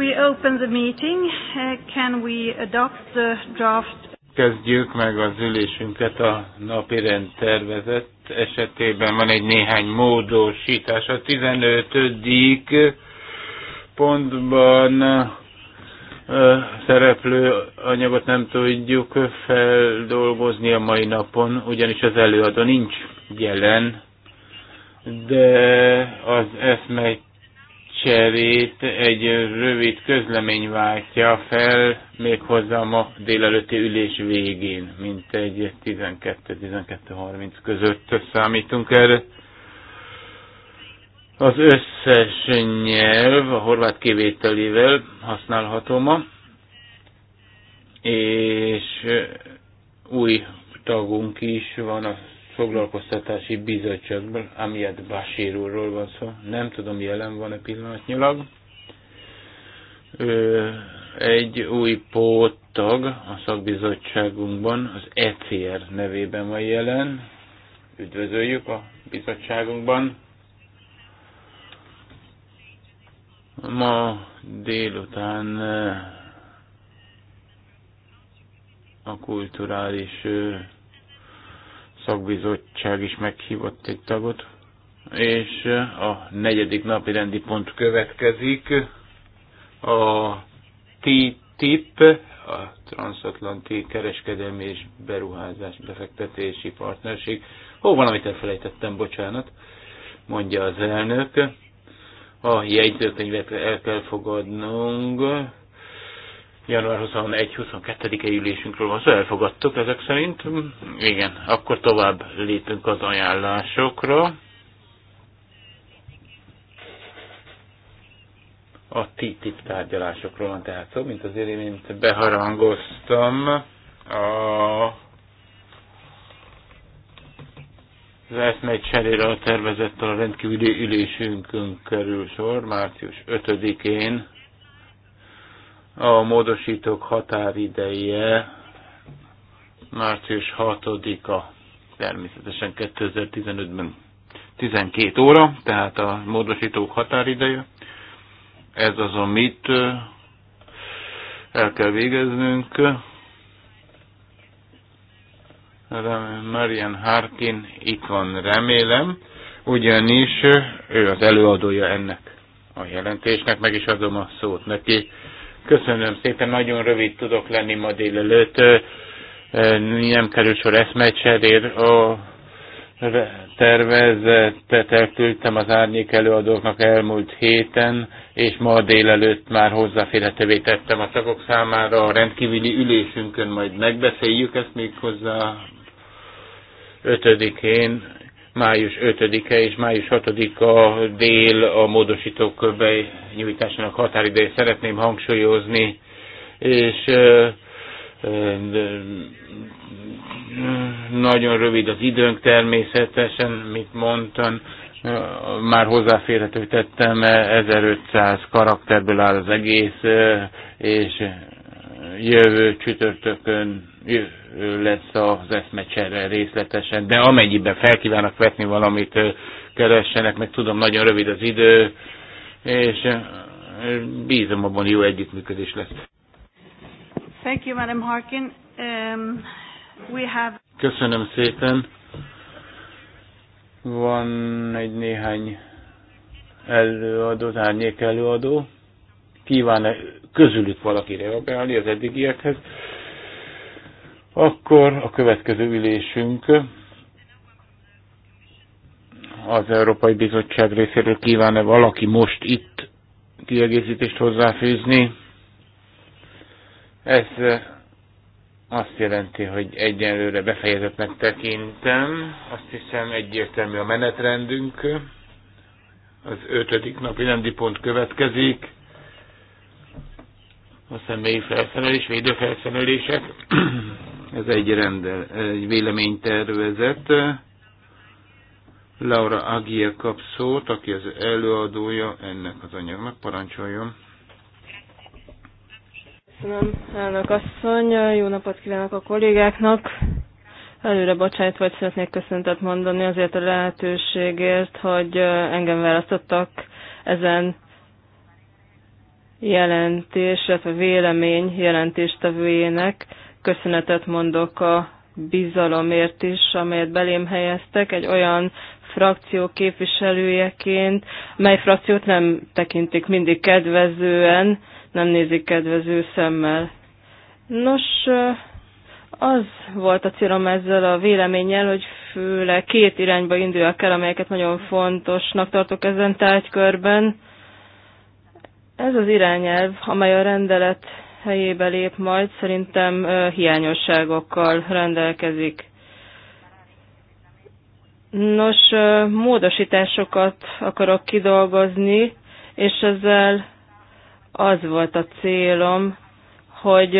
we open the meeting, uh, can we adopt the draft? Kezdjük meg az ülésünket a napi tervezett esetében. Van egy néhány módosítás. A 15. pontban szereplő anyagot nem tudjuk feldolgozni a mai napon, ugyanis az előadó nincs jelen, de az eszmegy cserét egy rövid közlemény váltja fel, méghozzá ma délelőtti ülés végén, mint egy 12-12.30 között számítunk erre. Az összes nyelv, a horvát kivételével használható ma, és új tagunk is van a foglalkoztatási bizottságban, amilyet Basír úrról van szó, nem tudom jelen van-e pillanatnyilag, egy új póttag a szakbizottságunkban, az ECR nevében van jelen, üdvözöljük a bizottságunkban. Ma délután a kulturális szakbizottság is meghívott egy tagot, és a negyedik napi rendi pont következik. A TTIP, a Transatlanti Kereskedelmi és Beruházás Befektetési Partnerség. Ó, valamit elfelejtettem, bocsánat, mondja az elnök. A jegyzőkönyvet el kell fogadnunk január 21-22-e ülésünkről van szó, szóval elfogadtuk ezek szerint. Igen, akkor tovább lépünk az ajánlásokra. A TTIP tárgyalásokról van tehát szó, mint az én beharangoztam. A az eszmegy cserére a tervezettel a rendkívüli ülésünkön kerül sor március 5-én a módosítók határideje március 6-a, természetesen 2015-ben 12 óra, tehát a módosítók határideje. Ez az, amit el kell végeznünk. Marian Harkin itt van, remélem, ugyanis ő az előadója ennek a jelentésnek, meg is adom a szót neki. Köszönöm szépen, nagyon rövid tudok lenni ma délelőtt. Nem kerül sor eszmecserér. A tervezetet elküldtem az árnyék előadóknak elmúlt héten, és ma délelőtt már hozzáférhetővé tettem a tagok számára. A rendkívüli ülésünkön majd megbeszéljük ezt még hozzá Ötödikén május 5-e és május 6-a dél a módosítók benyújtásának határidejét szeretném hangsúlyozni, és e, de, nagyon rövid az időnk természetesen, mit mondtam, már hozzáférhető tettem, 1500 karakterből áll az egész, és jövő csütörtökön lesz az eszmecsere részletesen, de amennyiben felkívánnak vetni valamit, keressenek, meg tudom, nagyon rövid az idő, és bízom abban, jó együttműködés lesz. Thank you, Madam Harkin. Um, we have... Köszönöm szépen. Van egy néhány előadó, árnyék előadó. Kíván -e közülük valaki reagálni az eddigiekhez? Akkor a következő ülésünk az Európai Bizottság részéről kíván-e valaki most itt kiegészítést hozzáfűzni? Ez azt jelenti, hogy egyenlőre befejezetnek tekintem. Azt hiszem egyértelmű a menetrendünk. Az ötödik napi rendi pont következik. A személyi felszerelés, védőfelszerelések. Ez egy, rendel, egy véleménytervezet. Laura Agia kap szót, aki az előadója ennek az anyagnak. Parancsoljon! Köszönöm, elnök asszony. Jó napot kívánok a kollégáknak. Előre bocsánat, vagy szeretnék köszöntet mondani azért a lehetőségért, hogy engem választottak ezen jelentés, illetve vélemény jelentéstevőjének. Köszönetet mondok a bizalomért is, amelyet belém helyeztek, egy olyan frakció képviselőjeként, mely frakciót nem tekintik mindig kedvezően, nem nézik kedvező szemmel. Nos, az volt a célom ezzel a véleménnyel, hogy főleg két irányba induljak el, amelyeket nagyon fontosnak tartok ezen tárgykörben. Ez az irányelv, amely a rendelet helyébe lép majd, szerintem hiányosságokkal rendelkezik. Nos, módosításokat akarok kidolgozni, és ezzel az volt a célom, hogy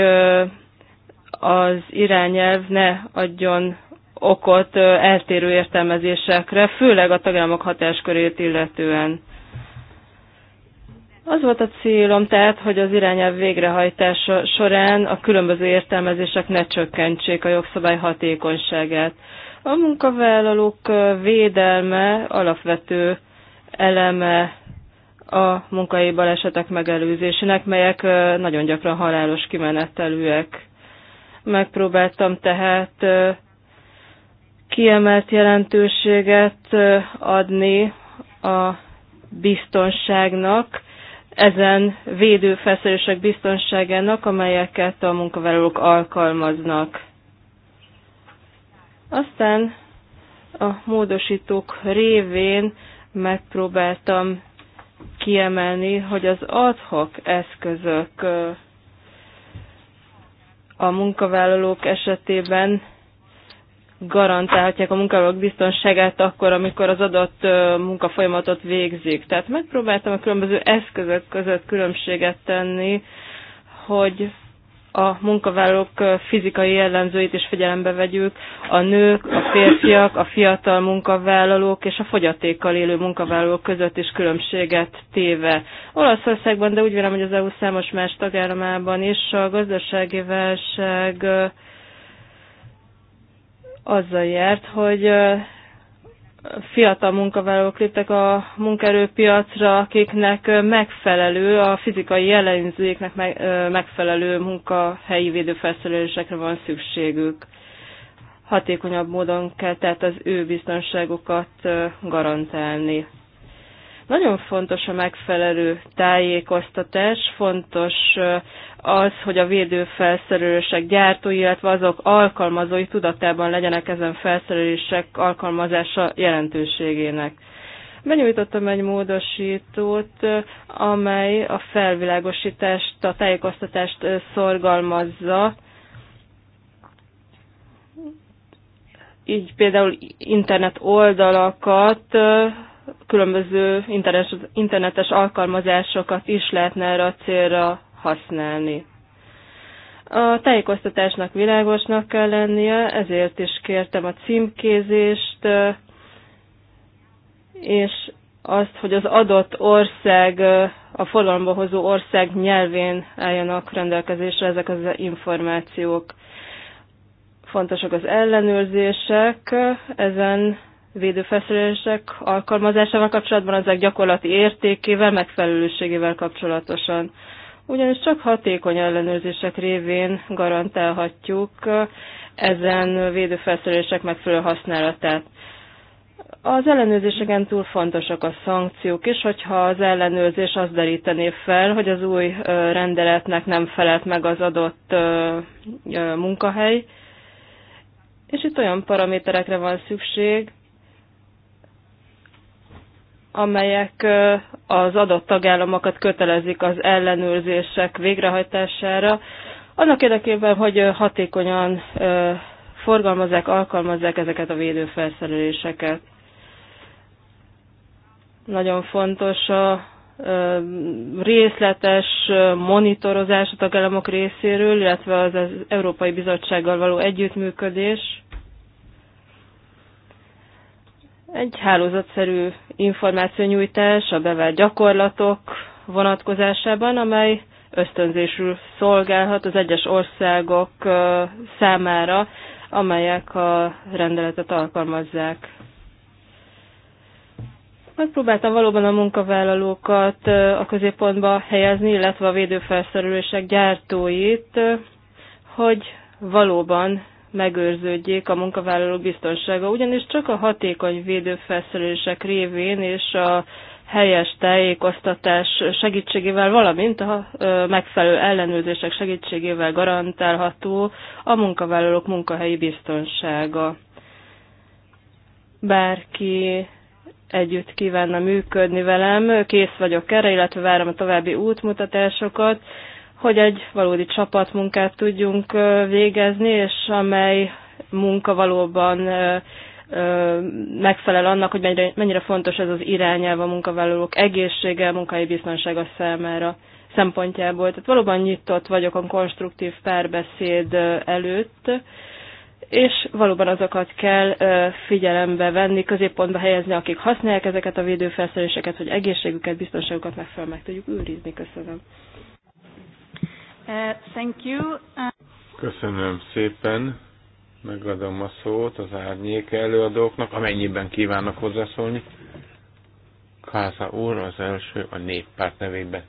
az irányelv ne adjon okot eltérő értelmezésekre, főleg a tagállamok hatáskörét illetően. Az volt a célom tehát, hogy az irányelv végrehajtása során a különböző értelmezések ne csökkentsék a jogszabály hatékonyságát. A munkavállalók védelme alapvető eleme a munkai balesetek megelőzésének, melyek nagyon gyakran halálos kimenetelűek. Megpróbáltam tehát kiemelt jelentőséget adni a biztonságnak, ezen védőfelszerelések biztonságának, amelyeket a munkavállalók alkalmaznak. Aztán a módosítók révén megpróbáltam kiemelni, hogy az adhok eszközök a munkavállalók esetében garantálhatják a munkavállalók biztonságát akkor, amikor az adott munkafolyamatot végzik. Tehát megpróbáltam a különböző eszközök között különbséget tenni, hogy a munkavállalók fizikai jellemzőit is figyelembe vegyük, a nők, a férfiak, a fiatal munkavállalók és a fogyatékkal élő munkavállalók között is különbséget téve. Olaszországban, de úgy vélem, hogy az EU számos más tagállamában is a gazdasági válság azzal járt, hogy fiatal munkavállalók léptek a munkaerőpiacra, akiknek megfelelő, a fizikai jelenzéknek megfelelő munkahelyi védőfelszerelésekre van szükségük. Hatékonyabb módon kell tehát az ő biztonságukat garantálni. Nagyon fontos a megfelelő tájékoztatás, fontos az, hogy a védőfelszerelősek gyártói, illetve azok alkalmazói tudatában legyenek ezen felszerelések alkalmazása jelentőségének. Benyújtottam egy módosítót, amely a felvilágosítást, a tájékoztatást szorgalmazza, így például internet oldalakat különböző internetes, alkalmazásokat is lehetne erre a célra használni. A tájékoztatásnak világosnak kell lennie, ezért is kértem a címkézést, és azt, hogy az adott ország, a forgalomba hozó ország nyelvén álljanak rendelkezésre ezek az információk. Fontosak az ellenőrzések ezen védőfelszerelések alkalmazásával kapcsolatban, ezek gyakorlati értékével, megfelelőségével kapcsolatosan. Ugyanis csak hatékony ellenőrzések révén garantálhatjuk ezen védőfelszerelések megfelelő használatát. Az ellenőrzéseken túl fontosak a szankciók is, hogyha az ellenőrzés azt derítené fel, hogy az új rendeletnek nem felelt meg az adott munkahely, és itt olyan paraméterekre van szükség, amelyek az adott tagállamokat kötelezik az ellenőrzések végrehajtására, annak érdekében, hogy hatékonyan forgalmazzák, alkalmazzák ezeket a védőfelszereléseket. Nagyon fontos a részletes monitorozás a tagállamok részéről, illetve az, az Európai Bizottsággal való együttműködés egy hálózatszerű információnyújtás a bevált gyakorlatok vonatkozásában, amely ösztönzésül szolgálhat az egyes országok számára, amelyek a rendeletet alkalmazzák. Megpróbáltam valóban a munkavállalókat a középpontba helyezni, illetve a védőfelszerelések gyártóit, hogy valóban megőrződjék a munkavállalók biztonsága, ugyanis csak a hatékony védőfelszerelések révén és a helyes tájékoztatás segítségével, valamint a megfelelő ellenőrzések segítségével garantálható a munkavállalók munkahelyi biztonsága. Bárki együtt kívánna működni velem, kész vagyok erre, illetve várom a további útmutatásokat, hogy egy valódi csapatmunkát tudjunk végezni, és amely munka valóban megfelel annak, hogy mennyire, mennyire fontos ez az irányelv a munkavállalók egészsége, munkai biztonsága számára szempontjából. Tehát valóban nyitott vagyok a konstruktív párbeszéd előtt, és valóban azokat kell figyelembe venni, középpontba helyezni, akik használják ezeket a védőfelszereléseket, hogy egészségüket, biztonságukat megfelelően meg tudjuk őrizni. Köszönöm. Uh, thank you. Uh, köszönöm szépen. Megadom a szót az árnyék előadóknak, amennyiben kívánnak hozzászólni. Káza úr az első a néppárt nevében.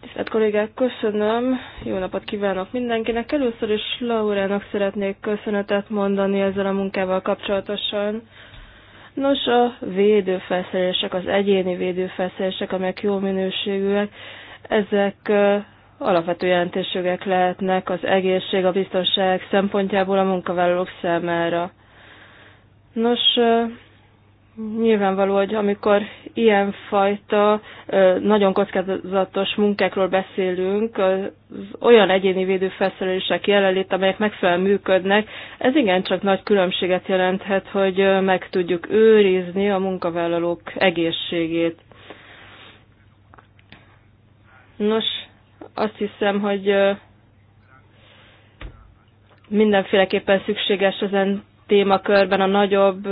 Tisztelt kollégák, köszönöm. Jó napot kívánok mindenkinek. Először is Laurának szeretnék köszönetet mondani ezzel a munkával kapcsolatosan. Nos, a védőfelszerelések, az egyéni védőfelszerelések, amelyek jó minőségűek, ezek alapvető jelentőségek lehetnek az egészség, a biztonság szempontjából a munkavállalók számára. Nos, Nyilvánvaló, hogy amikor ilyenfajta nagyon kockázatos munkákról beszélünk, az olyan egyéni védőfelszerelések jelenlét, amelyek megfelelően működnek, ez igencsak nagy különbséget jelenthet, hogy meg tudjuk őrizni a munkavállalók egészségét. Nos, azt hiszem, hogy mindenféleképpen szükséges ezen témakörben a nagyobb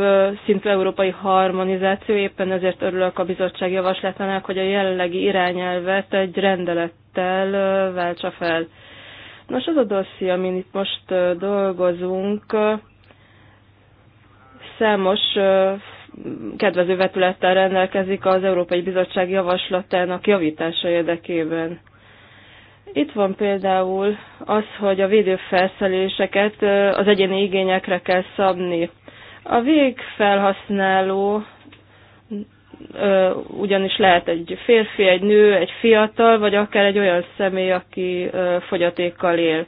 szintű európai harmonizáció, éppen ezért örülök a bizottság javaslatának, hogy a jelenlegi irányelvet egy rendelettel váltsa fel. Nos, az a dosszi, amin itt most dolgozunk, számos kedvező vetülettel rendelkezik az Európai Bizottság javaslatának javítása érdekében. Itt van például az, hogy a védőfelszeléseket az egyéni igényekre kell szabni. A végfelhasználó ugyanis lehet egy férfi, egy nő, egy fiatal, vagy akár egy olyan személy, aki fogyatékkal él.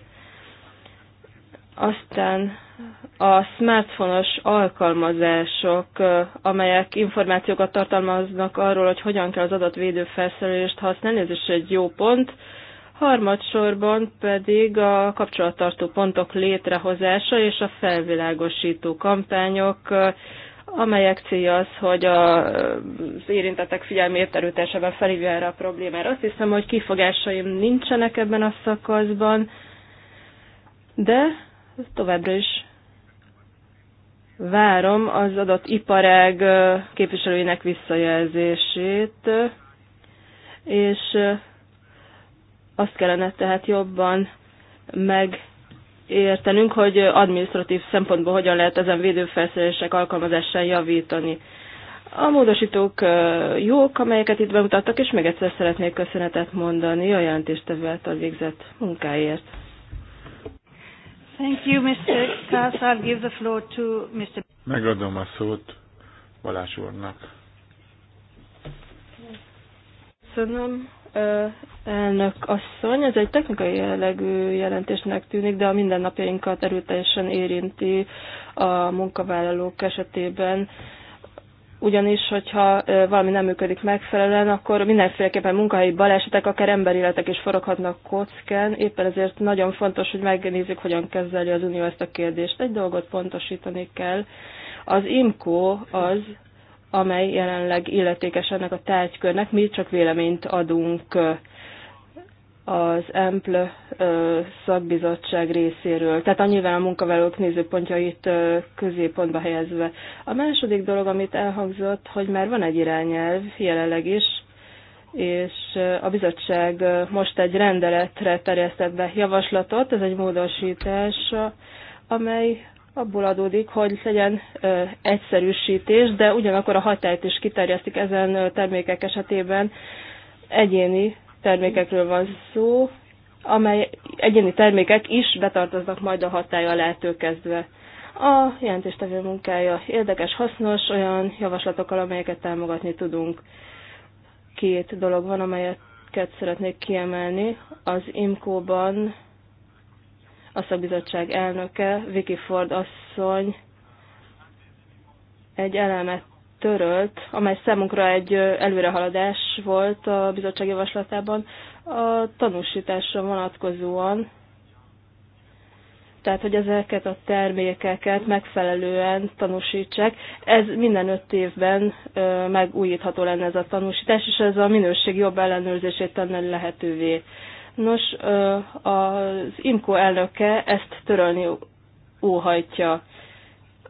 Aztán a smartfonos alkalmazások, amelyek információkat tartalmaznak arról, hogy hogyan kell az adatvédő felszerelést használni, ez is egy jó pont harmadsorban pedig a kapcsolattartó pontok létrehozása és a felvilágosító kampányok, amelyek célja az, hogy az érintettek figyelmét erőteljesebben felhívja erre a problémára. Azt hiszem, hogy kifogásaim nincsenek ebben a szakaszban, de továbbra is várom az adott iparág képviselőinek visszajelzését, és azt kellene tehát jobban megértenünk, hogy administratív szempontból hogyan lehet ezen védőfelszerelések alkalmazásán javítani. A módosítók jók, amelyeket itt bemutattak, és még egyszer szeretnék köszönetet mondani a jelentéstevőt a végzett munkáért. Thank you, Mr. Kass. I'll give the floor to Mr. Megadom a szót Balázs úrnak. Köszönöm elnök asszony. Ez egy technikai jellegű jelentésnek tűnik, de a mindennapjainkat erőteljesen érinti a munkavállalók esetében ugyanis, hogyha valami nem működik megfelelően, akkor mindenféleképpen munkahelyi balesetek, akár emberéletek is foroghatnak kockán. Éppen ezért nagyon fontos, hogy megnézzük, hogyan kezeli az Unió ezt a kérdést. Egy dolgot pontosítani kell. Az IMCO az, amely jelenleg illetékes ennek a tárgykörnek. Mi csak véleményt adunk az EMPL szakbizottság részéről. Tehát annyivel a munkavállalók nézőpontjait középpontba helyezve. A második dolog, amit elhangzott, hogy már van egy irányelv jelenleg is, és a bizottság most egy rendeletre terjesztett be javaslatot, ez egy módosítás, amely abból adódik, hogy legyen egyszerűsítés, de ugyanakkor a hatályt is kiterjesztik ezen termékek esetében. Egyéni termékekről van szó, amely egyéni termékek is betartoznak majd a hatály lehetőkezdve. kezdve. A jelentéstevő munkája érdekes, hasznos, olyan javaslatokkal, amelyeket támogatni tudunk. Két dolog van, amelyeket szeretnék kiemelni. Az IMCO-ban a szakbizottság elnöke, Vicky Ford asszony egy elemet törölt, amely számunkra egy előrehaladás volt a bizottság javaslatában a tanúsításra vonatkozóan, tehát hogy ezeket a termékeket megfelelően tanúsítsák. Ez minden öt évben ö, megújítható lenne ez a tanúsítás, és ez a minőség jobb ellenőrzését tenne lehetővé. Nos, az IMCO elnöke ezt törölni óhajtja.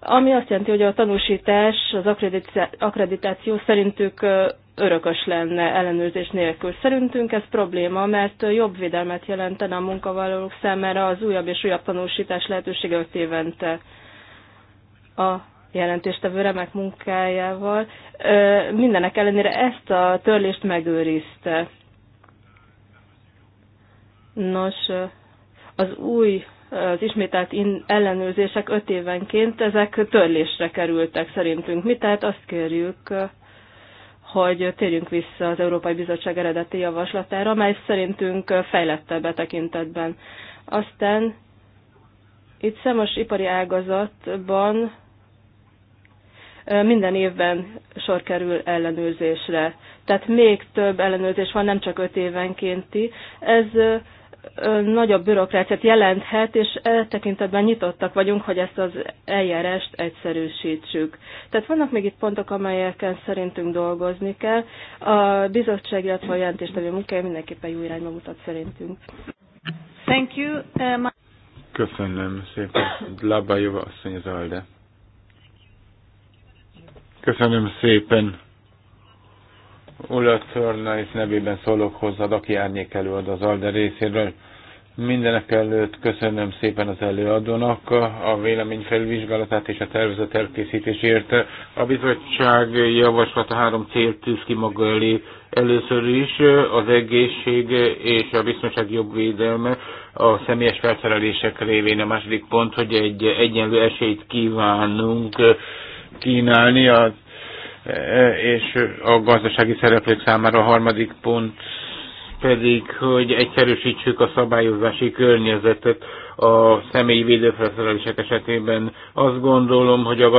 Ami azt jelenti, hogy a tanúsítás, az akkreditáció szerintük örökös lenne ellenőrzés nélkül. Szerintünk ez probléma, mert jobb védelmet jelentene a munkavállalók számára az újabb és újabb tanúsítás lehetősége öt évente. A jelentéstevő remek munkájával. Mindenek ellenére ezt a törlést megőrizte. Nos, az új az ismételt ellenőrzések öt évenként, ezek törlésre kerültek szerintünk. Mi tehát azt kérjük, hogy térjünk vissza az Európai Bizottság eredeti javaslatára, mely szerintünk fejlettebb a e tekintetben. Aztán itt számos ipari ágazatban minden évben sor kerül ellenőrzésre. Tehát még több ellenőrzés van, nem csak öt évenkénti. Ez nagyobb bürokráciát jelenthet, és e tekintetben nyitottak vagyunk, hogy ezt az eljárást egyszerűsítsük. Tehát vannak még itt pontok, amelyeken szerintünk dolgozni kell. A bizottság, illetve a jelentéstevő munkája mindenképpen jó irányba mutat szerintünk. Thank you. Uh, Köszönöm szépen. Labba jó asszony az Köszönöm szépen. Ulla és nevében szólok hozzád, aki árnyék előad az Alde részéről. Mindenek előtt köszönöm szépen az előadónak a vélemény felvizsgálatát és a tervezet elkészítésért. A bizottság javaslata három cél tűz ki maga elé. Először is az egészség és a biztonság jobb védelme a személyes felszerelések révén. A második pont, hogy egy egyenlő esélyt kívánunk kínálni a Eh, és a gazdasági szereplők számára a harmadik pont pedig, hogy egyszerűsítsük a szabályozási környezetet a személyi védőfelszerelések esetében. Azt gondolom, hogy a,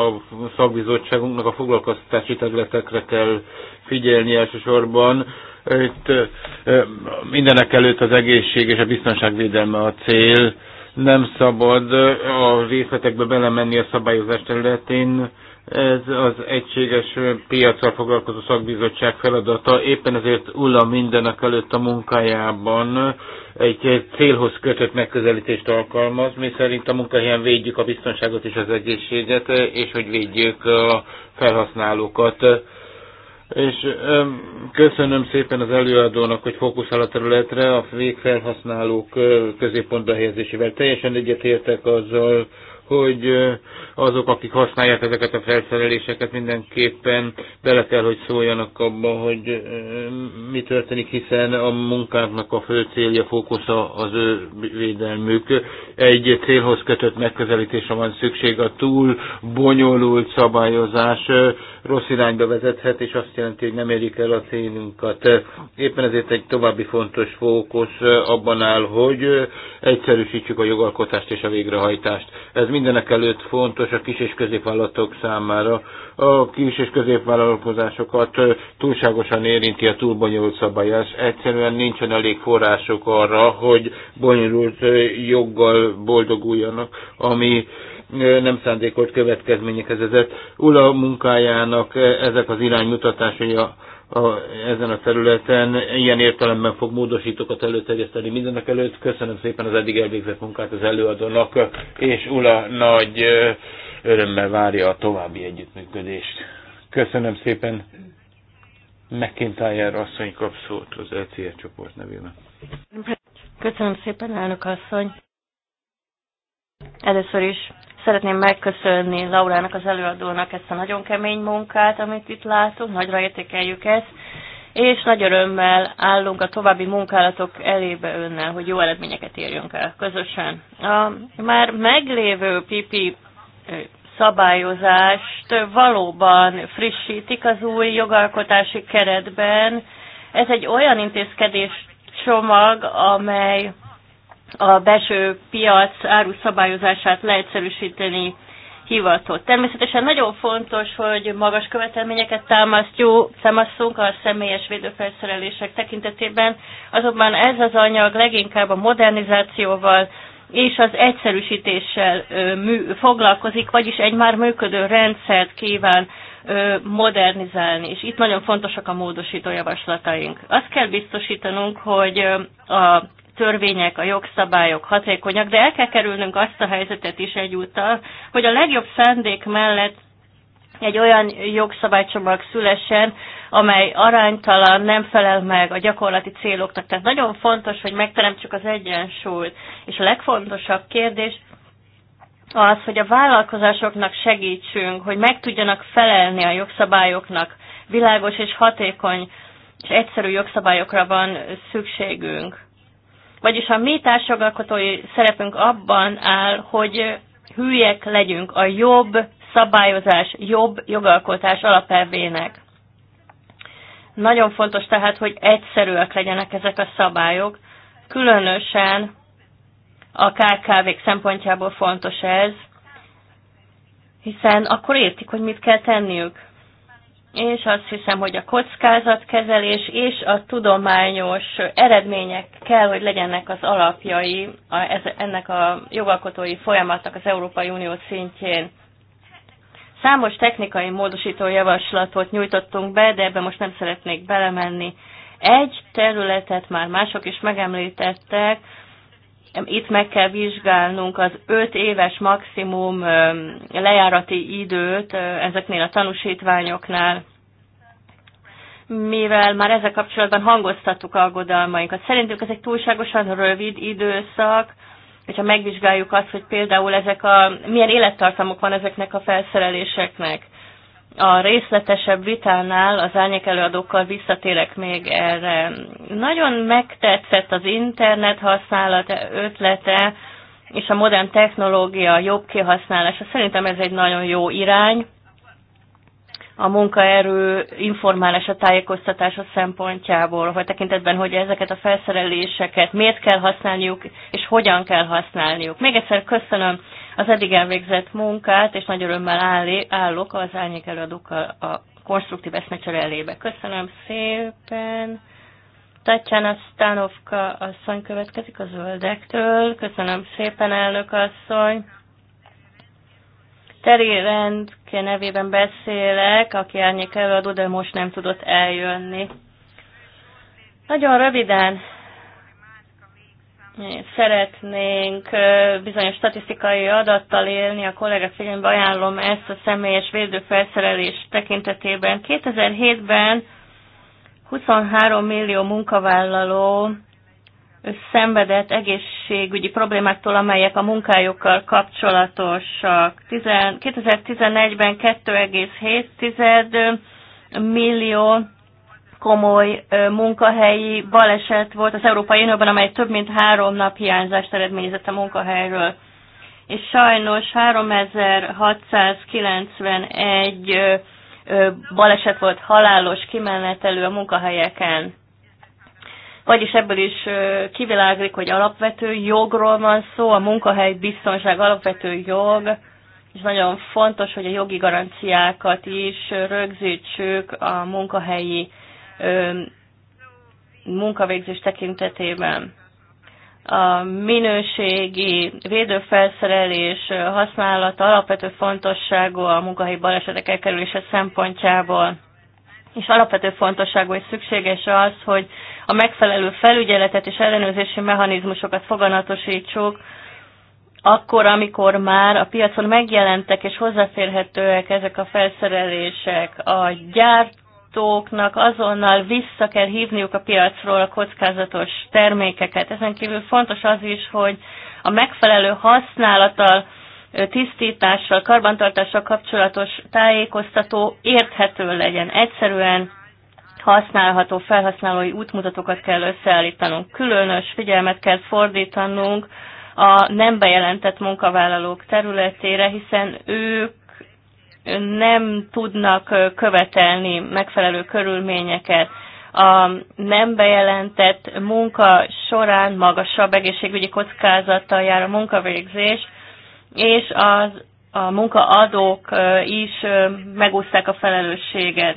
a szakbizottságunknak a foglalkoztatási területekre kell figyelni elsősorban. Itt, eh, mindenek előtt az egészség és a biztonságvédelme a cél. Nem szabad eh, a részletekbe belemenni a szabályozás területén ez az egységes piacsal foglalkozó szakbizottság feladata. Éppen ezért Ulla mindenek előtt a munkájában egy célhoz kötött megközelítést alkalmaz, mi szerint a munkahelyen védjük a biztonságot és az egészséget, és hogy védjük a felhasználókat. És köszönöm szépen az előadónak, hogy fókuszál a területre, a végfelhasználók középpontba helyezésével. Teljesen egyetértek azzal, hogy azok, akik használják ezeket a felszereléseket, mindenképpen bele kell, hogy szóljanak abba, hogy mi történik, hiszen a munkáknak a fő célja, fókusza az ő védelmük. Egy célhoz kötött megközelítésre van szükség, a túl bonyolult szabályozás rossz irányba vezethet, és azt jelenti, hogy nem érik el a célunkat. Éppen ezért egy további fontos fókusz abban áll, hogy egyszerűsítsük a jogalkotást és a végrehajtást. Ez mindenek előtt fontos a kis és középvállalatok számára. A kis és középvállalkozásokat túlságosan érinti a túlbonyolult szabályás. Egyszerűen nincsen elég források arra, hogy bonyolult joggal boldoguljanak, ami nem szándékolt következményekhez ezett. Ula munkájának ezek az iránymutatásai a a, ezen a területen. Ilyen értelemben fog módosítókat előterjeszteni mindenek előtt. Köszönöm szépen az eddig elvégzett munkát az előadónak, és Ula nagy örömmel várja a további együttműködést. Köszönöm szépen. McIntyre asszony kap szót az ECR csoport nevében. Köszönöm szépen, elnök asszony. Először is Szeretném megköszönni Laurának, az előadónak ezt a nagyon kemény munkát, amit itt látunk, nagyra értékeljük ezt, és nagy örömmel állunk a további munkálatok elébe önnel, hogy jó eredményeket érjünk el közösen. A már meglévő pipi szabályozást valóban frissítik az új jogalkotási keretben. Ez egy olyan intézkedés csomag, amely a belső piac áruszabályozását leegyszerűsíteni hivatott. Természetesen nagyon fontos, hogy magas követelményeket támasztjuk, támasztunk a személyes védőfelszerelések tekintetében, azonban ez az anyag leginkább a modernizációval és az egyszerűsítéssel mű, foglalkozik, vagyis egy már működő rendszert kíván modernizálni, és itt nagyon fontosak a módosító javaslataink. Azt kell biztosítanunk, hogy a törvények, a jogszabályok hatékonyak, de el kell kerülnünk azt a helyzetet is egyúttal, hogy a legjobb szándék mellett egy olyan jogszabálycsomag szülesen, amely aránytalan, nem felel meg a gyakorlati céloknak. Tehát nagyon fontos, hogy megteremtsük az egyensúlyt. És a legfontosabb kérdés az, hogy a vállalkozásoknak segítsünk, hogy meg tudjanak felelni a jogszabályoknak. Világos és hatékony és egyszerű jogszabályokra van szükségünk. Vagyis a mi társadalkotói szerepünk abban áll, hogy hülyek legyünk a jobb szabályozás, jobb jogalkotás alapelvének. Nagyon fontos tehát, hogy egyszerűek legyenek ezek a szabályok, különösen a KKV-k szempontjából fontos ez, hiszen akkor értik, hogy mit kell tenniük és azt hiszem, hogy a kockázatkezelés és a tudományos eredmények kell, hogy legyenek az alapjai a, ez, ennek a jogalkotói folyamatnak az Európai Unió szintjén. Számos technikai módosító javaslatot nyújtottunk be, de ebbe most nem szeretnék belemenni. Egy területet már mások is megemlítettek, itt meg kell vizsgálnunk az 5 éves maximum lejárati időt ezeknél a tanúsítványoknál, mivel már ezzel kapcsolatban hangoztattuk aggodalmainkat. Szerintünk ez egy túlságosan rövid időszak, hogyha megvizsgáljuk azt, hogy például ezek a, milyen élettartamok van ezeknek a felszereléseknek a részletesebb vitánál az árnyék előadókkal visszatérek még erre. Nagyon megtetszett az internet használat ötlete, és a modern technológia jobb kihasználása. Szerintem ez egy nagyon jó irány a munkaerő informálása, tájékoztatása szempontjából, hogy tekintetben, hogy ezeket a felszereléseket miért kell használniuk, és hogyan kell használniuk. Még egyszer köszönöm az eddig elvégzett munkát, és nagy örömmel állé, állok az árnyék előadókkal a konstruktív eszmecsere elébe. Köszönöm szépen! Tatjana Stanovka asszony következik a zöldektől. Köszönöm szépen, elnök asszony! Teri Rendke nevében beszélek, aki árnyék előadó, de most nem tudott eljönni. Nagyon röviden szeretnénk bizonyos statisztikai adattal élni, a kollégák figyelembe ajánlom ezt a személyes védőfelszerelés tekintetében. 2007-ben 23 millió munkavállaló szenvedett egészségügyi problémáktól, amelyek a munkájukkal kapcsolatosak. 2011-ben 2,7 millió komoly munkahelyi baleset volt az Európai Unióban, amely több mint három nap hiányzást eredményezett a munkahelyről. És sajnos 3691 baleset volt halálos kimenetelő a munkahelyeken. Vagyis ebből is kiviláglik, hogy alapvető jogról van szó, a munkahely biztonság alapvető jog, és nagyon fontos, hogy a jogi garanciákat is rögzítsük a munkahelyi munkavégzés tekintetében. A minőségi védőfelszerelés használata alapvető fontosságú a munkahelyi balesetek elkerülése szempontjából, és alapvető fontosságú és szükséges az, hogy a megfelelő felügyeletet és ellenőrzési mechanizmusokat foganatosítsuk, akkor, amikor már a piacon megjelentek és hozzáférhetőek ezek a felszerelések, a gyárt gyártóknak azonnal vissza kell hívniuk a piacról a kockázatos termékeket. Ezen kívül fontos az is, hogy a megfelelő használattal, tisztítással, karbantartással kapcsolatos tájékoztató érthető legyen. Egyszerűen használható felhasználói útmutatókat kell összeállítanunk. Különös figyelmet kell fordítanunk a nem bejelentett munkavállalók területére, hiszen ők nem tudnak követelni megfelelő körülményeket. A nem bejelentett munka során magasabb egészségügyi kockázattal jár a munkavégzés, és az, a munkaadók is megúszták a felelősséget.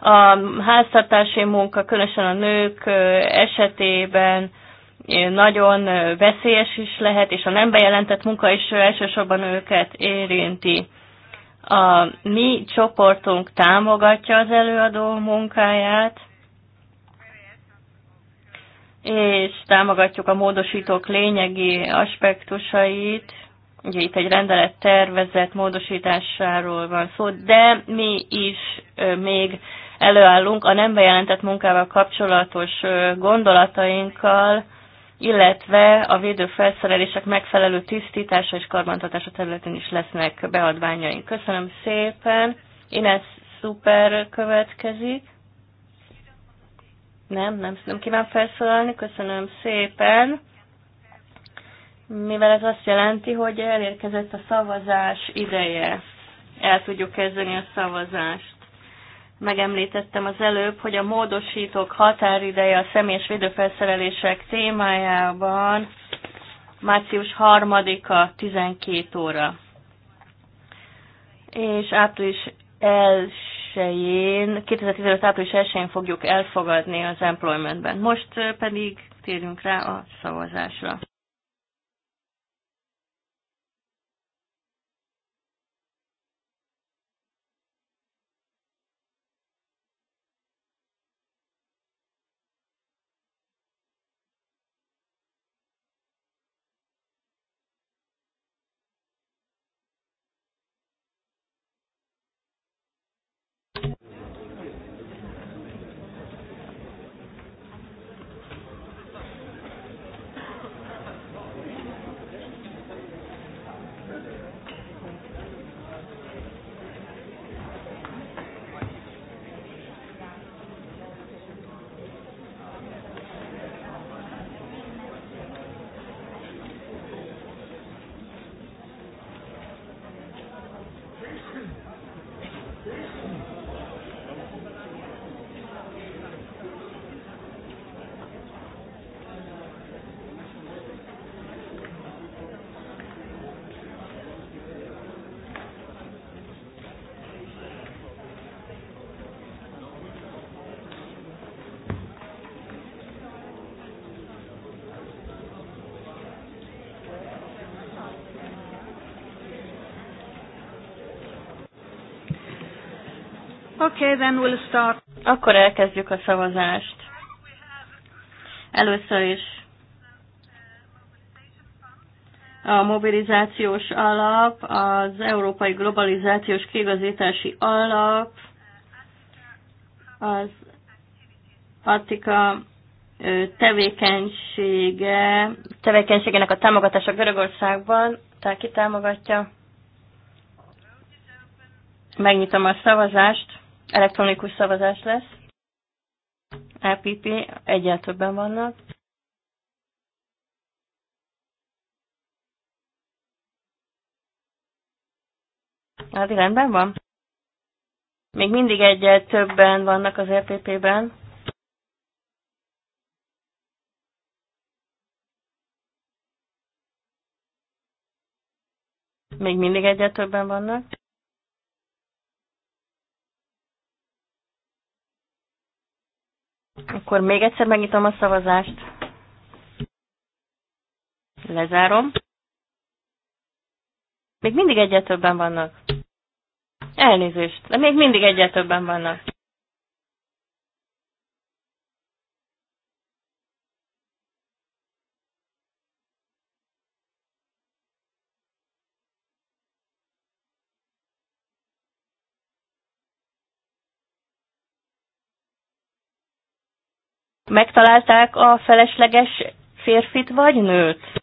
A háztartási munka, különösen a nők esetében nagyon veszélyes is lehet, és a nem bejelentett munka is elsősorban őket érinti. A mi csoportunk támogatja az előadó munkáját, és támogatjuk a módosítók lényegi aspektusait. Ugye itt egy rendelet tervezett módosításáról van szó, de mi is még előállunk a nem bejelentett munkával kapcsolatos gondolatainkkal, illetve a védőfelszerelések megfelelő tisztítása és karbantartása területén is lesznek beadványaink. Köszönöm szépen. Ines Szuper következik. Nem, nem, nem kíván felszólalni. Köszönöm szépen. Mivel ez azt jelenti, hogy elérkezett a szavazás ideje. El tudjuk kezdeni a szavazást megemlítettem az előbb, hogy a módosítók határideje a személyes védőfelszerelések témájában március 3-a 12 óra. És április 1-én, 2015 április 1-én fogjuk elfogadni az employmentben. Most pedig térjünk rá a szavazásra. Okay, then we'll start. Akkor elkezdjük a szavazást. Először is a mobilizációs alap, az Európai Globalizációs Kigazítási Alap, az Attika tevékenysége, tevékenységének a támogatása Görögországban, tehát ki támogatja. Megnyitom a szavazást. Elektronikus szavazás lesz. LPP, egyel többen vannak. Hát rendben van? Még mindig egyel többen vannak az lpp ben Még mindig egyet többen vannak. Akkor még egyszer megnyitom a szavazást. Lezárom. Még mindig egyre többen vannak. Elnézést, de még mindig egyre többen vannak. megtalálták a felesleges férfit vagy nőt.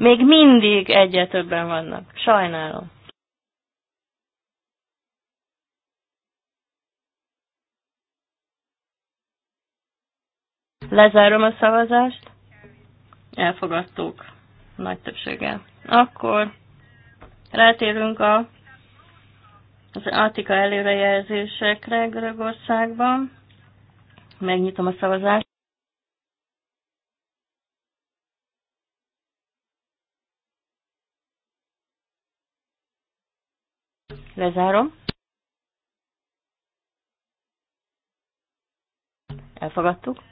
Még mindig egyre többen vannak. Sajnálom. Lezárom a szavazást. Elfogadtuk nagy többséggel. Akkor rátérünk a, az Attika előrejelzésekre Görögországban. Megnyitom a szavazást. Lezárom. Elfogadtuk.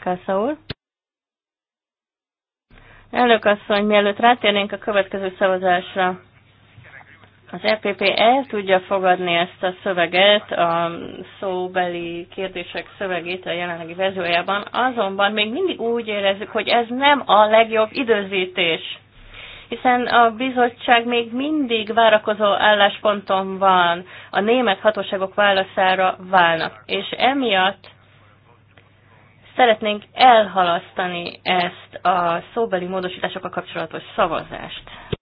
Kassa Elnök asszony, mielőtt rátérnénk a következő szavazásra, az EPP el tudja fogadni ezt a szöveget, a szóbeli kérdések szövegét a jelenlegi verziójában, azonban még mindig úgy érezzük, hogy ez nem a legjobb időzítés, hiszen a bizottság még mindig várakozó állásponton van, a német hatóságok válaszára válnak, és emiatt szeretnénk elhalasztani ezt a szóbeli módosításokkal kapcsolatos szavazást.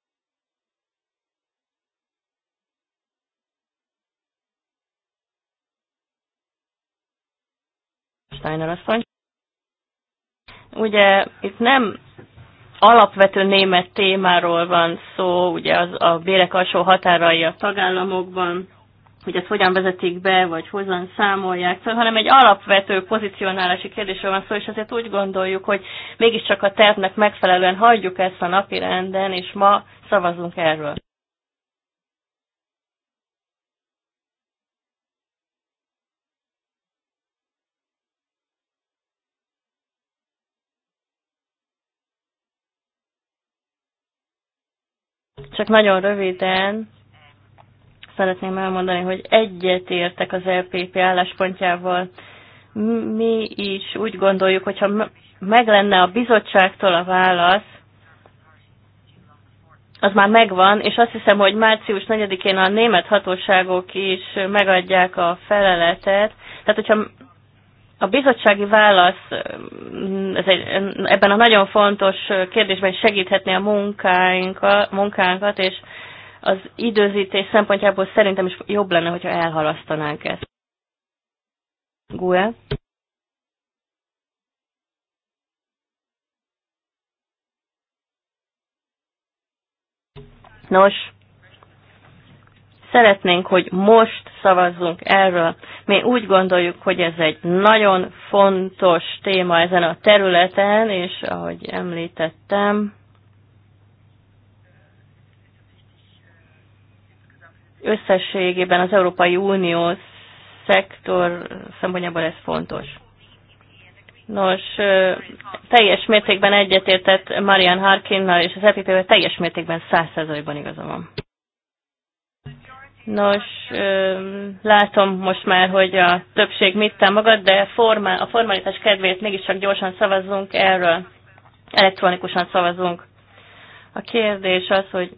Steiner asszony. Ugye itt nem alapvető német témáról van szó, ugye az a bérek alsó határai a tagállamokban, hogy ezt hogyan vezetik be, vagy hozzan számolják szóval hanem egy alapvető pozicionálási kérdésről van szó, és azért úgy gondoljuk, hogy mégiscsak a tervnek megfelelően hagyjuk ezt a napirenden, és ma szavazunk erről. Csak nagyon röviden szeretném elmondani, hogy egyet értek az LPP e álláspontjával. Mi is úgy gondoljuk, hogyha meg lenne a bizottságtól a válasz, az már megvan, és azt hiszem, hogy március 4-én a német hatóságok is megadják a feleletet. Tehát, hogyha a bizottsági válasz mm, ez egy, mm, ebben a nagyon fontos kérdésben segíthetné a munkánkat, és az időzítés szempontjából szerintem is jobb lenne, hogyha elhalasztanánk ezt. Gue? Nos, Szeretnénk, hogy most szavazzunk erről. Mi úgy gondoljuk, hogy ez egy nagyon fontos téma ezen a területen, és ahogy említettem, összességében az Európai Unió szektor szempontjából ez fontos. Nos, teljes mértékben egyetértett Marian Harkinnal, és az EPP-vel teljes mértékben 100%-ban igaza van. Nos, látom most már, hogy a többség mit támogat, de formál, a formalitás kedvéért mégiscsak gyorsan szavazzunk erről. Elektronikusan szavazunk. A kérdés az, hogy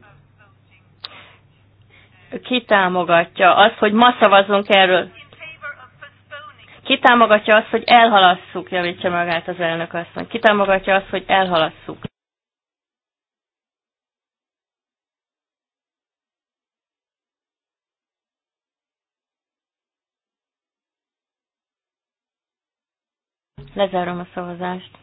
ki támogatja az, hogy ma szavazzunk erről. Ki támogatja azt, hogy elhalasszuk, javítja magát az elnök asszony. Ki támogatja azt, hogy elhalasszuk. Lezárom a szavazást.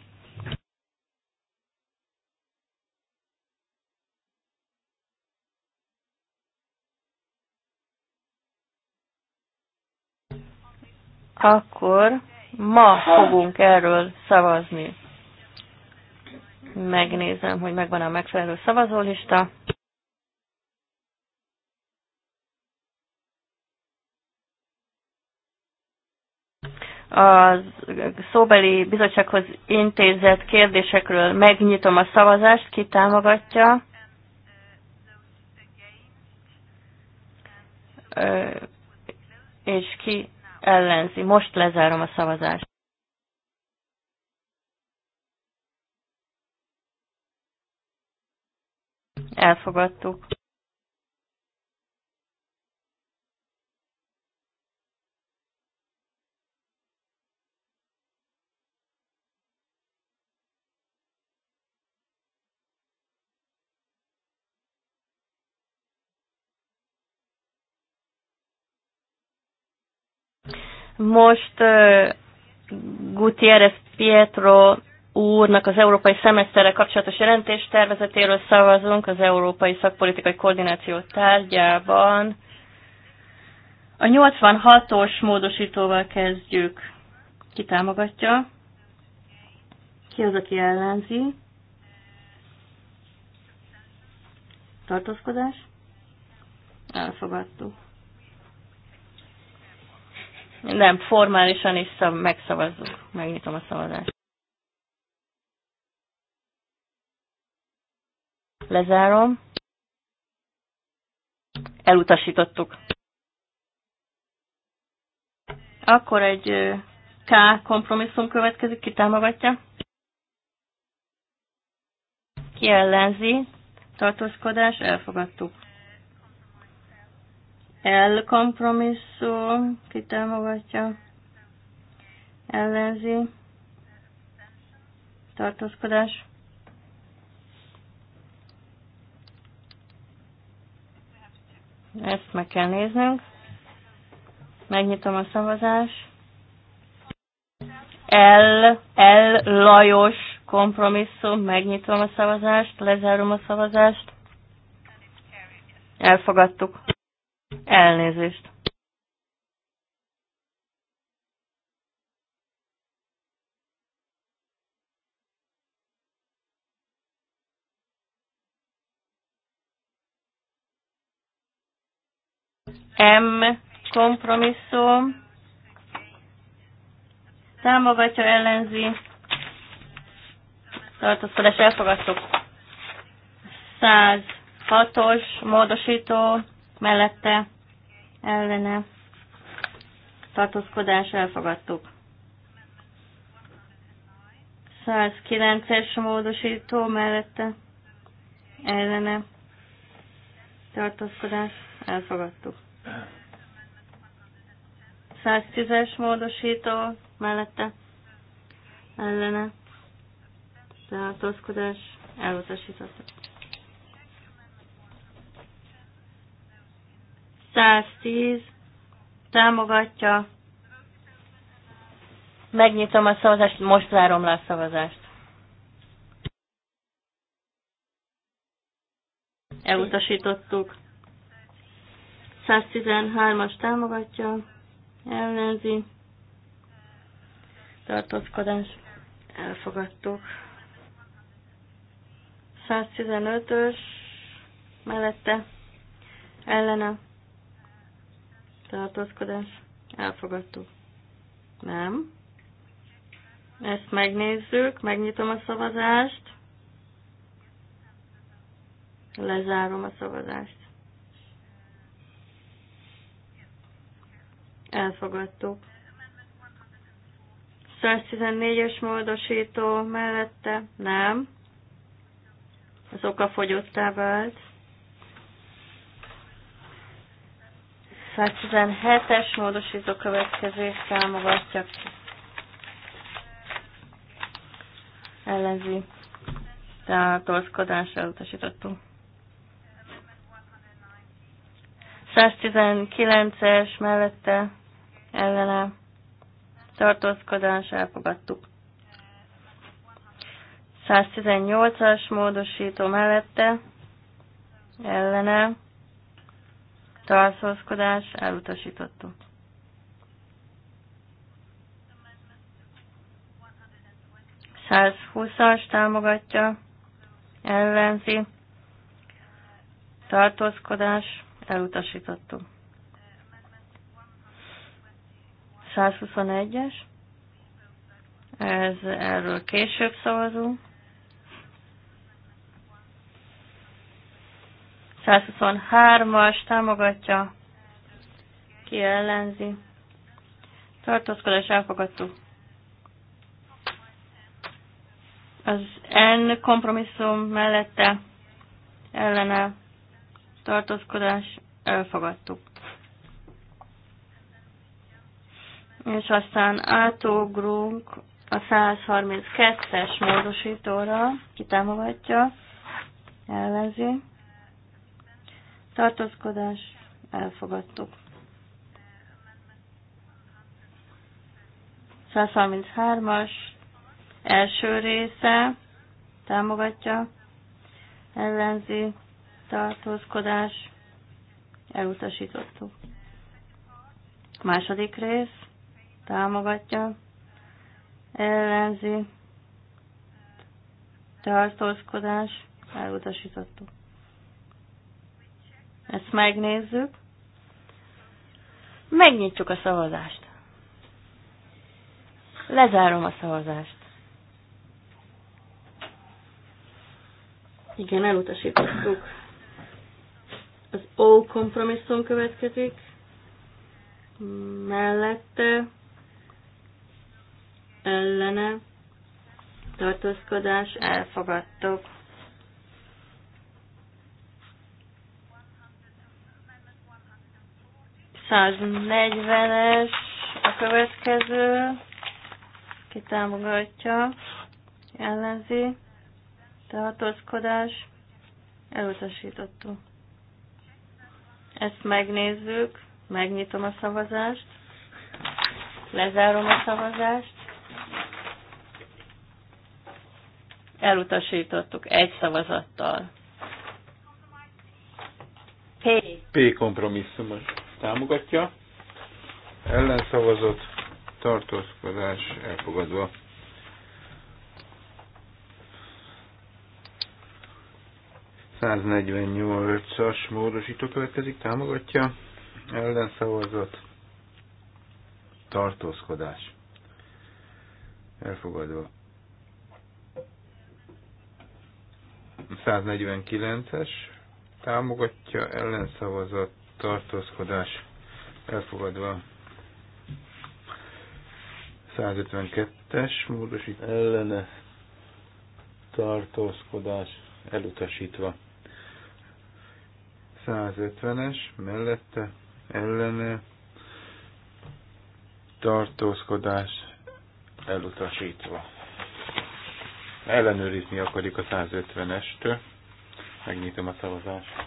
Akkor ma fogunk erről szavazni. Megnézem, hogy megvan a megfelelő szavazólista. a szóbeli bizottsághoz intézett kérdésekről megnyitom a szavazást, ki támogatja. És ki ellenzi. Most lezárom a szavazást. Elfogadtuk. Most Gutierrez Pietro úrnak az európai szemeszterre kapcsolatos jelentés tervezetéről szavazunk az európai szakpolitikai koordináció tárgyában. A 86-os módosítóval kezdjük. Ki támogatja? Ki az, aki ellenzi? Tartózkodás? Elfogadtuk. Nem, formálisan is szav- megszavazzuk. Megnyitom a szavazást. Lezárom. Elutasítottuk. Akkor egy K kompromisszum következik, ki támogatja? Ki ellenzi? Tartózkodás, elfogadtuk. El kompromisszum, ki támogatja, ellenzi, tartózkodás. Ezt meg kell néznünk. Megnyitom a szavazást. L, L Lajos kompromisszum, megnyitom a szavazást, lezárom a szavazást. Elfogadtuk. Elnézést. M kompromisszum támogatja, ellenzi, tartózkodás elfogadtuk. 106-os módosító mellette ellene tartózkodás elfogadtuk. 109-es módosító mellette ellene tartózkodás elfogadtuk. 110-es módosító mellette ellene tartózkodás elutasítottuk. 110 támogatja. Megnyitom a szavazást, most várom le a szavazást. Elutasítottuk. 113-as támogatja, ellenzi, tartózkodás, elfogadtuk. 115-ös mellette, ellene, tartózkodás, elfogadtuk. Nem. Ezt megnézzük, megnyitom a szavazást, lezárom a szavazást. Elfogadtuk. 114-es módosító mellette nem. Az oka fogyottá vált. 117-es módosító következő támogatja ellenzi tartózkodásra utasítottunk. 119-es mellette ellene tartózkodás elfogadtuk. 118-as módosító mellette ellene tartózkodás elutasítottuk. Százhúszas támogatja, ellenzi, tartózkodás, elutasítottuk. 121-es, ez erről később szavazunk. 123-as támogatja, ki ellenzi. Tartózkodás elfogadtuk. Az N kompromisszum mellette ellene tartózkodás elfogadtuk. És aztán átugrunk a 132-es módosítóra, ki támogatja, ellenzi tartózkodás, elfogadtuk. 133-as első része támogatja, ellenzi, tartózkodás, elutasítottuk. Második rész támogatja, ellenzi, tartózkodás, elutasítottuk. Ezt megnézzük. Megnyitjuk a szavazást. Lezárom a szavazást. Igen, elutasítottuk. Az O kompromisszum következik. Mellette ellene tartózkodás elfogadtok. 140-es a következő, ki támogatja, ellenzi, tartózkodás, elutasítottuk. Ezt megnézzük, megnyitom a szavazást, lezárom a szavazást, elutasítottuk egy szavazattal. P. P kompromisszumot támogatja, ellenszavazott, tartózkodás elfogadva. as módosító következik, támogatja, ellenszavazott, tartózkodás elfogadva. 149-es támogatja ellenszavazott tartózkodás elfogadva 152-es módosít ellene tartózkodás elutasítva 150-es mellette ellene tartózkodás elutasítva ellenőrizni akarik a 150-est. Megnyitom a szavazást.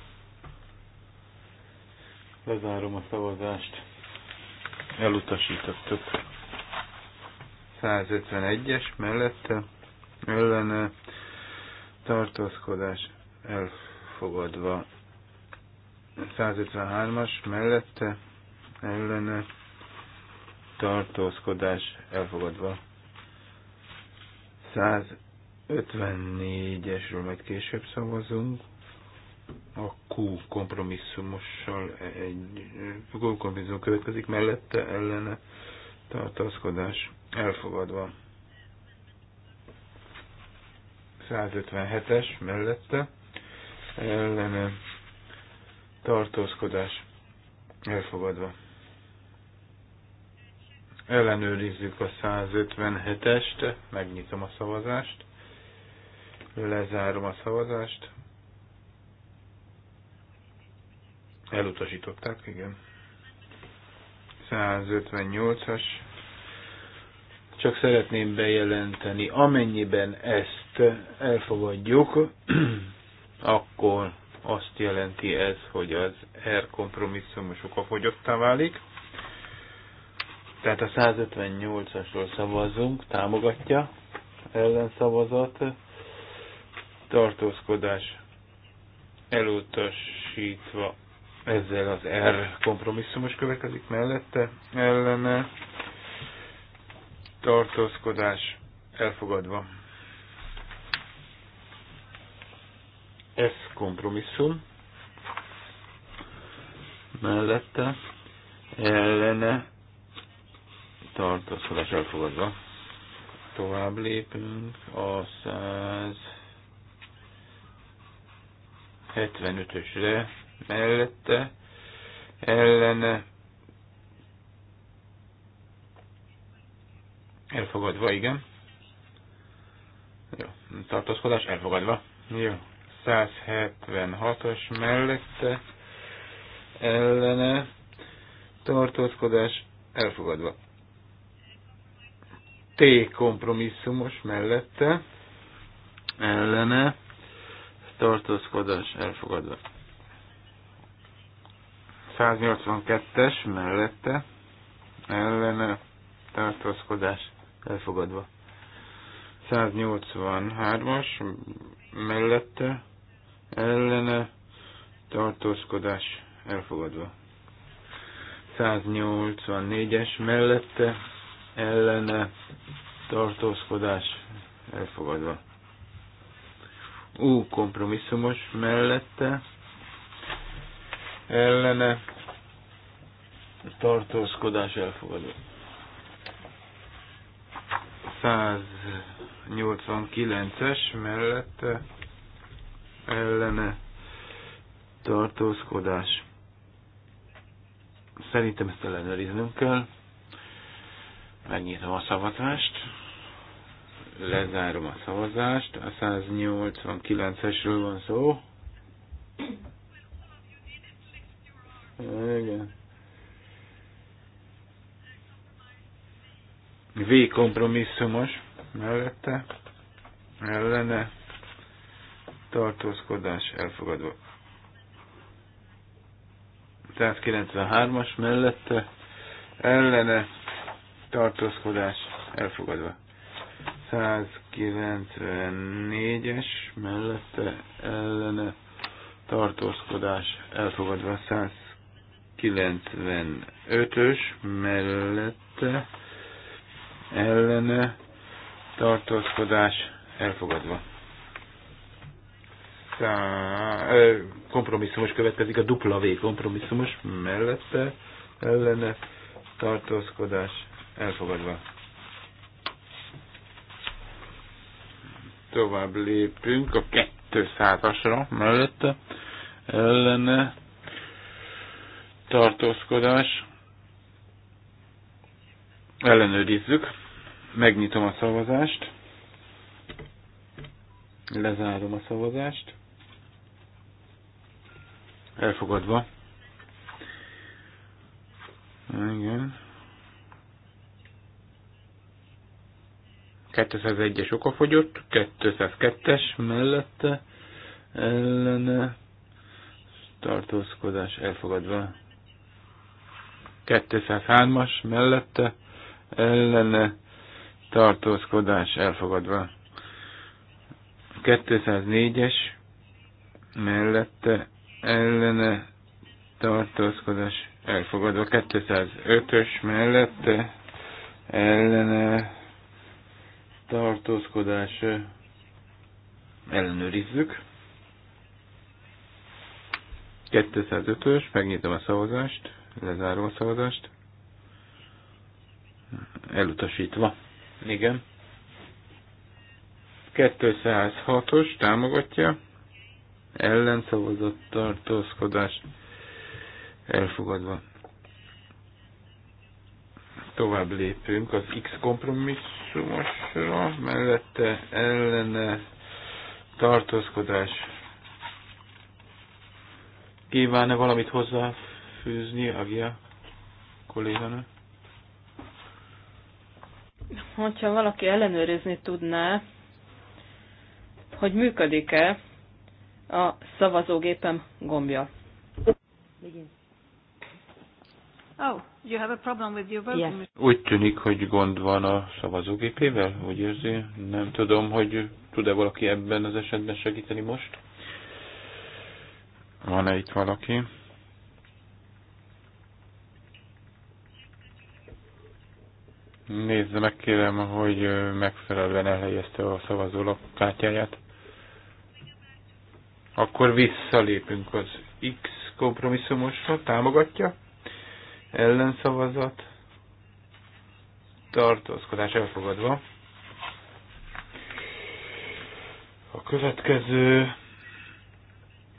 Lezárom a szavazást. Elutasítottuk. 151-es mellette ellene tartózkodás elfogadva. 153-as mellette ellene tartózkodás elfogadva. 154-esről majd később szavazunk a Q kompromisszumossal egy Q kompromisszum következik, mellette ellene tartaszkodás elfogadva. 157-es mellette ellene tartózkodás elfogadva. Ellenőrizzük a 157-est, megnyitom a szavazást, lezárom a szavazást, Elutasították, igen. 158-as. Csak szeretném bejelenteni, amennyiben ezt elfogadjuk, akkor azt jelenti ez, hogy az R a fogyottá válik. Tehát a 158-asról szavazunk, támogatja, ellenszavazat, tartózkodás elutasítva ezzel az R kompromisszumos következik mellette, ellene tartózkodás elfogadva. S kompromisszum mellette, ellene tartózkodás elfogadva. Tovább lépünk a 175-ösre, mellette ellene elfogadva, igen. Jó, tartózkodás elfogadva. Jó, 176-os mellette ellene tartózkodás elfogadva. T kompromisszumos mellette ellene tartózkodás elfogadva. 182-es mellette ellene tartózkodás elfogadva. 183-as mellette ellene tartózkodás elfogadva. 184-es mellette ellene tartózkodás elfogadva. U kompromisszumos mellette ellene tartózkodás elfogadó. 189-es mellette ellene tartózkodás. Szerintem ezt ellenőriznünk kell. Megnyitom a szavazást. Lezárom a szavazást. A 189-esről van szó. Igen. V kompromisszumos mellette ellene tartózkodás elfogadva. 193-as mellette ellene tartózkodás elfogadva. 194-es mellette ellene tartózkodás elfogadva. 100 95-ös mellette ellene tartózkodás elfogadva. Szá, kompromisszumos következik, a dupla V kompromisszumos mellette ellene tartózkodás elfogadva. Tovább lépünk a 200-asra mellette ellene tartózkodás, ellenőrizzük, megnyitom a szavazást, lezárom a szavazást, elfogadva. Igen. 201-es okafogyott, 202-es mellette ellene tartózkodás elfogadva. 203-as mellette ellene tartózkodás elfogadva. 204-es mellette ellene tartózkodás elfogadva. 205-ös mellette ellene tartózkodás ellenőrizzük. 205-ös, megnyitom a szavazást lezárva a szavazást. Elutasítva. Igen. 206-os támogatja. Ellenszavazott tartózkodás elfogadva. Tovább lépünk az X kompromisszumosra, mellette ellene tartózkodás. Kívánne valamit hozzá hozzáfűzni, Agia kolléganő? Hogyha valaki ellenőrizni tudná, hogy működik-e a szavazógépem gombja. Oh, you have a problem with your voting yes. Úgy tűnik, hogy gond van a szavazógépével, úgy érzi. Nem tudom, hogy tud-e valaki ebben az esetben segíteni most? Van-e itt valaki? Nézze meg kérem, hogy megfelelően elhelyezte a szavazólap kártyáját. Akkor visszalépünk az X kompromisszumosra. Támogatja? Ellenszavazat? Tartózkodás elfogadva. A következő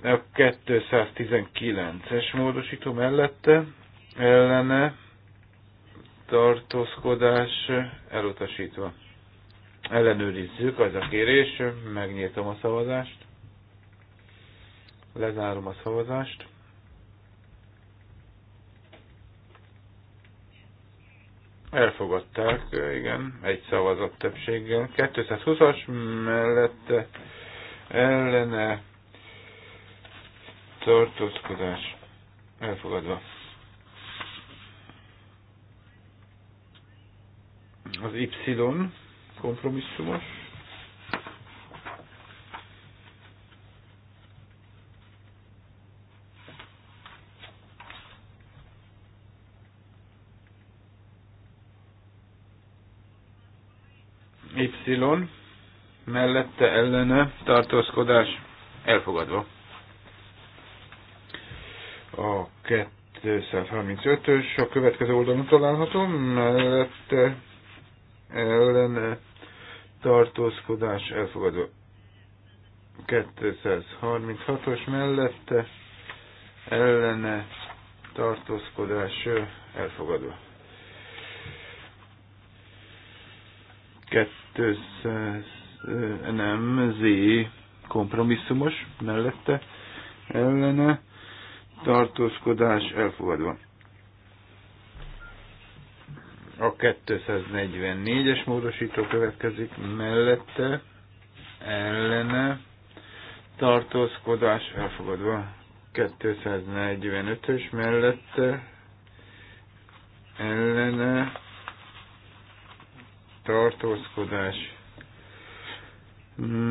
a 219-es módosító mellette ellene tartózkodás elutasítva. Ellenőrizzük, az a kérés, megnyitom a szavazást, lezárom a szavazást. Elfogadták, igen, egy szavazat többséggel. 220-as mellette ellene tartózkodás elfogadva. Az Y kompromisszumos. Y mellette ellene tartózkodás elfogadva. A 235-ös a következő oldalon található, mellette ellene tartózkodás elfogadó 236-os mellette ellene tartózkodás elfogadva. 200 nem Z kompromisszumos mellette ellene tartózkodás elfogadva. A 244-es módosító következik mellette, ellene, tartózkodás elfogadva. 245-ös mellette, ellene, tartózkodás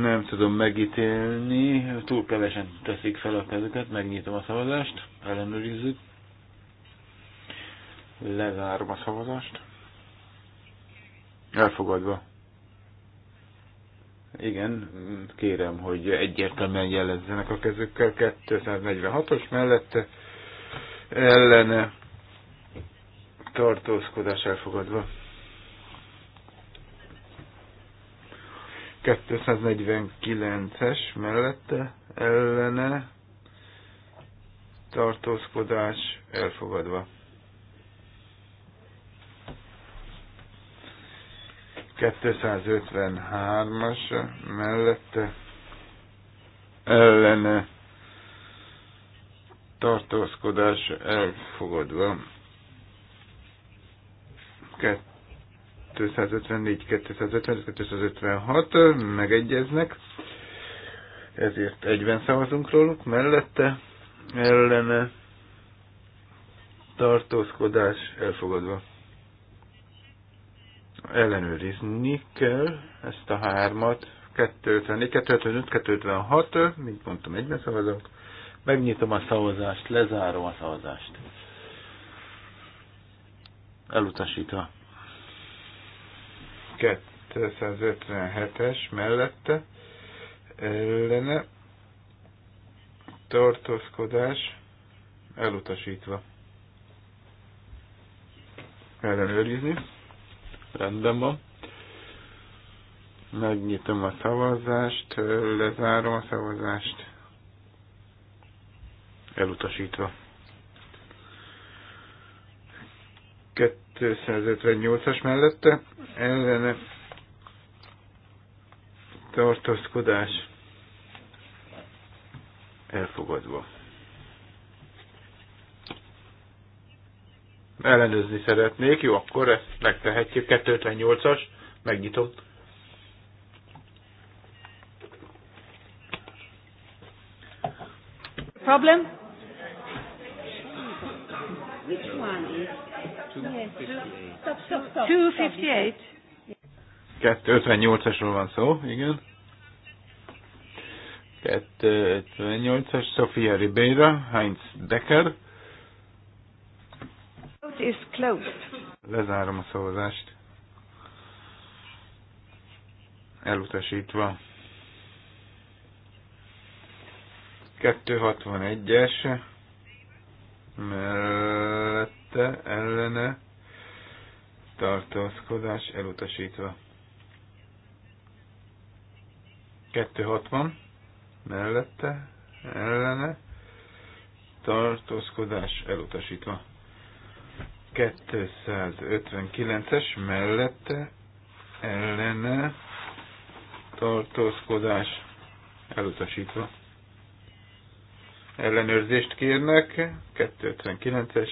nem tudom megítélni, túl kevesen teszik fel a kezüket, megnyitom a szavazást, ellenőrizzük, lezárom a szavazást. Elfogadva. Igen, kérem, hogy egyértelműen jelezzenek a kezükkel 246-os mellette ellene tartózkodás elfogadva. 249-es mellette ellene tartózkodás elfogadva. 253-as mellette ellene tartózkodás elfogadva. 254, 250. 256 megegyeznek, ezért egyben szavazunk róluk, mellette ellene tartózkodás elfogadva ellenőrizni kell ezt a hármat. 254, 255, 256, mint mondtam, egyben szavazok. Megnyitom a szavazást, lezárom a szavazást. Elutasítva. 257-es mellette ellene tartózkodás elutasítva. Ellenőrizni. Rendben van. Megnyitom a szavazást, lezárom a szavazást. Elutasítva. 258-as mellette ellene tartózkodás elfogadva. ellenőrizni szeretnék. Jó, akkor ezt megtehetjük. 258-as, megnyitom. Problem? Which one is? 258. 258-asról van szó, igen. 258-as Sofia Ribeira, Heinz Decker vote is closed. Lezárom a szavazást. Elutasítva. 261-es mellette ellene tartózkodás elutasítva. 260 mellette ellene tartózkodás elutasítva. 259-es mellette ellene tartózkodás elutasítva. Ellenőrzést kérnek, 259-es.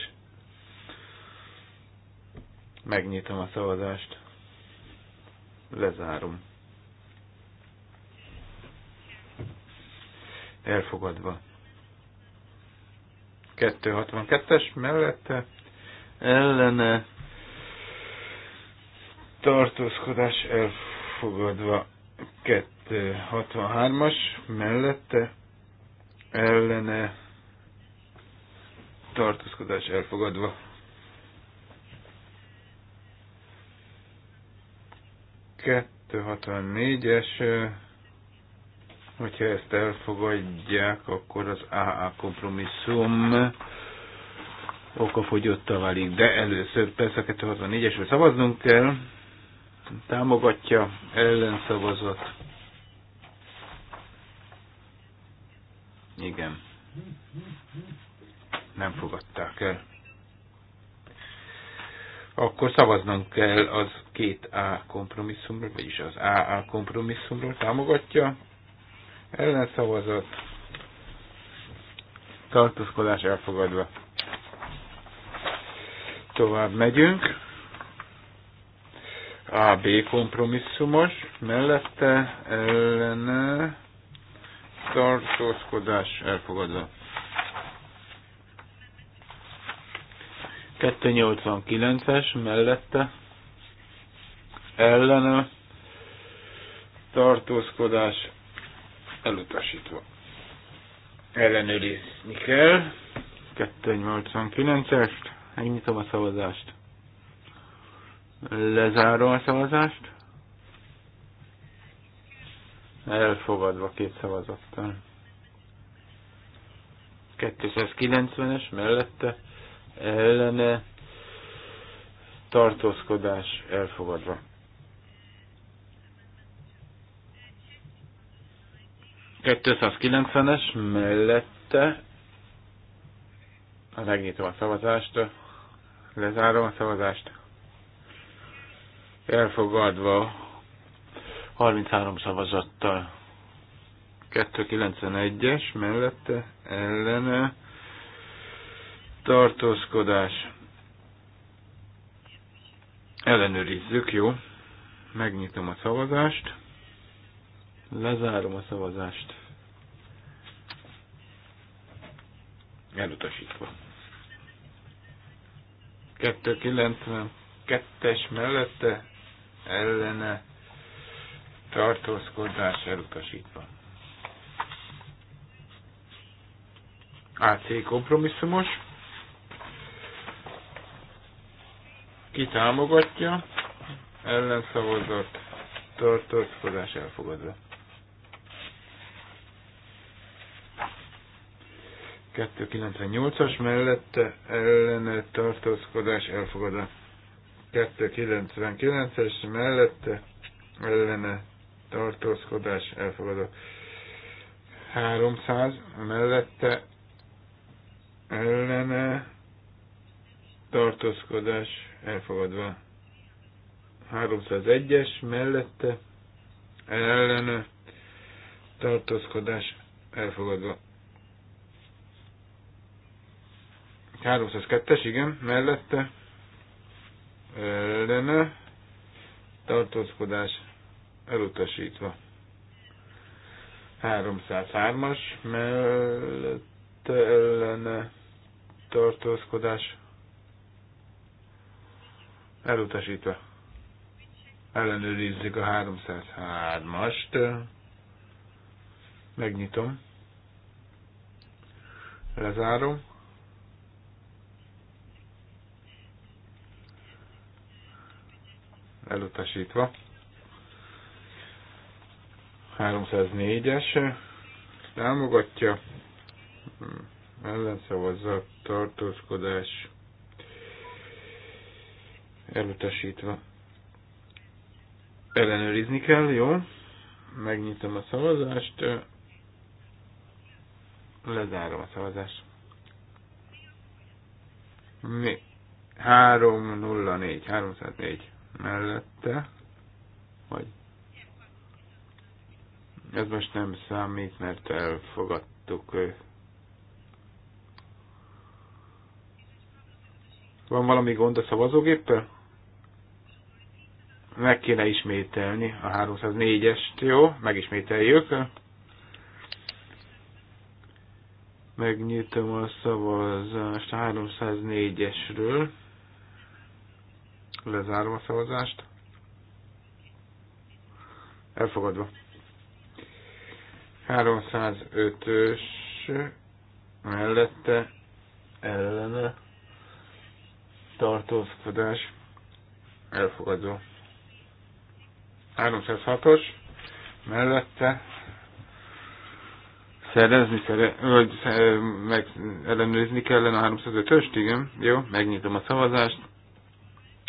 Megnyitom a szavazást. Lezárom. Elfogadva. 262-es mellette ellene tartózkodás elfogadva 263-as mellette ellene tartózkodás elfogadva. Kettő 64-es, hogyha ezt elfogadják, akkor az AA kompromisszum a válik, de először persze 264-esre szavaznunk kell. Támogatja ellenszavazat. Igen. Nem fogadták el. Akkor szavaznunk kell az két A kompromisszumról, vagyis az AA kompromisszumról támogatja. Ellenszavazat. Tartózkodás elfogadva. Tovább megyünk. AB kompromisszumos, mellette ellene tartózkodás elfogadva. 289-es mellette ellene tartózkodás elutasítva. Ellenőrizni kell 289-est. Megnyitom a szavazást. Lezárom a szavazást. Elfogadva két szavazattal. 290-es mellette ellene tartózkodás elfogadva. es mellette megnyitom a szavazást, Lezárom a szavazást. Elfogadva 33 szavazattal. 291-es mellette ellene tartózkodás. Ellenőrizzük, jó? Megnyitom a szavazást. Lezárom a szavazást. Elutasítva. 292-es mellette ellene tartózkodás elutasítva. AC kompromisszumos. Ki támogatja? Ellenszavazat tartózkodás elfogadva. 298-as mellette ellene tartózkodás elfogadva. 299-es mellette ellene tartózkodás elfogadva. 300 mellette ellene tartózkodás elfogadva. 301-es mellette ellene tartózkodás elfogadva. 302-es, igen, mellette ellene tartózkodás elutasítva. 303-as mellette ellene tartózkodás elutasítva. Ellenőrizzük a 303-ast. Megnyitom. Lezárom. elutasítva. 304-es támogatja, ellenszavazat, tartózkodás elutasítva. Ellenőrizni kell, jó? Megnyitom a szavazást, lezárom a szavazást. Mi? 304, 304 mellette, vagy ez most nem számít, mert elfogadtuk. Van valami gond a szavazógéppel? Meg kéne ismételni a 304-est, jó? Megismételjük. Megnyitom a szavazást a 304-esről. Lezárom a szavazást. Elfogadva. 305-ös mellette ellene tartózkodás elfogadva. 306-os mellette szerezni, szere, vagy szere, meg ellenőrizni kellene a 305-öst, igen, jó, megnyitom a szavazást,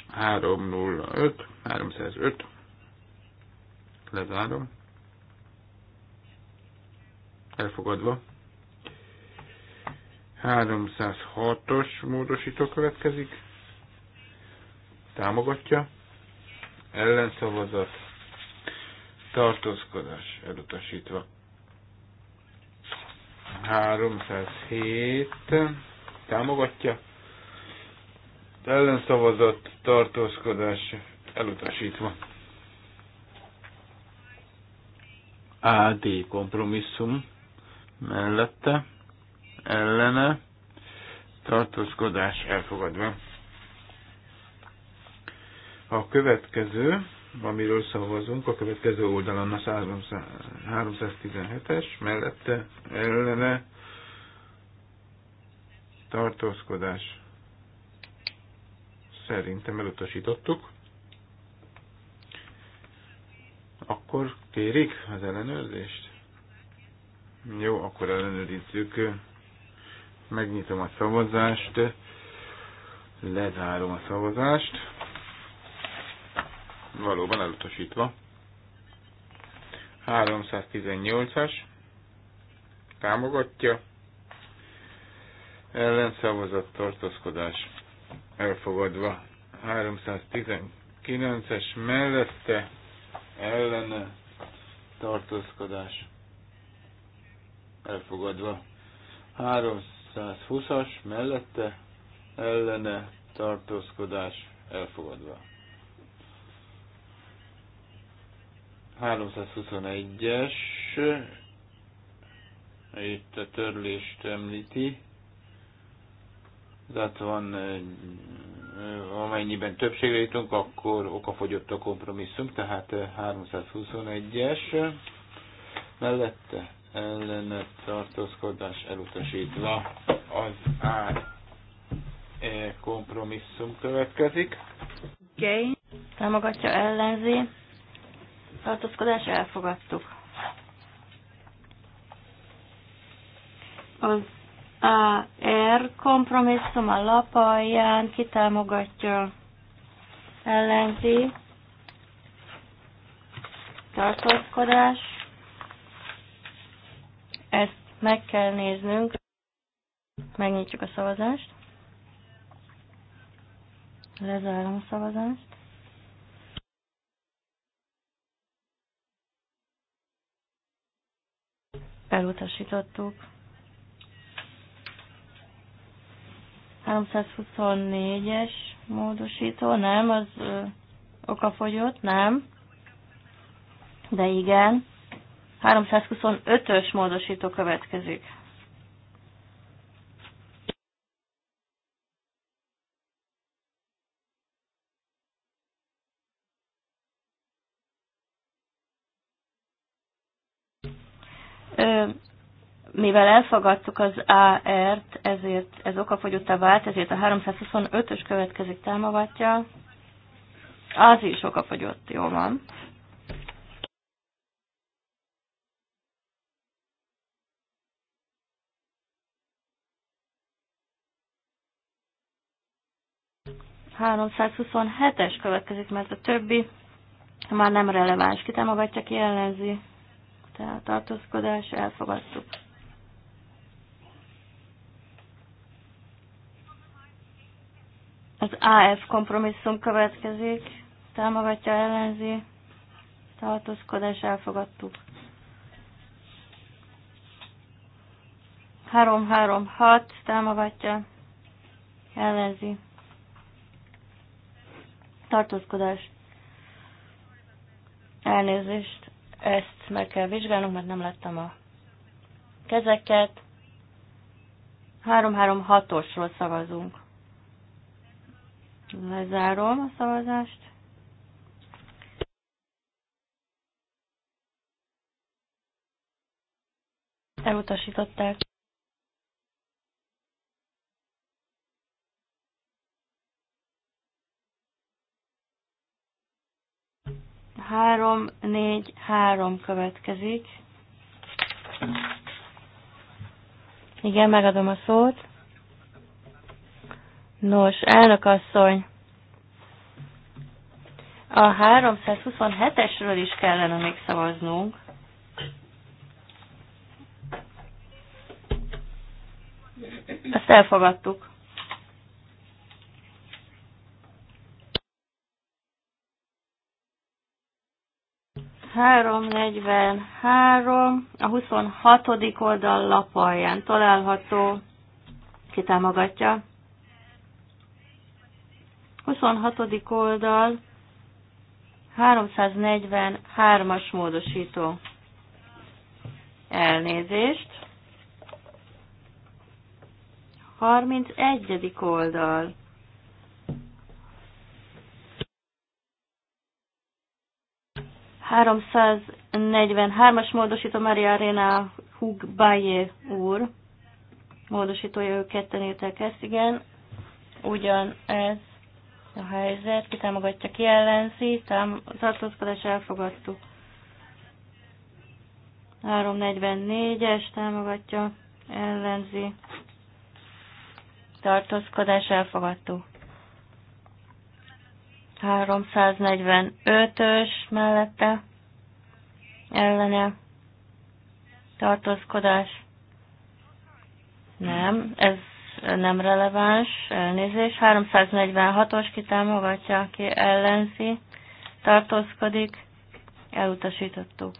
305, 305, lezárom, elfogadva. 306-os módosító következik, támogatja, ellenszavazat, tartózkodás elutasítva. 307 támogatja, ellenszavazat, tartózkodás elutasítva. AD kompromisszum mellette, ellene, tartózkodás elfogadva. A következő, amiről szavazunk, a következő oldalon a 317-es, mellette, ellene, tartózkodás Szerintem elutasítottuk. Akkor kérik az ellenőrzést? Jó, akkor ellenőrizzük. Megnyitom a szavazást. Lezárom a szavazást. Valóban elutasítva. 318-as támogatja, ellenszavazat tartózkodás elfogadva. 319-es mellette ellene tartózkodás elfogadva. 320-as mellette ellene tartózkodás elfogadva. 321-es itt a törlést említi, tehát van, amennyiben többségre jutunk, akkor okafogyott a kompromisszum, tehát 321-es mellette ellene tartózkodás elutasítva az ár e kompromisszum következik. Gay okay. támogatja ellenzi. Tartózkodás elfogadtuk. Az AR kompromisszum a lap alján kitámogatja ellenzi tartózkodás. Ezt meg kell néznünk. Megnyitjuk a szavazást. Lezárom a szavazást. Elutasítottuk. 324-es módosító, nem, az ö, okafogyott, nem. De igen, 325-ös módosító következik. mivel elfogadtuk az AR-t, ezért ez okafogyottá vált, ezért a 325-ös következik támogatja. Az is okafogyott, jó van. es következik, mert a többi már nem releváns. Ki támogatja, ki ellenzi. Tehát tartózkodás, elfogadtuk. Az AF kompromisszum következik, támogatja ellenzi, tartózkodás elfogadtuk. 336 támogatja, ellenzi, tartózkodás, elnézést, ezt meg kell vizsgálnunk, mert nem láttam a kezeket. 336-osról szavazunk. Lezárom a szavazást. Elutasították. Három, négy, három következik. Igen, megadom a szót. Nos, asszony, a 327-esről is kellene még szavaznunk. Ezt elfogadtuk. Három negyven három, a 26. oldal lapalján található, ki támogatja 26. oldal, 343-as módosító. Elnézést. 31. oldal. 343. as módosító Maria Arena Hug Baye úr. Módosítója ő ketten értek ezt, igen. Ugyanez a helyzet, ki támogatja, ki ellenzi, tartózkodás elfogadtuk. 344-es támogatja, ellenzi, tartózkodás elfogadtuk. 345-ös mellette ellene tartózkodás. Nem, ez nem releváns, elnézés. 346-os kitámogatja, aki ellenzi, tartózkodik, elutasítottuk.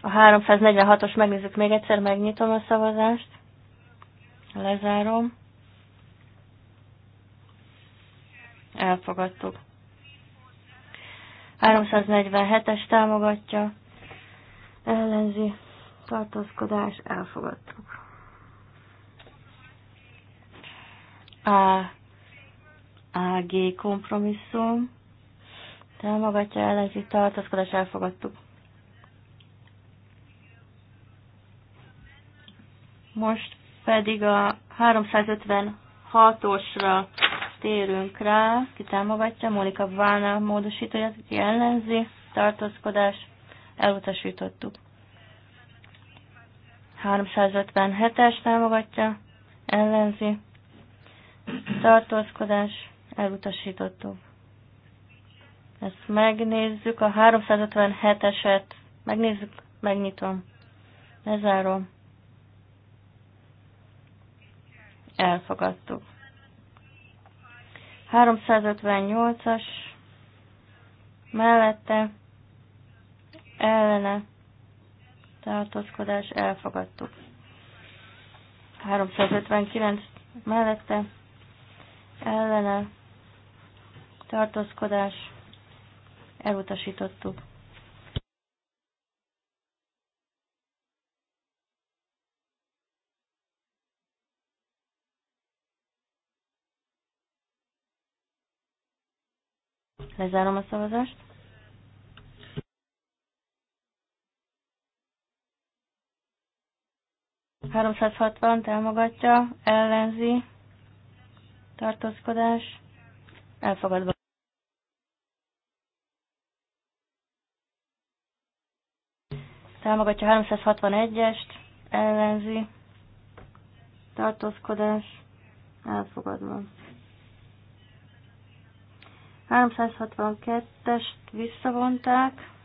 A 346-os megnézzük még egyszer, megnyitom a szavazást, lezárom, elfogadtuk. 347-es támogatja, ellenzi, tartózkodás, elfogadtuk. A, AG kompromisszum, támogatja ellenzi tartózkodás, elfogadtuk. Most pedig a 356-osra térünk rá, ki támogatja, Mónika Vána módosítója, aki ellenzi, tartózkodás, elutasítottuk. 357-es támogatja, ellenzi, tartózkodás, elutasítottuk. Ezt megnézzük, a 357-eset megnézzük, megnyitom, lezárom. Elfogadtuk. 358-as mellette, ellene, tartózkodás elfogadtuk. 359 mellette ellene tartózkodás elutasítottuk. Lezárom a szavazást. 360 támogatja, ellenzi, tartózkodás, elfogadva. Támogatja 361-est, ellenzi, tartózkodás, elfogadva. 362-est visszavonták,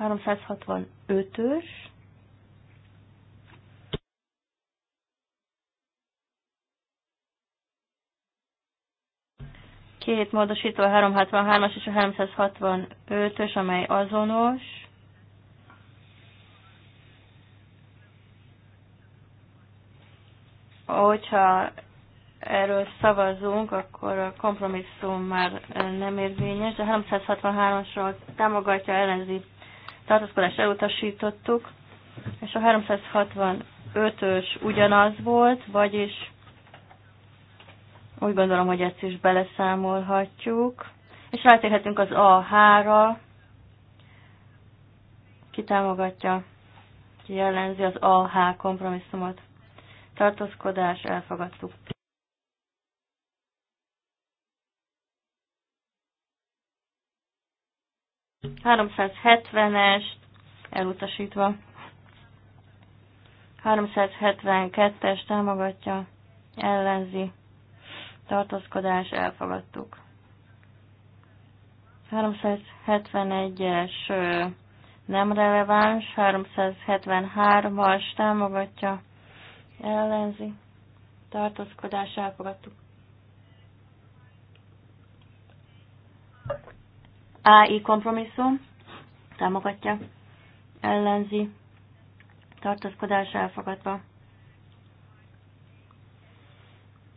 365-ös, két módosító, a 363-as és a 365-ös, amely azonos. Hogyha erről szavazunk, akkor a kompromisszum már nem érvényes. A 363-asról támogatja ellenzi tartózkodást elutasítottuk, és a 365-ös ugyanaz volt, vagyis úgy gondolom, hogy ezt is beleszámolhatjuk. És rátérhetünk az A-ra. Ki támogatja, ki jellemzi az AH kompromisszumot. Tartózkodás, elfogadtuk. 370-est elutasítva. 372-es támogatja, ellenzi, tartózkodás, elfogadtuk. 371-es nem releváns, 373-as támogatja, ellenzi, tartózkodás, elfogadtuk. AI kompromisszum támogatja, ellenzi, tartózkodás elfogadva.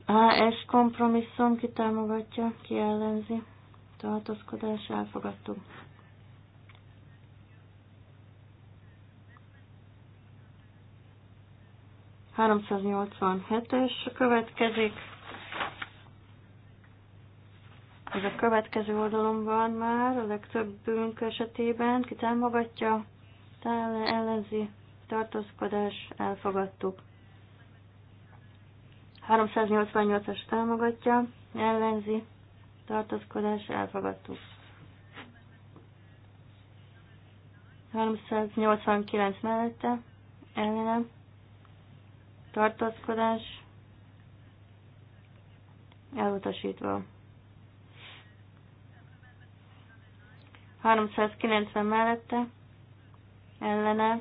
AS kompromisszum ki támogatja, ki ellenzi, tartózkodás elfogadtuk. Háromszáznyolcvanhetes következik az a következő oldalon van már, a legtöbbünk esetében, ki támogatja, ellenzi, tartózkodás, elfogadtuk. 388-as támogatja, ellenzi, tartózkodás, elfogadtuk. 389 mellette, ellenem, tartózkodás, elutasítva. 390 mellette ellene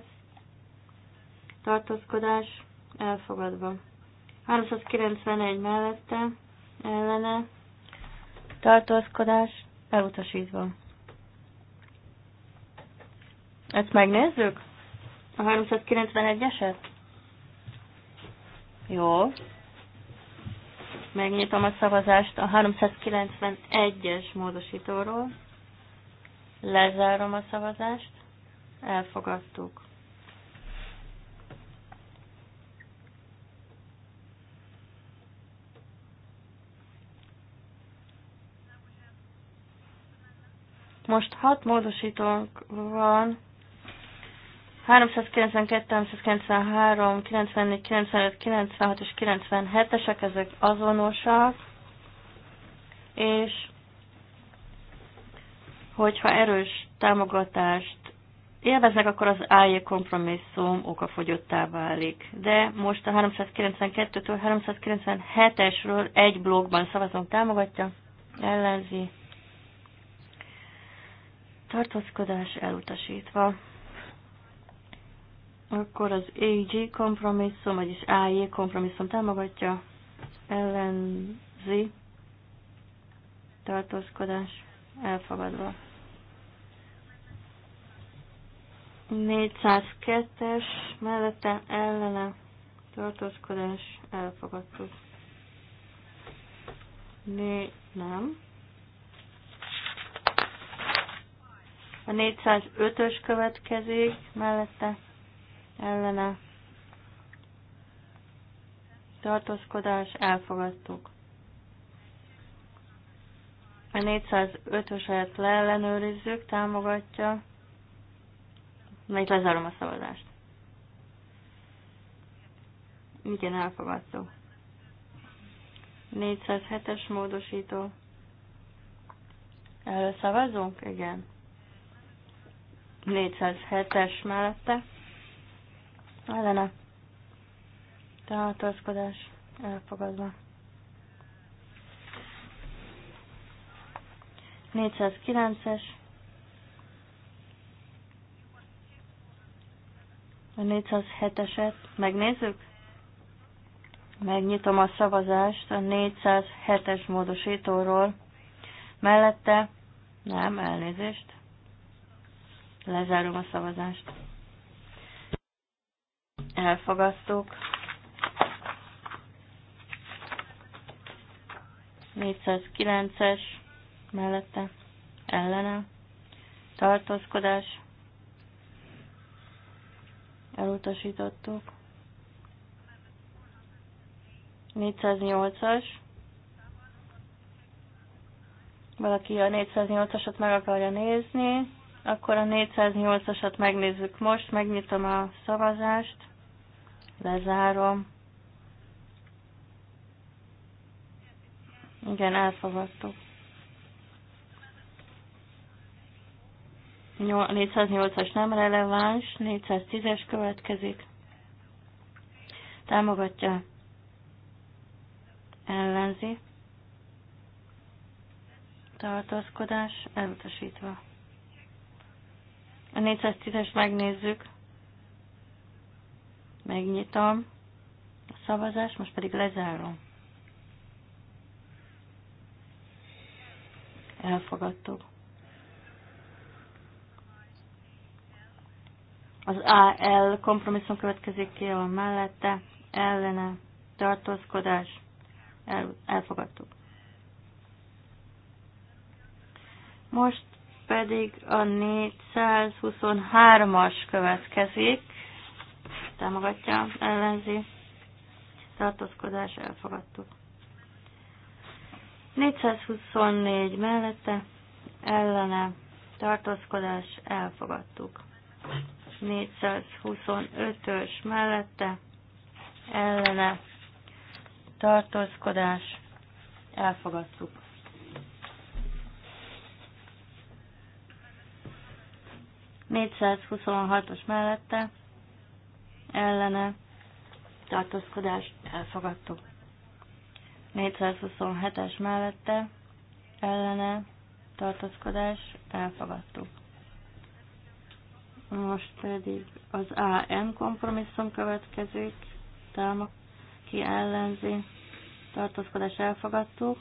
tartózkodás elfogadva. 391 mellette ellene tartózkodás elutasítva. Ezt megnézzük? A 391-eset? Jó. Megnyitom a szavazást a 391-es módosítóról. Lezárom a szavazást. Elfogadtuk. Most hat módosítónk van. 392, 393, 94, 95, 96 és 97-esek, ezek azonosak. És hogyha erős támogatást élveznek, akkor az AE kompromisszum okafogyottá válik. De most a 392-től 397-esről egy blogban szavazunk támogatja, ellenzi, tartózkodás elutasítva. Akkor az AG kompromisszum, vagyis AJ kompromisszum támogatja, ellenzi, tartózkodás elfogadva. 402-es mellette ellene tartózkodás elfogadtuk. Né, nem. A 405-ös következik mellette ellene tartózkodás elfogadtuk. A 405-öset leellenőrizzük, támogatja meg lezárom a szavazást. Igen, elfogadtó. 407-es módosító. Erről szavazunk? Igen. 407-es mellette. Ellene. Tartózkodás elfogadva. 409-es A 407-eset megnézzük? Megnyitom a szavazást a 407-es módosítóról. Mellette nem, elnézést. Lezárom a szavazást. Elfogadtuk. 409-es mellette ellene tartózkodás elutasítottuk. 408-as. Valaki a 408-asat meg akarja nézni, akkor a 408-asat megnézzük most, megnyitom a szavazást, lezárom. Igen, elfogadtuk. 408-as nem releváns, 410-es következik. Támogatja. Ellenzi. Tartózkodás elutasítva. A 410-es megnézzük. Megnyitom a szavazást, most pedig lezárom. Elfogadtuk. Az AL kompromisszum következik ki, a mellette ellene tartózkodás el, elfogadtuk. Most pedig a 423-as következik, támogatja, ellenzi, tartózkodás elfogadtuk. 424 mellette ellene tartózkodás elfogadtuk. 425-ös mellette ellene tartózkodás elfogadtuk. os mellette ellene tartózkodás elfogadtuk. 427-es mellette ellene tartózkodás elfogadtuk. Most pedig az AM kompromisszum következik, támog ki ellenzi, tartózkodás elfogadtuk.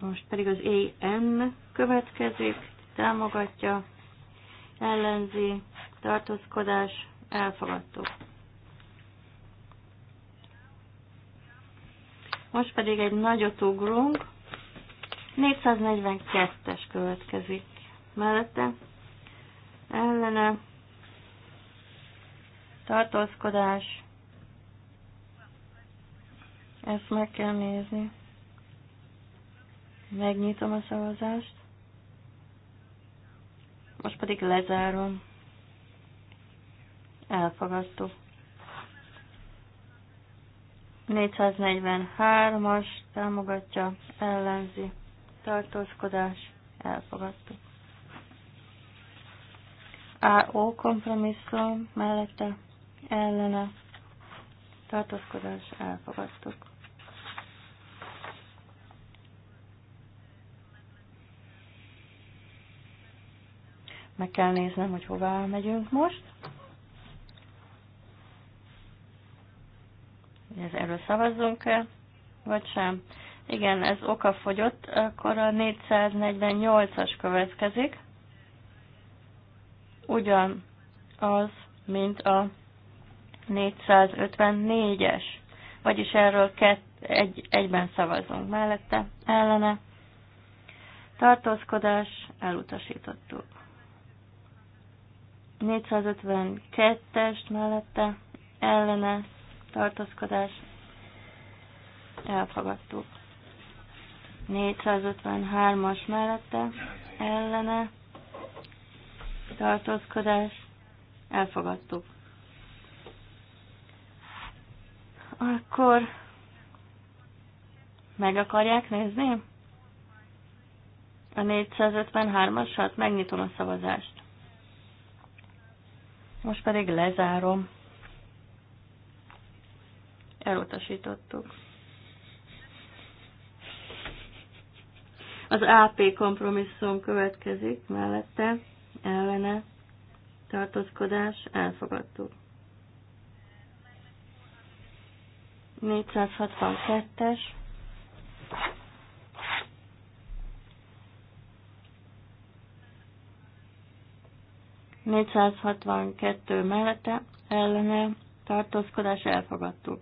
Most pedig az EN következik, támogatja, ellenzi, tartózkodás, elfogadtuk. Most pedig egy nagyot ugrunk, 442-es következik mellette. Ellene tartózkodás. Ezt meg kell nézni. Megnyitom a szavazást. Most pedig lezárom. Elfogadtuk. 443-as támogatja, ellenzi tartózkodás, elfogadtuk. AO kompromisszum mellette ellene tartózkodás, elfogadtuk. Meg kell néznem, hogy hová megyünk most. Ez erről szavazzunk-e, vagy sem. Igen, ez oka fogyott, akkor a 448-as következik. Ugyan az, mint a 454-es. Vagyis erről kett, egy, egyben szavazunk mellette, ellene. Tartózkodás, elutasítottuk. 452-est mellette, ellene, tartózkodás, elfogadtuk. 453-as mellette ellene tartózkodás elfogadtuk. Akkor meg akarják nézni? A 453-asat megnyitom a szavazást. Most pedig lezárom. Elutasítottuk. Az AP kompromisszum következik mellette, ellene, tartózkodás, elfogadtuk. 462-es. Négyszázhatvankettő mellette ellene tartózkodás elfogadtuk.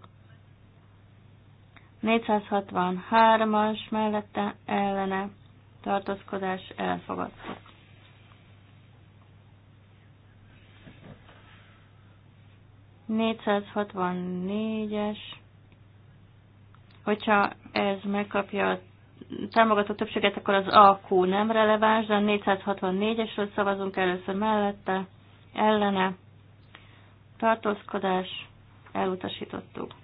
463-as mellette ellene tartózkodás elfogadható. négyes, hogyha ez megkapja a támogató többséget, akkor az AQ nem releváns, de a 464-esről szavazunk először mellette, ellene, tartózkodás, elutasítottuk.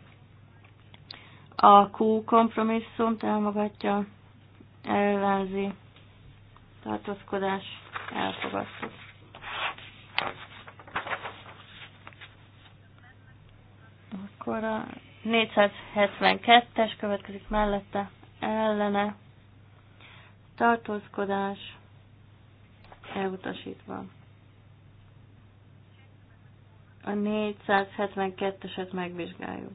A Q kompromisszum támogatja, ellenzi, tartózkodás, elfogadtuk. Akkor a 472-es következik mellette, ellene, tartózkodás, elutasítva. A 472-eset megvizsgáljuk.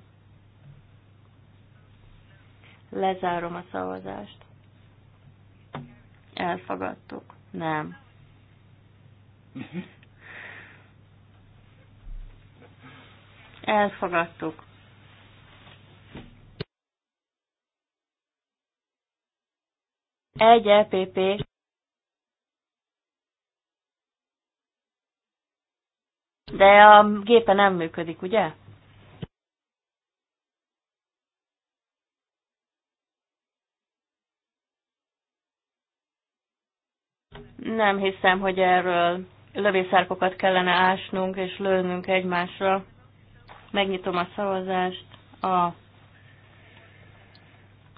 Lezárom a szavazást. Elfogadtuk. Nem. Elfogadtuk. Egy EPP. De a gépe nem működik, ugye? Nem hiszem, hogy erről lövészárkokat kellene ásnunk és lőnünk egymásra. Megnyitom a szavazást a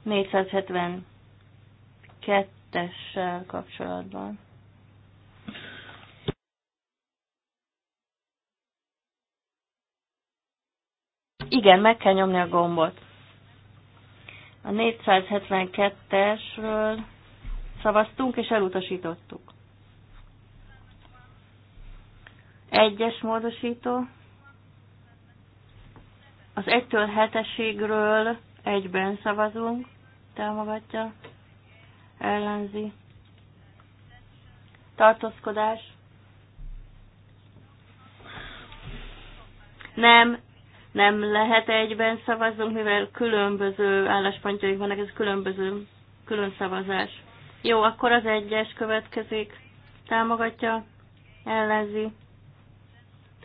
472-essel kapcsolatban. Igen, meg kell nyomni a gombot. A 472-esről szavaztunk és elutasítottuk. Egyes módosító. Az 1-től 7 egyben szavazunk. Támogatja. Ellenzi. Tartózkodás. Nem, nem lehet egyben szavazunk, mivel különböző álláspontjaik vannak, ez különböző, külön szavazás. Jó, akkor az egyes következik. Támogatja, ellenzi,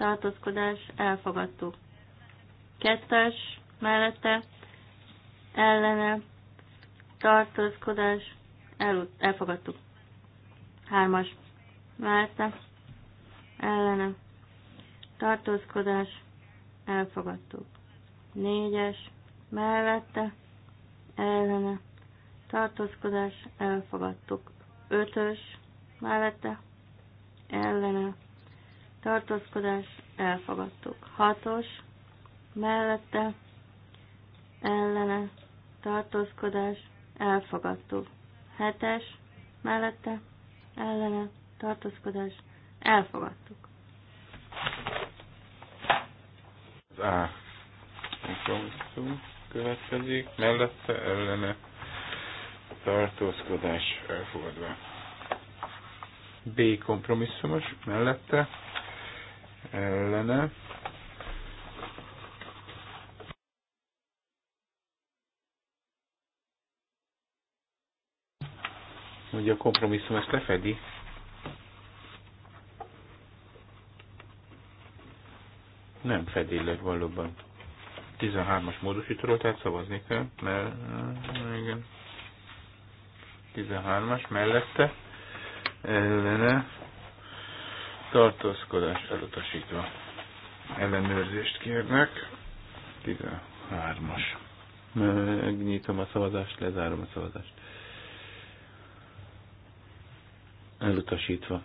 tartózkodás elfogadtuk. Kettes mellette ellene tartózkodás el, elfogadtuk. Hármas mellette ellene tartózkodás elfogadtuk. Négyes mellette ellene tartózkodás elfogadtuk. Ötös mellette ellene tartózkodás, elfogadtuk. Hatos, mellette, ellene, tartózkodás, elfogadtuk. Hetes, mellette, ellene, tartózkodás, elfogadtuk. Az A kompromisszum következik, mellette, ellene, tartózkodás elfogadva. B kompromisszumos, mellette, ellene. Ugye a kompromisszum ezt lefedi. Nem fedi le valóban. 13-as módosítóról, tehát szavazni kell, mert igen. 13-as mellette ellene tartózkodást elutasítva. Ellenőrzést kérnek. 13-as. Megnyitom a szavazást, lezárom a szavazást. Elutasítva.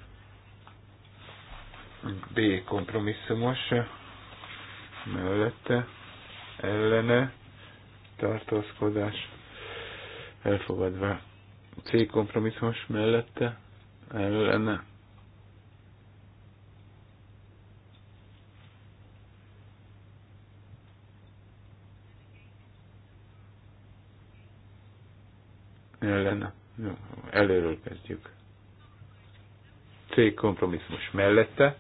B kompromisszumos mellette ellene tartózkodás elfogadva. C kompromisszumos mellette ellene lenne? Jó, előről kezdjük. C kompromisszumos mellette,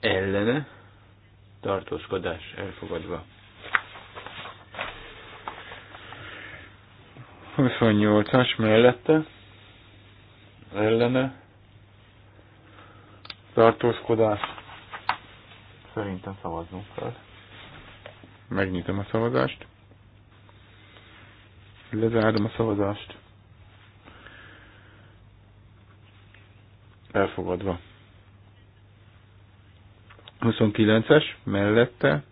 ellene, tartózkodás elfogadva. 28-as mellette, ellene, tartózkodás. Szerintem szavaznunk kell. Megnyitom a szavazást. Lezárom a szavazást. Elfogadva. 29-es, mellette,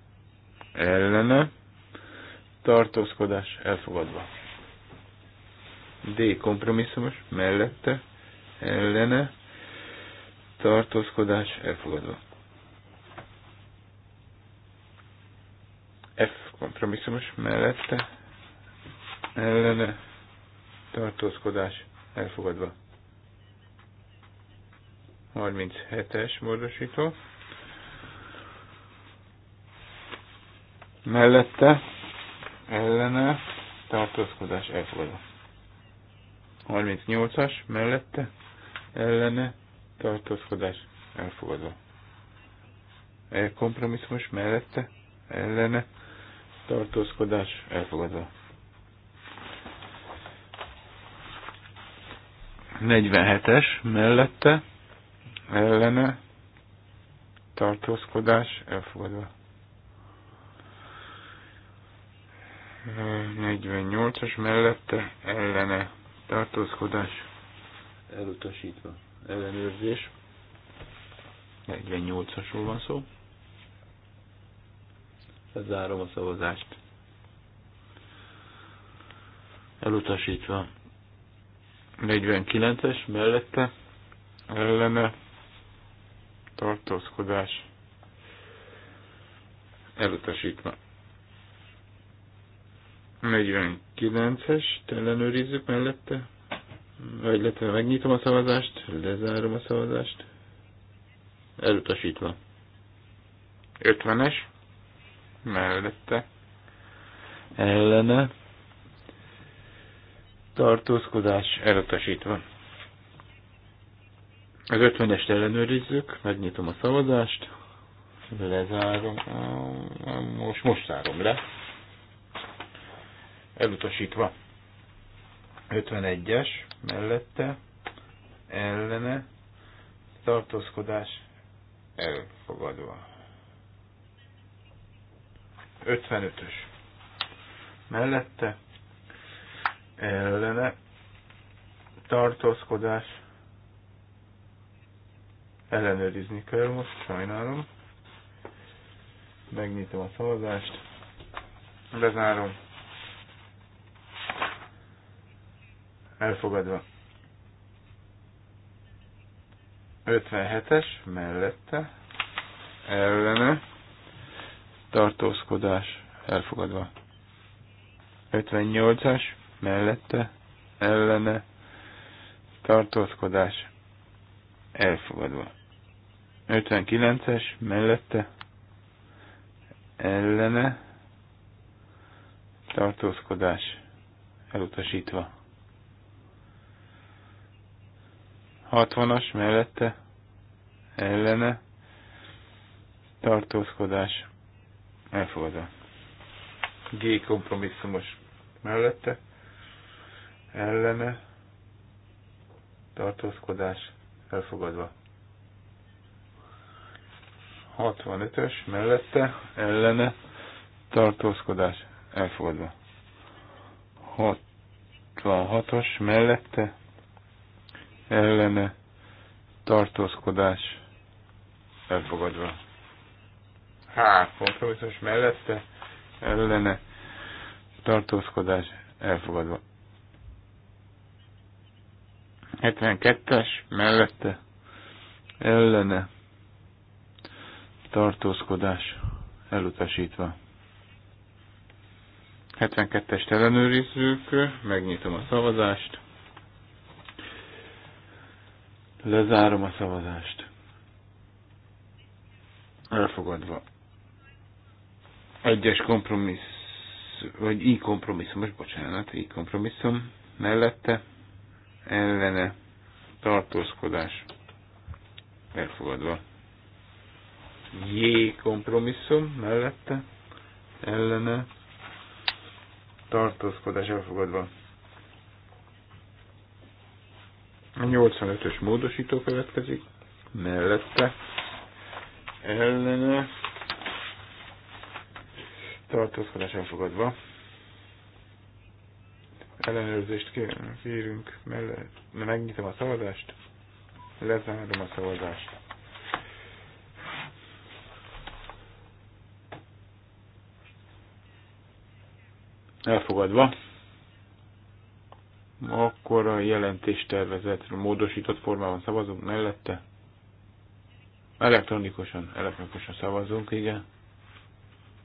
ellene, tartózkodás, elfogadva. D. Kompromisszumos, mellette, ellene, tartózkodás, elfogadva. F. Kompromisszumos, mellette, ellene tartózkodás elfogadva. 37-es módosító. Mellette ellene tartózkodás elfogadva. 38-as mellette ellene tartózkodás elfogadva. E kompromisszumos mellette ellene tartózkodás elfogadva. 47-es mellette ellene tartózkodás elfogadva. 48-as mellette ellene tartózkodás elutasítva. Ellenőrzés. 48-asról van szó. Lezárom a szavazást. Elutasítva. 49-es mellette ellene tartózkodás elutasítva. 49-es, ellenőrizzük mellette, vagy illetve megnyitom a szavazást, lezárom a szavazást, elutasítva. 50-es, mellette, ellene, tartózkodás elutasítva. Az 50-est ellenőrizzük, megnyitom a szavazást, lezárom, most, most zárom le, elutasítva. 51-es mellette, ellene, tartózkodás elfogadva. 55-ös mellette, ellene tartózkodás ellenőrizni kell most, sajnálom. Megnyitom a szavazást, bezárom. Elfogadva. 57-es mellette ellene tartózkodás elfogadva. 58-as mellette ellene tartózkodás elfogadva. 59-es mellette ellene tartózkodás elutasítva. 60-as mellette ellene tartózkodás elfogadva. G kompromisszumos mellette ellene tartózkodás elfogadva. 65-ös mellette ellene tartózkodás elfogadva. 66-os mellette ellene tartózkodás elfogadva. H. Kompromisszus mellette ellene tartózkodás elfogadva. 72-es mellette ellene tartózkodás elutasítva. 72-est ellenőrizzük, megnyitom a szavazást, lezárom a szavazást. Elfogadva. Egyes kompromissz, vagy így kompromisszum, most bocsánat, így kompromisszum mellette ellene tartózkodás elfogadva. J kompromisszum mellette ellene tartózkodás elfogadva. A 85-ös módosító következik, mellette ellene tartózkodás elfogadva ellenőrzést kérünk, mert megnyitom a szavazást, lezárom a szavazást. Elfogadva. Akkor a jelentéstervezetről módosított formában szavazunk mellette. Elektronikusan, elektronikusan szavazunk, igen.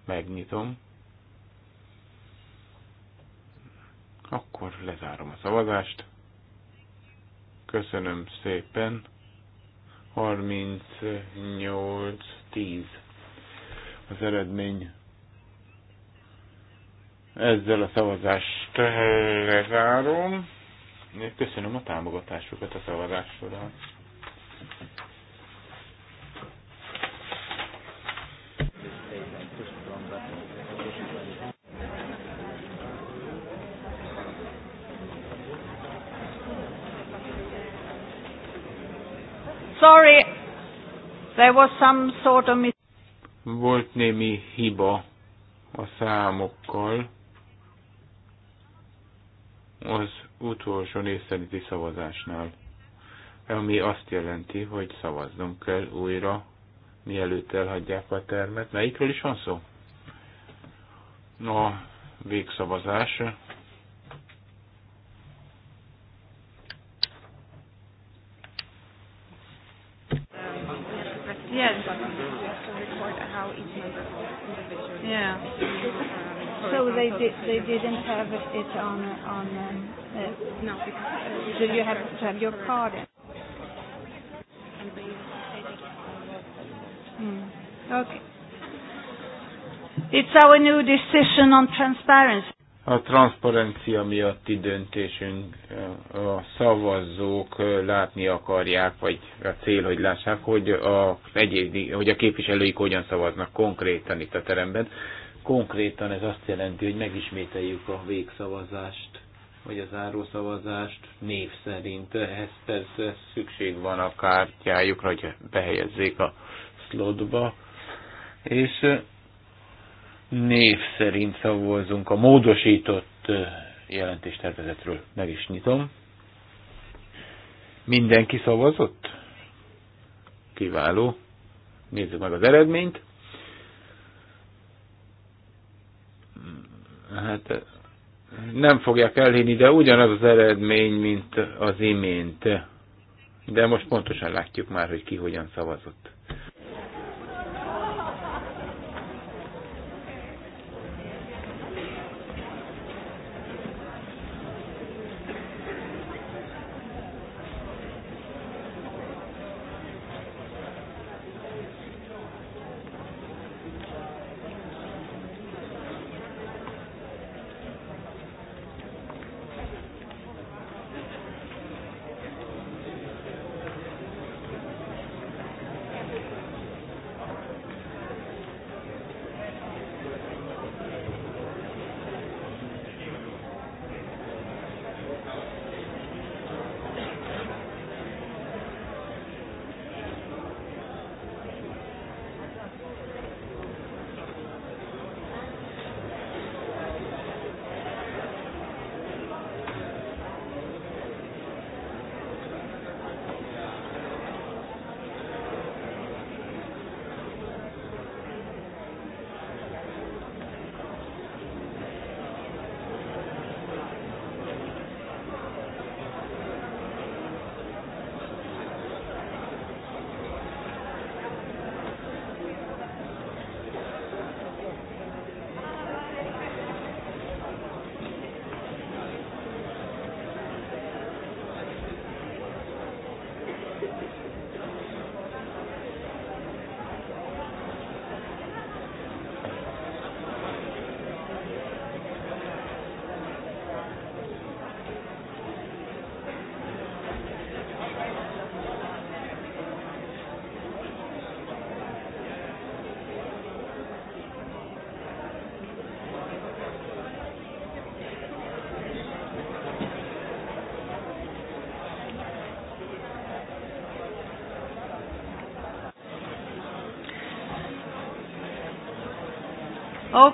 Megnyitom. Akkor lezárom a szavazást. Köszönöm szépen. 38-10 az eredmény. Ezzel a szavazást lezárom. Köszönöm a támogatásokat a szavazás során. There was some sort of Volt némi hiba a számokkal az utolsó nézszerinti szavazásnál, ami azt jelenti, hogy szavaznom kell újra, mielőtt elhagyják a termet. Melyikről is van szó? A végszavazás did, they didn't have it on on. Um, uh, no. Uh, so you have to have your card. In. Mm. Okay. It's our new decision on transparency. A transzparencia miatti döntésünk a szavazók látni akarják, vagy a cél, hogy lássák, hogy a, egyéni, hogy a képviselőik hogyan szavaznak konkrétan itt a teremben. Konkrétan ez azt jelenti, hogy megismételjük a végszavazást, vagy a zárószavazást név szerint. Ehhez persze szükség van a kártyájukra, hogy behelyezzék a slotba. És név szerint szavazunk a módosított jelentéstervezetről. Meg is nyitom. Mindenki szavazott? Kiváló. Nézzük meg az eredményt. Hát nem fogják elhinni, de ugyanaz az eredmény, mint az imént. De most pontosan látjuk már, hogy ki hogyan szavazott.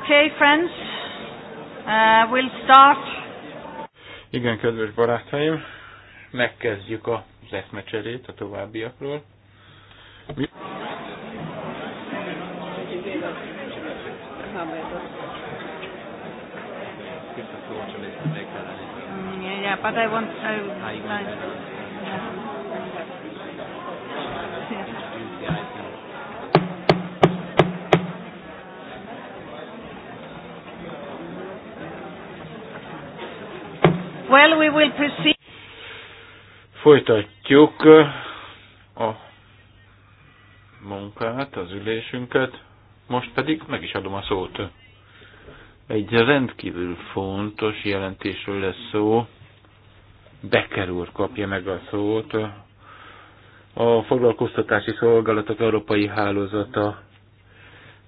Okay, friends, uh, we'll start. Igen, kedves barátaim, megkezdjük a eszmecserét a továbbiakról. Mi? Mm, yeah, but I want. I, I, Folytatjuk a munkát, az ülésünket. Most pedig meg is adom a szót. Egy rendkívül fontos jelentésről lesz szó. Becker úr kapja meg a szót. A foglalkoztatási szolgálatok európai hálózata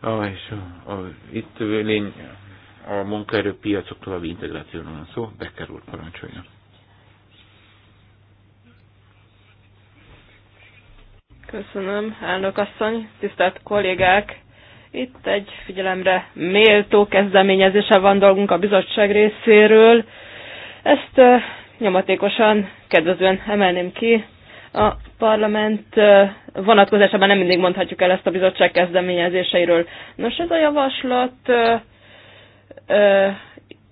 Ah, és a, a, itt lény, a munkaerőpiacok további integrációról van szó. Becker úr parancsolja. Köszönöm, elnök asszony, tisztelt kollégák! Itt egy figyelemre méltó kezdeményezése van dolgunk a bizottság részéről. Ezt nyomatékosan, kedvezően emelném ki. A parlament vonatkozásában nem mindig mondhatjuk el ezt a bizottság kezdeményezéseiről. Nos, ez a javaslat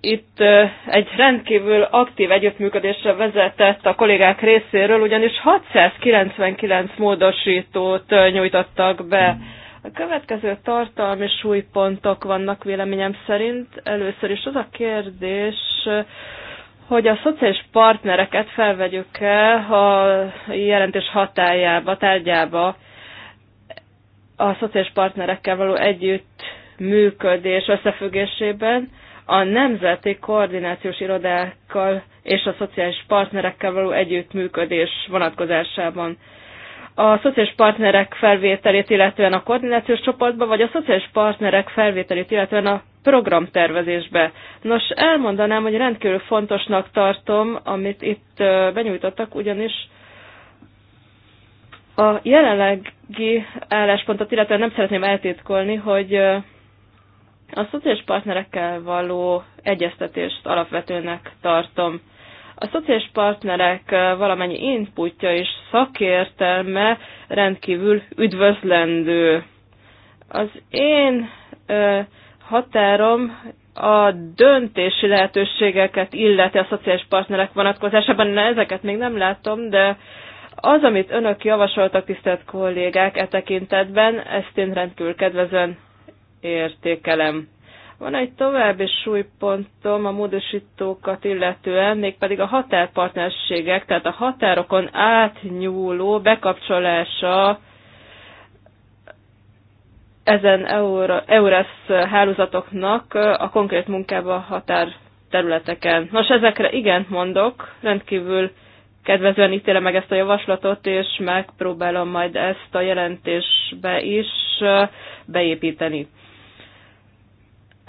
itt egy rendkívül aktív együttműködésre vezetett a kollégák részéről, ugyanis 699 módosítót nyújtottak be. A következő tartalmi súlypontok vannak véleményem szerint. Először is az a kérdés, hogy a szociális partnereket felvegyük-e a jelentés hatájába, tárgyába a szociális partnerekkel való együtt működés összefüggésében a nemzeti koordinációs irodákkal és a szociális partnerekkel való együttműködés vonatkozásában. A szociális partnerek felvételét, illetően a koordinációs csoportba, vagy a szociális partnerek felvételét, illetően a programtervezésbe. Nos, elmondanám, hogy rendkívül fontosnak tartom, amit itt benyújtottak, ugyanis a jelenlegi álláspontot, illetve nem szeretném eltétkolni, hogy a szociális partnerekkel való egyeztetést alapvetőnek tartom. A szociális partnerek valamennyi inputja és szakértelme rendkívül üdvözlendő. Az én határom a döntési lehetőségeket illeti a szociális partnerek vonatkozásában. Na, ezeket még nem látom, de az, amit önök javasoltak, tisztelt kollégák, e tekintetben, ezt én rendkívül kedvezően értékelem. Van egy további súlypontom a módosítókat illetően, mégpedig a határpartnerségek, tehát a határokon átnyúló bekapcsolása ezen EURES hálózatoknak a konkrét munkába a határ területeken. Nos, ezekre igent mondok, rendkívül kedvezően ítélem meg ezt a javaslatot, és megpróbálom majd ezt a jelentésbe is beépíteni.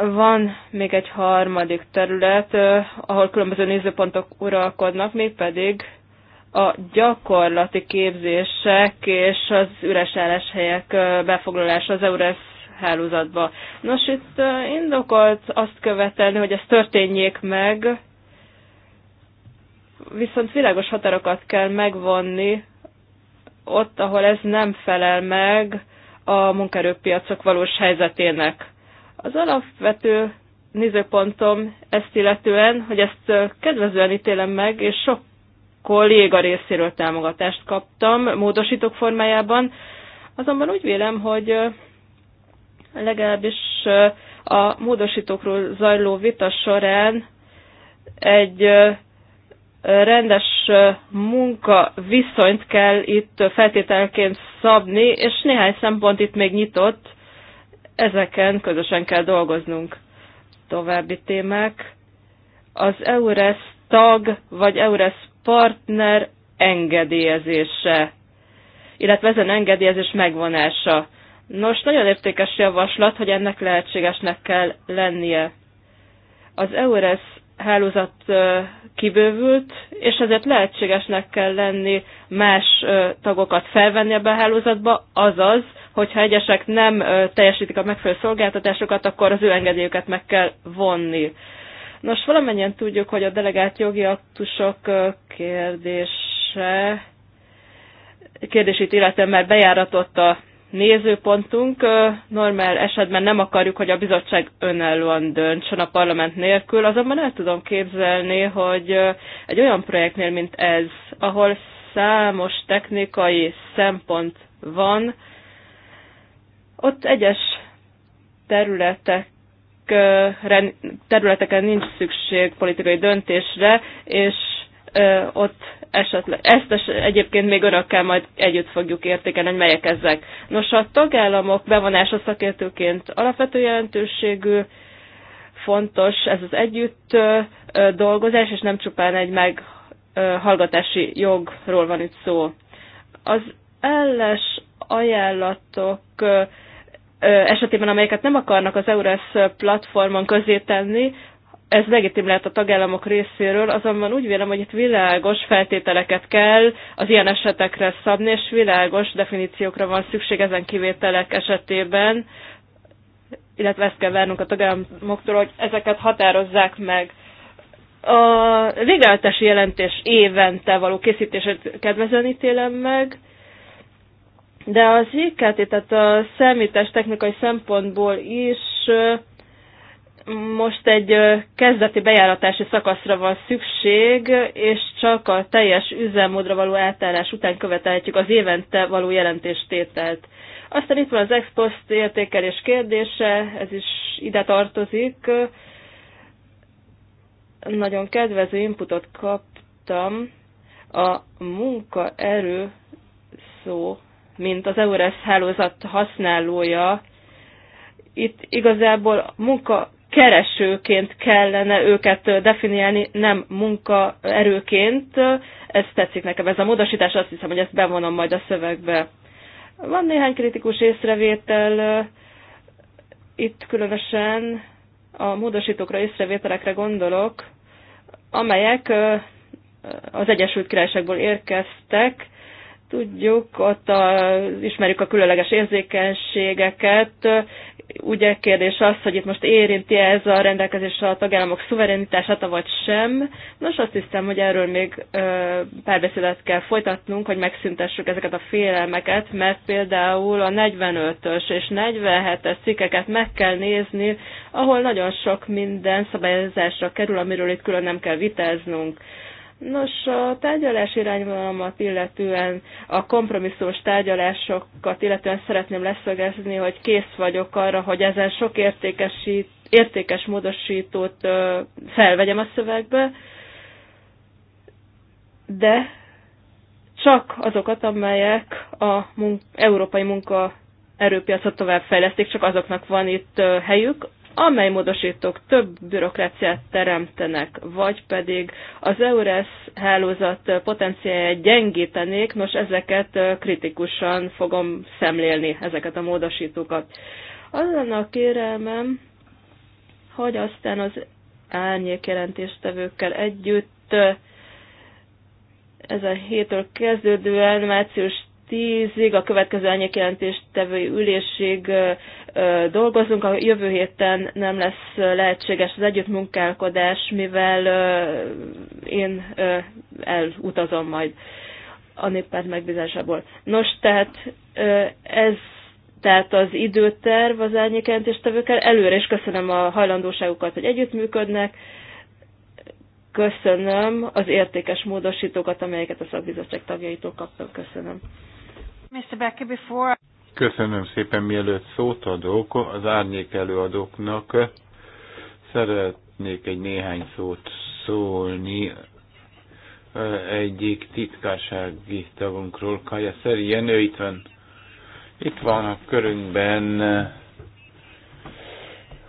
Van még egy harmadik terület, ahol különböző nézőpontok uralkodnak, mégpedig a gyakorlati képzések és az üres álláshelyek befoglalása az EURES hálózatba. Nos, itt indokolt azt követelni, hogy ez történjék meg, viszont világos határokat kell megvonni ott, ahol ez nem felel meg a munkerőpiacok valós helyzetének. Az alapvető nézőpontom ezt illetően, hogy ezt kedvezően ítélem meg, és sok kolléga részéről támogatást kaptam módosítók formájában, azonban úgy vélem, hogy legalábbis a módosítókról zajló vita során egy rendes munka viszonyt kell itt feltételként szabni, és néhány szempont itt még nyitott, Ezeken közösen kell dolgoznunk. További témák. Az EURES tag vagy EURES partner engedélyezése, illetve ezen engedélyezés megvonása. Nos, nagyon értékes javaslat, hogy ennek lehetségesnek kell lennie. Az EURES hálózat kibővült, és ezért lehetségesnek kell lenni más tagokat felvenni ebbe a hálózatba, azaz hogyha egyesek nem teljesítik a megfelelő szolgáltatásokat, akkor az ő engedélyüket meg kell vonni. Nos, valamennyien tudjuk, hogy a delegált jogi aktusok kérdése, kérdését illetően már bejáratott a nézőpontunk. Normál esetben nem akarjuk, hogy a bizottság önállóan döntsön a parlament nélkül, azonban el tudom képzelni, hogy egy olyan projektnél, mint ez, ahol számos technikai szempont van, ott egyes területek területeken nincs szükség politikai döntésre, és ott esetleg, ezt es, egyébként még örökkel majd együtt fogjuk értékelni, hogy melyek ezek. Nos, a tagállamok bevonása szakértőként alapvető jelentőségű, fontos ez az együtt dolgozás, és nem csupán egy meghallgatási jogról van itt szó. Az elles ajánlatok esetében, amelyeket nem akarnak az EURES platformon közé tenni, ez legitim lehet a tagállamok részéről, azonban úgy vélem, hogy itt világos feltételeket kell az ilyen esetekre szabni, és világos definíciókra van szükség ezen kivételek esetében, illetve ezt kell várnunk a tagállamoktól, hogy ezeket határozzák meg. A végrehajtási jelentés évente való készítését kedvezően ítélem meg, de az IKT, tehát a számítás technikai szempontból is most egy kezdeti bejáratási szakaszra van szükség, és csak a teljes üzemmódra való átállás után követelhetjük az évente való jelentéstételt. Aztán itt van az ex értékelés kérdése, ez is ide tartozik. Nagyon kedvező inputot kaptam a munkaerő szó mint az EURES hálózat használója. Itt igazából munka keresőként kellene őket definiálni, nem munkaerőként. Ez tetszik nekem, ez a módosítás, azt hiszem, hogy ezt bevonom majd a szövegbe. Van néhány kritikus észrevétel, itt különösen a módosítókra, észrevételekre gondolok, amelyek az Egyesült Királyságból érkeztek, Tudjuk, ott a, ismerjük a különleges érzékenységeket. Ugye kérdés az, hogy itt most érinti -e ez a rendelkezés a tagállamok szuverenitását, vagy sem. Nos, azt hiszem, hogy erről még párbeszédet kell folytatnunk, hogy megszüntessük ezeket a félelmeket, mert például a 45-ös és 47-es cikkeket meg kell nézni, ahol nagyon sok minden szabályozásra kerül, amiről itt külön nem kell vitáznunk. Nos, a tárgyalás irányvonalamat illetően, a kompromisszós tárgyalásokat illetően szeretném leszögezni, hogy kész vagyok arra, hogy ezen sok értékesít, értékes módosítót ö, felvegyem a szövegbe, de csak azokat, amelyek a munk- európai munka erőpiacot továbbfejleszték, csak azoknak van itt helyük amely módosítók több bürokráciát teremtenek, vagy pedig az EURES hálózat potenciáját gyengítenék, nos ezeket kritikusan fogom szemlélni, ezeket a módosítókat. Az lenne a kérelmem, hogy aztán az árnyék jelentéstevőkkel együtt ezen héttől kezdődően március 10-ig, a következő elnyékjelentést tevő ülésig dolgozunk. A jövő héten nem lesz lehetséges az együttmunkálkodás, mivel én elutazom majd a néppárt megbízásából. Nos, tehát ez tehát az időterv az tevőkkel. Előre is köszönöm a hajlandóságukat, hogy együttműködnek. Köszönöm az értékes módosítókat, amelyeket a szakbizottság tagjaitól kaptam. Köszönöm. Köszönöm szépen, mielőtt szót adok az árnyék előadóknak. Szeretnék egy néhány szót szólni egyik titkársági tagunkról, Kaja Szerien, ő itt van. Itt van a körünkben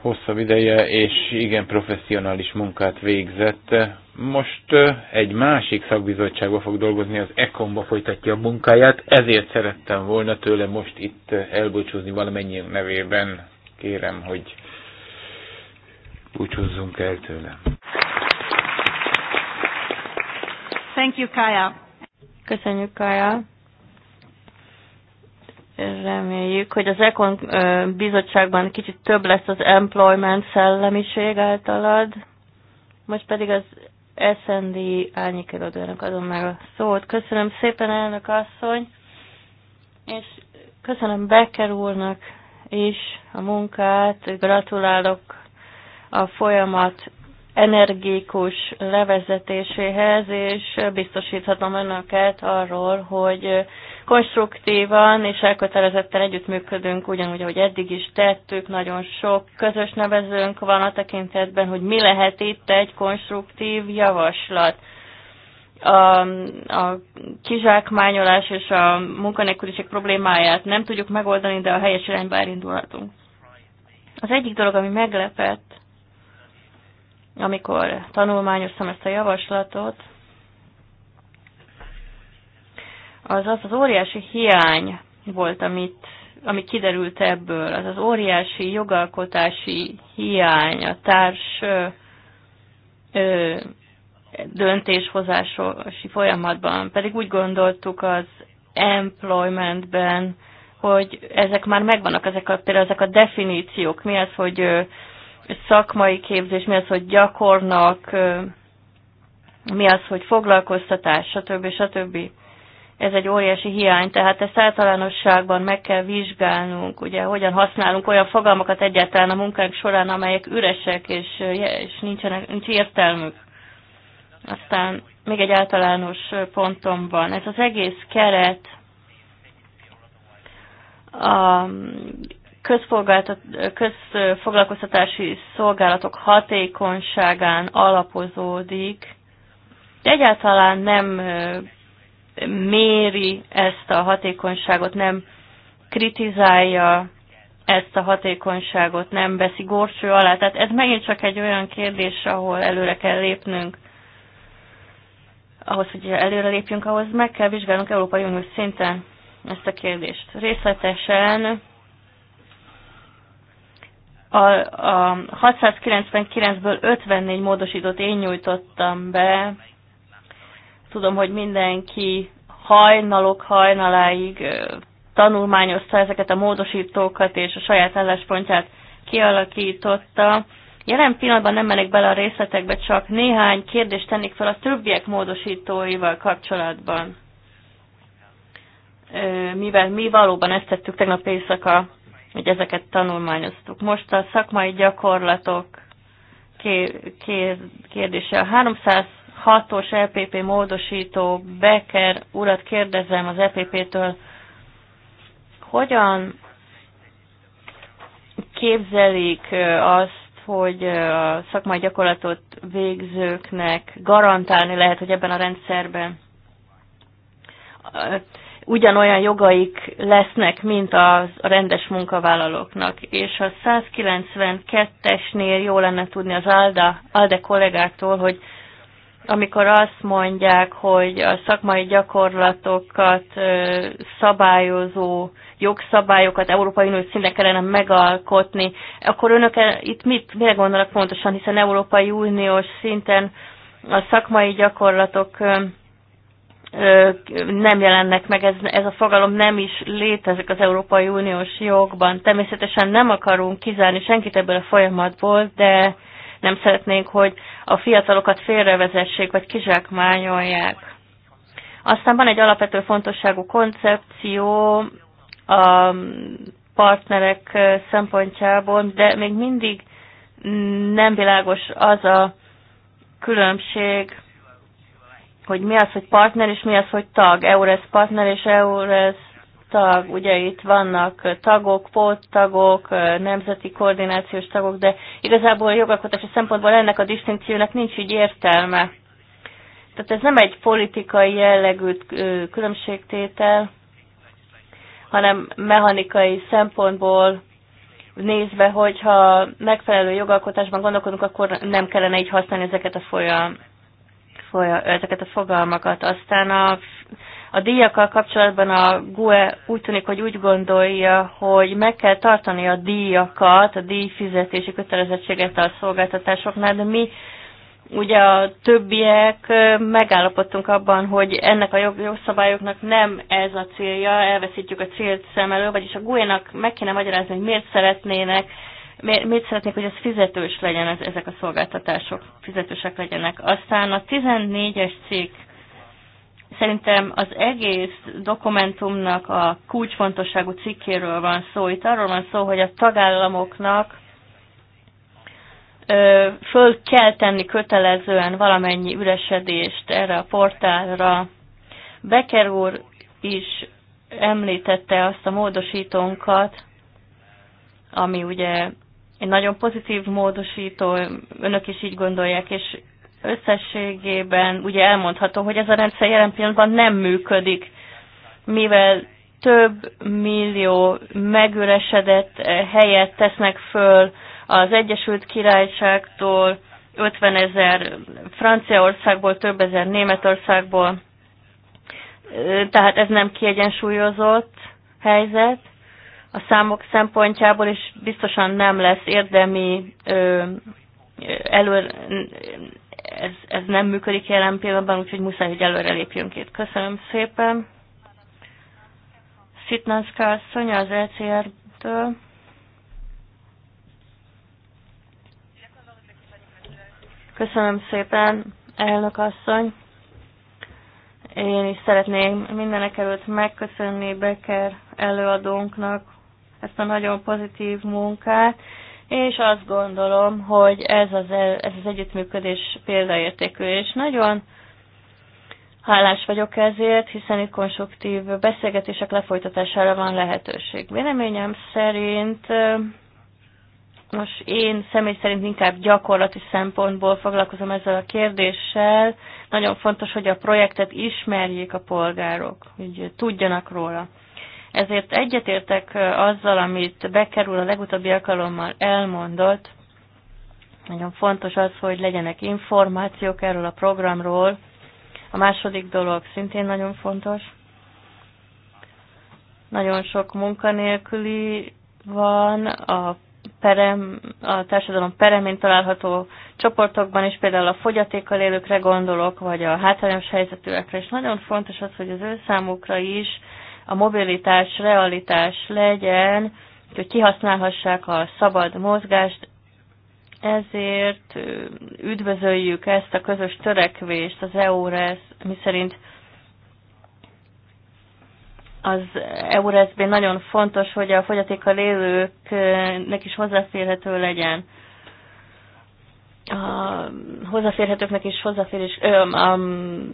hosszabb ideje, és igen professzionális munkát végzett most egy másik szakbizottságba fog dolgozni, az ECOM-ba folytatja a munkáját, ezért szerettem volna tőle most itt elbúcsúzni valamennyi nevében. Kérem, hogy búcsúzzunk el tőle. Thank you, Kaya. Köszönjük, Kaya. Reméljük, hogy az Econ bizottságban kicsit több lesz az employment szellemiség általad. Most pedig az SND árnyékelődőnek adom meg a szót. Köszönöm szépen, elnök asszony, és köszönöm Becker úrnak is a munkát, gratulálok a folyamat energikus levezetéséhez, és biztosíthatom önöket arról, hogy konstruktívan és elkötelezetten együttműködünk, ugyanúgy, ahogy eddig is tettük, nagyon sok közös nevezőnk van a tekintetben, hogy mi lehet itt egy konstruktív javaslat a, a kizsákmányolás és a munkanélküliség problémáját nem tudjuk megoldani, de a helyes irányba elindulhatunk. Az egyik dolog, ami meglepett, amikor tanulmányoztam ezt a javaslatot, az az, az óriási hiány volt, amit, ami kiderült ebből, az az óriási jogalkotási hiány, a társ ö, döntéshozási folyamatban. Pedig úgy gondoltuk az employmentben, hogy ezek már megvannak, ezek a, például ezek a definíciók, mi az, hogy szakmai képzés, mi az, hogy gyakornak, mi az, hogy foglalkoztatás, stb. stb. Ez egy óriási hiány, tehát ezt általánosságban meg kell vizsgálnunk, ugye hogyan használunk olyan fogalmakat egyáltalán a munkánk során, amelyek üresek és, és nincsenek, nincs értelmük. Aztán még egy általános pontom van. Ez az egész keret a közfoglalkoztatási szolgálatok hatékonyságán alapozódik, de egyáltalán nem méri ezt a hatékonyságot, nem kritizálja ezt a hatékonyságot, nem veszi górcső alá. Tehát ez megint csak egy olyan kérdés, ahol előre kell lépnünk. Ahhoz, hogy előre lépjünk, ahhoz meg kell vizsgálnunk Európai Unió szinten ezt a kérdést. Részletesen a, a 699-ből 54 módosítót én nyújtottam be. Tudom, hogy mindenki hajnalok hajnaláig tanulmányozta ezeket a módosítókat, és a saját álláspontját kialakította. Jelen pillanatban nem menek bele a részletekbe, csak néhány kérdést tennék fel a többiek módosítóival kapcsolatban. Mivel mi valóban ezt tettük tegnap éjszaka hogy ezeket tanulmányoztuk. Most a szakmai gyakorlatok kérdése. A 306-os EPP módosító Becker urat kérdezem az EPP-től, hogyan képzelik azt, hogy a szakmai gyakorlatot végzőknek garantálni lehet, hogy ebben a rendszerben ugyanolyan jogaik lesznek, mint a rendes munkavállalóknak. És a 192-esnél jó lenne tudni az ALDA, ALDE kollégáktól, hogy amikor azt mondják, hogy a szakmai gyakorlatokat szabályozó jogszabályokat Európai Unió szinten kellene megalkotni, akkor önök e- itt mit, mire gondolnak pontosan, hiszen Európai Uniós szinten a szakmai gyakorlatok nem jelennek meg, ez, ez a fogalom nem is létezik az Európai Uniós jogban. Természetesen nem akarunk kizárni senkit ebből a folyamatból, de nem szeretnénk, hogy a fiatalokat félrevezessék vagy kizsákmányolják. Aztán van egy alapvető fontosságú koncepció a partnerek szempontjából, de még mindig nem világos az a különbség, hogy mi az, hogy partner, és mi az, hogy tag. EURES partner és EURES tag. Ugye itt vannak tagok, póttagok, nemzeti koordinációs tagok, de igazából a jogalkotási szempontból ennek a distinkciónak nincs így értelme. Tehát ez nem egy politikai jellegű különbségtétel, hanem mechanikai szempontból nézve, hogyha megfelelő jogalkotásban gondolkodunk, akkor nem kellene így használni ezeket a folyam, ezeket a fogalmakat. Aztán a, a díjakkal kapcsolatban a GUE úgy tűnik, hogy úgy gondolja, hogy meg kell tartani a díjakat, a díjfizetési kötelezettséget a szolgáltatásoknál, de mi ugye a többiek megállapodtunk abban, hogy ennek a jogszabályoknak nem ez a célja, elveszítjük a célt szem elől, vagyis a GUE-nak meg kéne magyarázni, hogy miért szeretnének miért szeretnék, hogy ez fizetős legyen, ez, ezek a szolgáltatások fizetősek legyenek. Aztán a 14-es cikk szerintem az egész dokumentumnak a kulcsfontosságú cikkéről van szó. Itt arról van szó, hogy a tagállamoknak föl kell tenni kötelezően valamennyi üresedést erre a portálra. Becker úr is említette azt a módosítónkat, ami ugye egy nagyon pozitív módosító, önök is így gondolják, és összességében ugye elmondható, hogy ez a rendszer jelen pillanatban nem működik, mivel több millió megüresedett helyet tesznek föl az Egyesült Királyságtól, 50 ezer Franciaországból, több ezer Németországból, tehát ez nem kiegyensúlyozott helyzet, a számok szempontjából, és biztosan nem lesz érdemi ö, elő, ez, ez nem működik jelen pillanatban, úgyhogy muszáj, hogy előre lépjünk itt. Köszönöm szépen. Fitness asszony az ECR-től. Köszönöm szépen, elnök asszony. Én is szeretnék mindenek előtt megköszönni Becker előadónknak, ezt a nagyon pozitív munkát, és azt gondolom, hogy ez az, ez az együttműködés példaértékű, és nagyon hálás vagyok ezért, hiszen itt konstruktív beszélgetések lefolytatására van lehetőség. Véleményem szerint most én személy szerint inkább gyakorlati szempontból foglalkozom ezzel a kérdéssel. Nagyon fontos, hogy a projektet ismerjék a polgárok, hogy tudjanak róla. Ezért egyetértek azzal, amit bekerül a legutóbbi alkalommal elmondott. Nagyon fontos az, hogy legyenek információk erről a programról. A második dolog szintén nagyon fontos. Nagyon sok munkanélküli van a perem, a társadalom peremén található csoportokban is, például a fogyatékkal élőkre gondolok, vagy a hátrányos helyzetűekre, és nagyon fontos az, hogy az ő számukra is a mobilitás realitás legyen, hogy kihasználhassák a szabad mozgást, ezért üdvözöljük ezt a közös törekvést az EURES, miszerint az EURES-ben nagyon fontos, hogy a fogyatékkal élőknek is hozzáférhető legyen a hozzáférhetőknek és hozzáférés, ö, a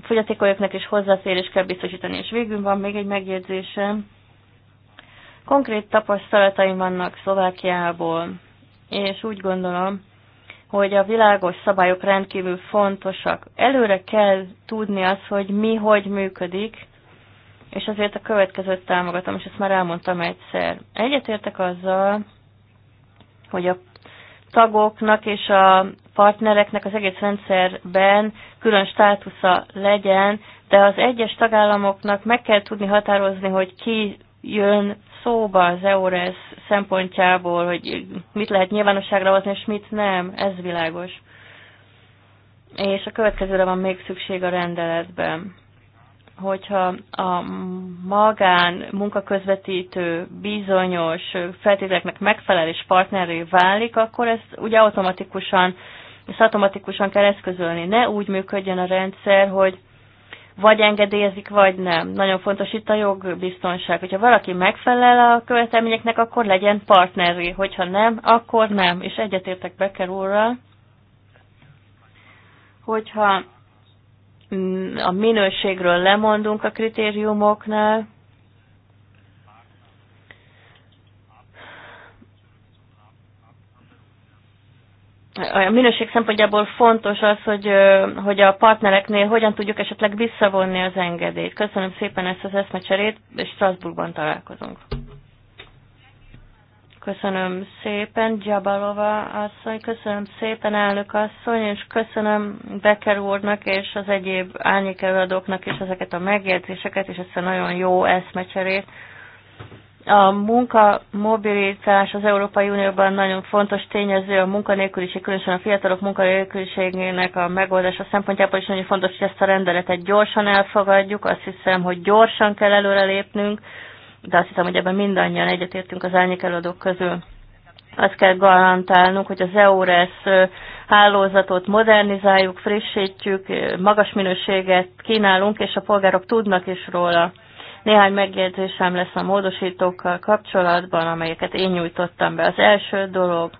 fogyatékolyoknak is hozzáférés kell biztosítani, és végül van még egy megjegyzésem. Konkrét tapasztalataim vannak Szlovákiából, és úgy gondolom, hogy a világos szabályok rendkívül fontosak. Előre kell tudni azt, hogy mi hogy működik, és azért a következőt támogatom, és ezt már elmondtam egyszer. Egyetértek azzal, hogy a tagoknak és a partnereknek az egész rendszerben külön státusza legyen, de az egyes tagállamoknak meg kell tudni határozni, hogy ki jön szóba az EURES szempontjából, hogy mit lehet nyilvánosságra hozni, és mit nem. Ez világos. És a következőre van még szükség a rendeletben hogyha a magán munkaközvetítő bizonyos feltételeknek megfelel és partnerré válik, akkor ezt ugye automatikusan, ezt automatikusan kell eszközölni. Ne úgy működjön a rendszer, hogy vagy engedélyezik, vagy nem. Nagyon fontos itt a jogbiztonság. Hogyha valaki megfelel a követelményeknek, akkor legyen partneri. Hogyha nem, akkor nem. És egyetértek Becker úrral, hogyha a minőségről lemondunk a kritériumoknál, a minőség szempontjából fontos az, hogy, hogy a partnereknél hogyan tudjuk esetleg visszavonni az engedélyt. Köszönöm szépen ezt az eszmecserét, és Strasbourgban találkozunk. Köszönöm szépen, Gyabalova asszony, köszönöm szépen, elnök asszony, és köszönöm Becker úrnak és az egyéb árnyékelőadóknak is ezeket a megjegyzéseket, és ezt a nagyon jó eszmecserét. A munka mobilitás az Európai Unióban nagyon fontos tényező, a munkanélküliség, különösen a fiatalok munkanélküliségének a megoldása szempontjából is nagyon fontos, hogy ezt a rendeletet gyorsan elfogadjuk. Azt hiszem, hogy gyorsan kell előrelépnünk, de azt hiszem, hogy ebben mindannyian egyetértünk az árnyék előadók közül. Azt kell garantálnunk, hogy az EURES hálózatot modernizáljuk, frissítjük, magas minőséget kínálunk, és a polgárok tudnak is róla. Néhány megjegyzésem lesz a módosítókkal kapcsolatban, amelyeket én nyújtottam be. Az első dolog,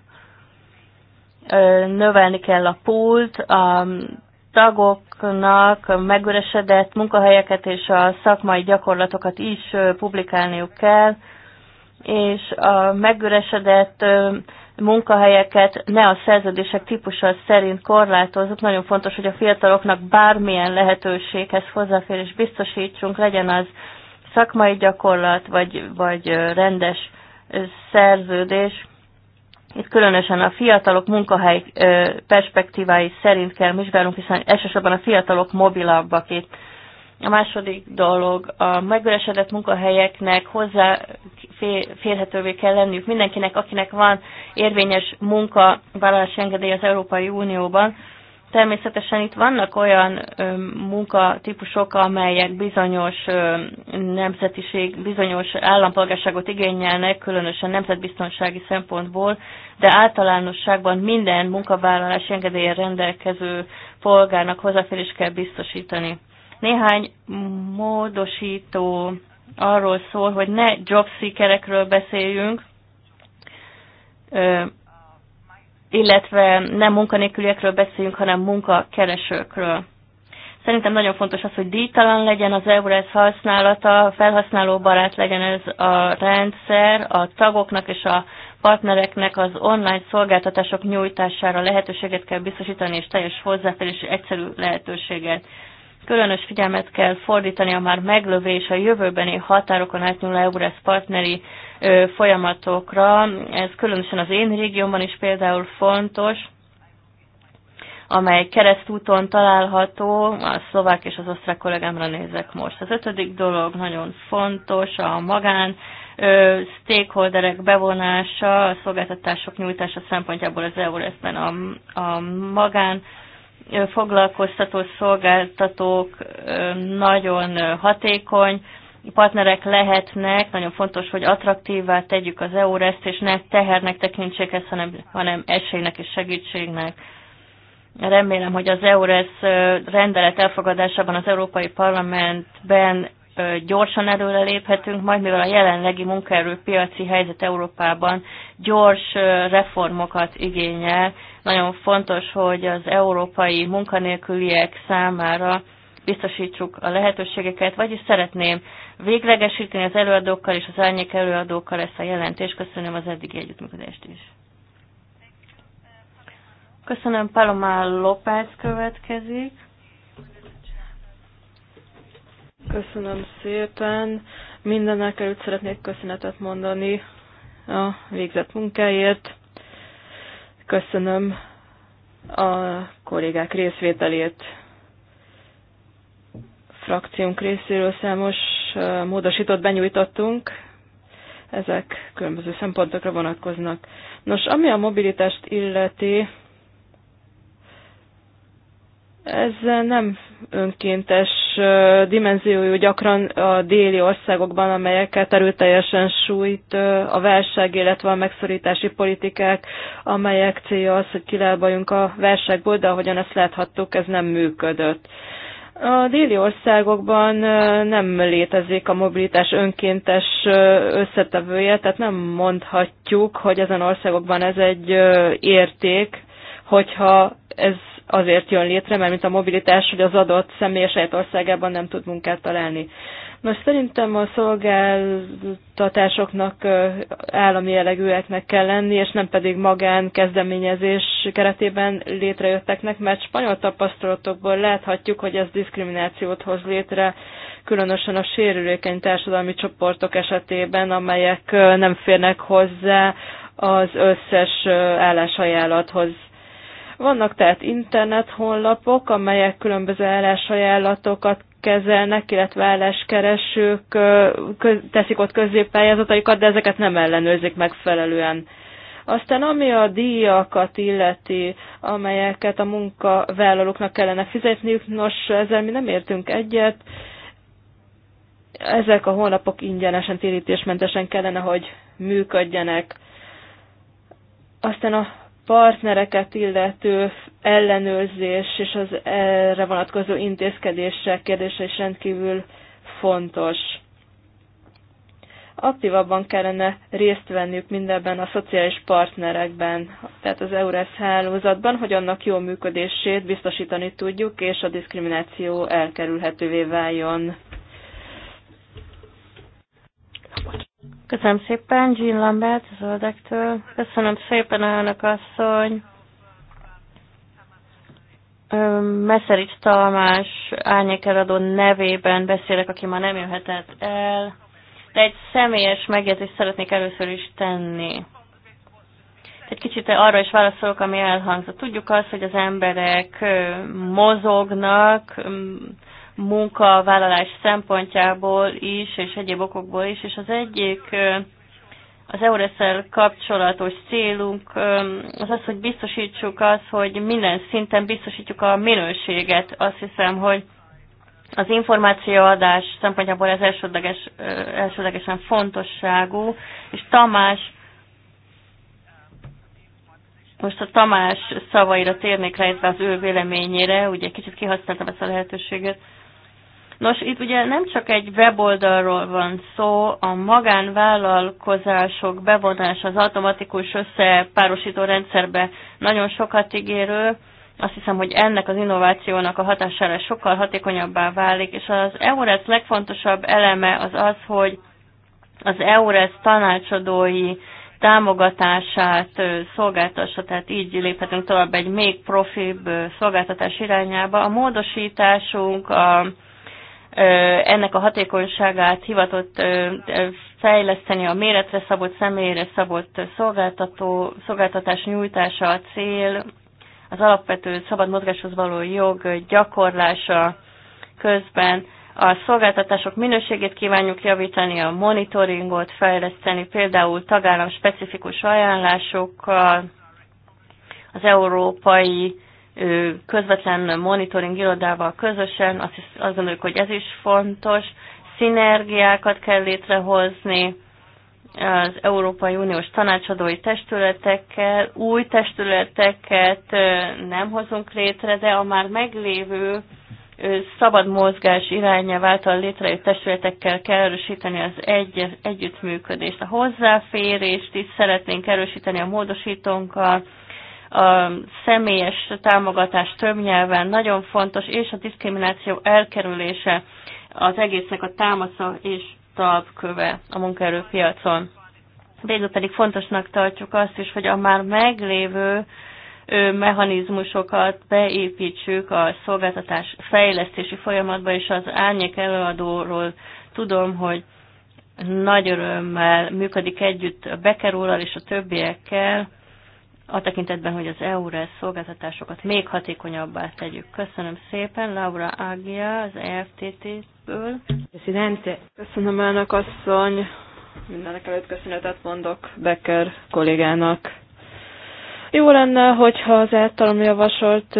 növelni kell a pult, a tagoknak megüresedett munkahelyeket és a szakmai gyakorlatokat is publikálniuk kell, és a megüresedett munkahelyeket ne a szerződések típusa szerint korlátozzuk. Nagyon fontos, hogy a fiataloknak bármilyen lehetőséghez hozzáférés biztosítsunk, legyen az szakmai gyakorlat vagy, vagy rendes szerződés itt különösen a fiatalok munkahely perspektívái szerint kell vizsgálnunk, hiszen elsősorban a fiatalok mobilabbak itt. A második dolog, a megüresedett munkahelyeknek hozzáférhetővé kell lenniük mindenkinek, akinek van érvényes munkavállalási engedély az Európai Unióban, Természetesen itt vannak olyan ö, munkatípusok, amelyek bizonyos ö, nemzetiség, bizonyos állampolgárságot igényelnek, különösen nemzetbiztonsági szempontból, de általánosságban minden munkavállalási engedélyen rendelkező polgárnak hozzáférés kell biztosítani. Néhány módosító arról szól, hogy ne jobseekerekről beszéljünk, illetve nem munkanélküliekről beszéljünk, hanem munkakeresőkről. Szerintem nagyon fontos az, hogy díjtalan legyen az EURES használata, felhasználóbarát legyen ez a rendszer, a tagoknak és a partnereknek az online szolgáltatások nyújtására lehetőséget kell biztosítani, és teljes hozzáférési egyszerű lehetőséget. Különös figyelmet kell fordítani a már meglövés a jövőbeni határokon átnyúló EURES partneri folyamatokra. Ez különösen az én régiómban is például fontos, amely keresztúton található, a szlovák és az osztrák kollégámra nézek most. Az ötödik dolog nagyon fontos, a magán ö, stakeholderek bevonása, a szolgáltatások nyújtása szempontjából az EURES-ben a, a magán foglalkoztató szolgáltatók nagyon hatékony partnerek lehetnek, nagyon fontos, hogy attraktívvá tegyük az EURES-t, és ne tehernek tekintsék ezt, hanem, hanem esélynek és segítségnek. Remélem, hogy az EURES rendelet elfogadásában az Európai Parlamentben gyorsan előre léphetünk, majd mivel a jelenlegi munkaerőpiaci helyzet Európában gyors reformokat igényel, nagyon fontos, hogy az európai munkanélküliek számára biztosítsuk a lehetőségeket, vagyis szeretném véglegesíteni az előadókkal és az árnyék előadókkal ezt a jelentést. Köszönöm az eddigi együttműködést is. Köszönöm, Palomá López következik. Köszönöm szépen. Mindenek előtt szeretnék köszönetet mondani a végzett munkáért. Köszönöm a kollégák részvételét. Frakciónk részéről számos módosított benyújtottunk, ezek különböző szempontokra vonatkoznak. Nos, ami a mobilitást illeti, ez nem önkéntes dimenziójú gyakran a déli országokban, amelyeket erőteljesen sújt a válság, illetve a megszorítási politikák, amelyek célja az, hogy kilábaljunk a válságból, de ahogyan ezt láthattuk, ez nem működött. A déli országokban nem létezik a mobilitás önkéntes összetevője, tehát nem mondhatjuk, hogy ezen országokban ez egy érték, hogyha ez azért jön létre, mert mint a mobilitás, hogy az adott személy saját országában nem tud munkát találni. Most szerintem a szolgáltatásoknak állami jellegűeknek kell lenni, és nem pedig magán kezdeményezés keretében létrejötteknek, mert spanyol tapasztalatokból láthatjuk, hogy ez diszkriminációt hoz létre, különösen a sérülékeny társadalmi csoportok esetében, amelyek nem férnek hozzá az összes állásajánlathoz vannak tehát internet honlapok, amelyek különböző állásajánlatokat kezelnek, illetve álláskeresők teszik ott középpályázataikat, de ezeket nem ellenőrzik megfelelően. Aztán ami a díjakat illeti, amelyeket a munkavállalóknak kellene fizetniük, nos, ezzel mi nem értünk egyet. Ezek a honlapok ingyenesen, térítésmentesen kellene, hogy működjenek. Aztán a partnereket illető ellenőrzés és az erre vonatkozó intézkedések kérdése is rendkívül fontos. Aktívabban kellene részt venniük mindebben a szociális partnerekben, tehát az EURES hálózatban, hogy annak jó működését biztosítani tudjuk, és a diszkrimináció elkerülhetővé váljon. Köszönöm szépen, Jean Lambert, az oldektől. Köszönöm szépen, elnök asszony. Meszerics Talmás árnyékeladó nevében beszélek, aki ma nem jöhetett el, de egy személyes megjegyzést szeretnék először is tenni. Egy kicsit arra is válaszolok, ami elhangzott. Tudjuk azt, hogy az emberek mozognak, munkavállalás szempontjából is, és egyéb okokból is, és az egyik az Eureszel kapcsolatos célunk az az, hogy biztosítsuk az, hogy minden szinten biztosítjuk a minőséget. Azt hiszem, hogy az információadás szempontjából ez elsődleges, elsődlegesen fontosságú, és Tamás most a Tamás szavaira térnék rá, az ő véleményére, ugye kicsit kihasználtam ezt a lehetőséget. Nos, itt ugye nem csak egy weboldalról van szó, a magánvállalkozások bevonás az automatikus összepárosító rendszerbe nagyon sokat ígérő, azt hiszem, hogy ennek az innovációnak a hatására sokkal hatékonyabbá válik, és az EURES legfontosabb eleme az az, hogy az EURES tanácsadói támogatását szolgáltassa, tehát így léphetünk tovább egy még profibb szolgáltatás irányába. A módosításunk, a ennek a hatékonyságát hivatott fejleszteni a méretre szabott, személyre szabott szolgáltató, szolgáltatás nyújtása a cél, az alapvető szabad mozgáshoz való jog gyakorlása közben a szolgáltatások minőségét kívánjuk javítani, a monitoringot fejleszteni, például tagállam specifikus ajánlásokkal, az európai közvetlen monitoring irodával közösen, azt, hisz, azt gondoljuk, hogy ez is fontos, szinergiákat kell létrehozni az Európai Uniós tanácsadói testületekkel, új testületeket nem hozunk létre, de a már meglévő szabad mozgás irányelv által létrejött testületekkel kell erősíteni az egy, együttműködést, a hozzáférést is szeretnénk erősíteni a módosítónkkal, a személyes támogatás több nyelven nagyon fontos, és a diszkrimináció elkerülése az egésznek a támasza és talpköve a munkaerőpiacon. Végül pedig fontosnak tartjuk azt is, hogy a már meglévő mechanizmusokat beépítsük a szolgáltatás fejlesztési folyamatba, és az árnyék előadóról tudom, hogy nagy örömmel működik együtt a Bekerúrral és a többiekkel, a tekintetben, hogy az EURES szolgáltatásokat még hatékonyabbá tegyük. Köszönöm szépen, Laura Ágia, az EFTT-ből. Köszönöm elnök asszony. Mindenek előtt köszönetet mondok Becker kollégának. Jó lenne, hogyha az általam javasolt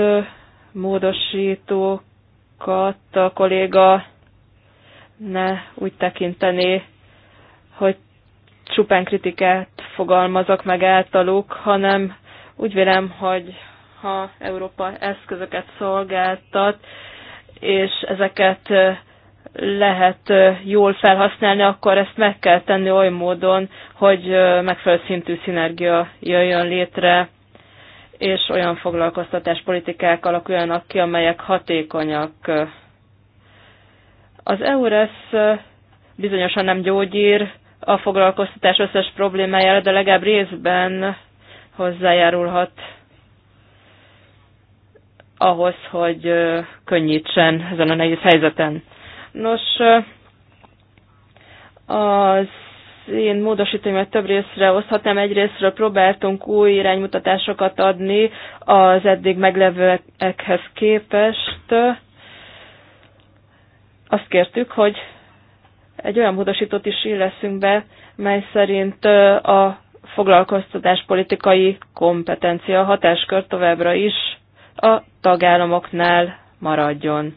módosítókat a kolléga ne úgy tekinteni, hogy csupán kritikát fogalmazok meg általuk, hanem úgy vélem, hogy ha Európa eszközöket szolgáltat, és ezeket lehet jól felhasználni, akkor ezt meg kell tenni oly módon, hogy megfelelő szintű szinergia jöjjön létre, és olyan foglalkoztatáspolitikák alakuljanak ki, amelyek hatékonyak. Az EURES bizonyosan nem gyógyír, a foglalkoztatás összes problémájára, de legalább részben hozzájárulhat ahhoz, hogy könnyítsen ezen a nehéz helyzeten. Nos, az én módosítóimat több részre oszthatnám. Egyrésztről próbáltunk új iránymutatásokat adni az eddig meglevőekhez képest. Azt kértük, hogy egy olyan módosítót is illeszünk be, mely szerint a foglalkoztatás politikai kompetencia hatáskör továbbra is a tagállamoknál maradjon.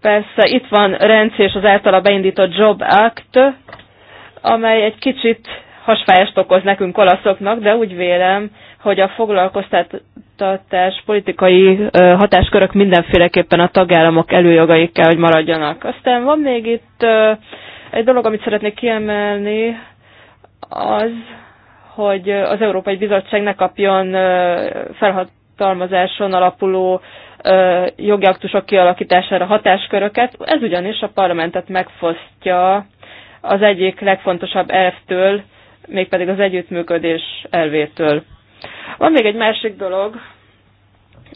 Persze itt van Renci és az általa beindított Job Act, amely egy kicsit hasfájást okoz nekünk olaszoknak, de úgy vélem, hogy a foglalkoztat oktatás, politikai hatáskörök mindenféleképpen a tagállamok előjogai kell, hogy maradjanak. Aztán van még itt egy dolog, amit szeretnék kiemelni, az, hogy az Európai Bizottság ne kapjon felhatalmazáson alapuló jogi aktusok kialakítására hatásköröket. Ez ugyanis a parlamentet megfosztja az egyik legfontosabb elvtől, mégpedig az együttműködés elvétől. Van még egy másik dolog,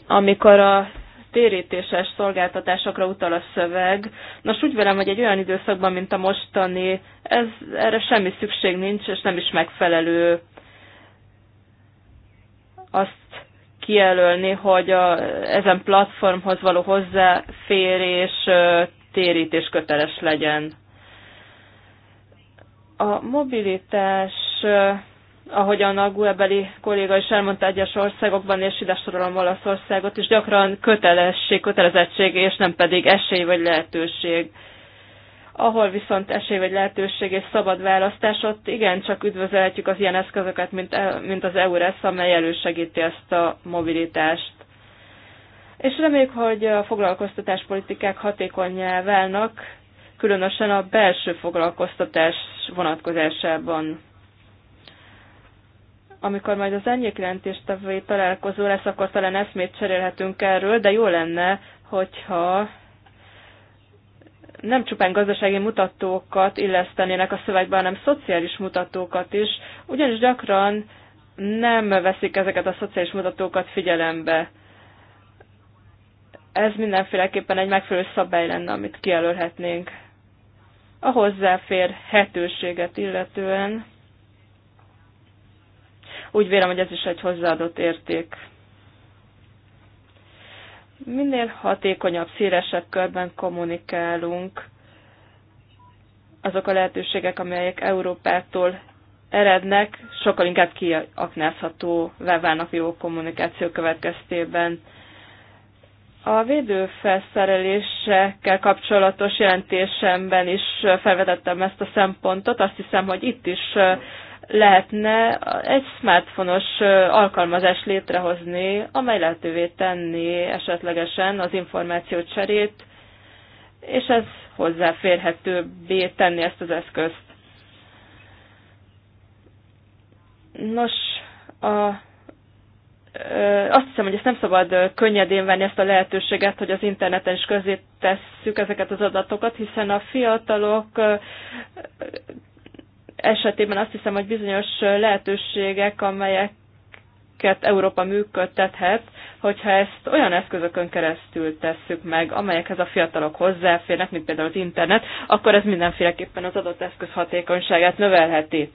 amikor a térítéses szolgáltatásokra utal a szöveg. Nos, úgy velem, hogy egy olyan időszakban, mint a mostani, ez, erre semmi szükség nincs, és nem is megfelelő azt kijelölni, hogy a, ezen platformhoz való hozzáférés térítés köteles legyen. A mobilitás ahogyan a gue kolléga is elmondta egyes országokban, és ide sorolom Olaszországot, és gyakran kötelesség, kötelezettség, és nem pedig esély vagy lehetőség. Ahol viszont esély vagy lehetőség és szabad választás, ott igencsak üdvözölhetjük az ilyen eszközöket, mint, e, mint az EURES, amely elősegíti ezt a mobilitást. És reméljük, hogy a foglalkoztatáspolitikák hatékonyá válnak, különösen a belső foglalkoztatás vonatkozásában amikor majd az árnyékjelentéstevői találkozó lesz, akkor talán eszmét cserélhetünk erről, de jó lenne, hogyha nem csupán gazdasági mutatókat illesztenének a szövegbe, hanem szociális mutatókat is, ugyanis gyakran nem veszik ezeket a szociális mutatókat figyelembe. Ez mindenféleképpen egy megfelelő szabály lenne, amit kijelölhetnénk. A hozzáférhetőséget illetően úgy vélem, hogy ez is egy hozzáadott érték. Minél hatékonyabb, szélesebb körben kommunikálunk azok a lehetőségek, amelyek Európától erednek, sokkal inkább kiaknázható válnak jó kommunikáció következtében. A védőfelszerelésekkel kapcsolatos jelentésemben is felvetettem ezt a szempontot. Azt hiszem, hogy itt is lehetne egy smartphone-os alkalmazást létrehozni, amely lehetővé tenni esetlegesen az információt cserét, és ez hozzáférhetőbbé tenni ezt az eszközt. Nos, a, azt hiszem, hogy ezt nem szabad könnyedén venni ezt a lehetőséget, hogy az interneten is közé tesszük ezeket az adatokat, hiszen a fiatalok esetében azt hiszem, hogy bizonyos lehetőségek, amelyeket Európa működtethet, hogyha ezt olyan eszközökön keresztül tesszük meg, amelyekhez a fiatalok hozzáférnek, mint például az internet, akkor ez mindenféleképpen az adott eszköz hatékonyságát növelheti.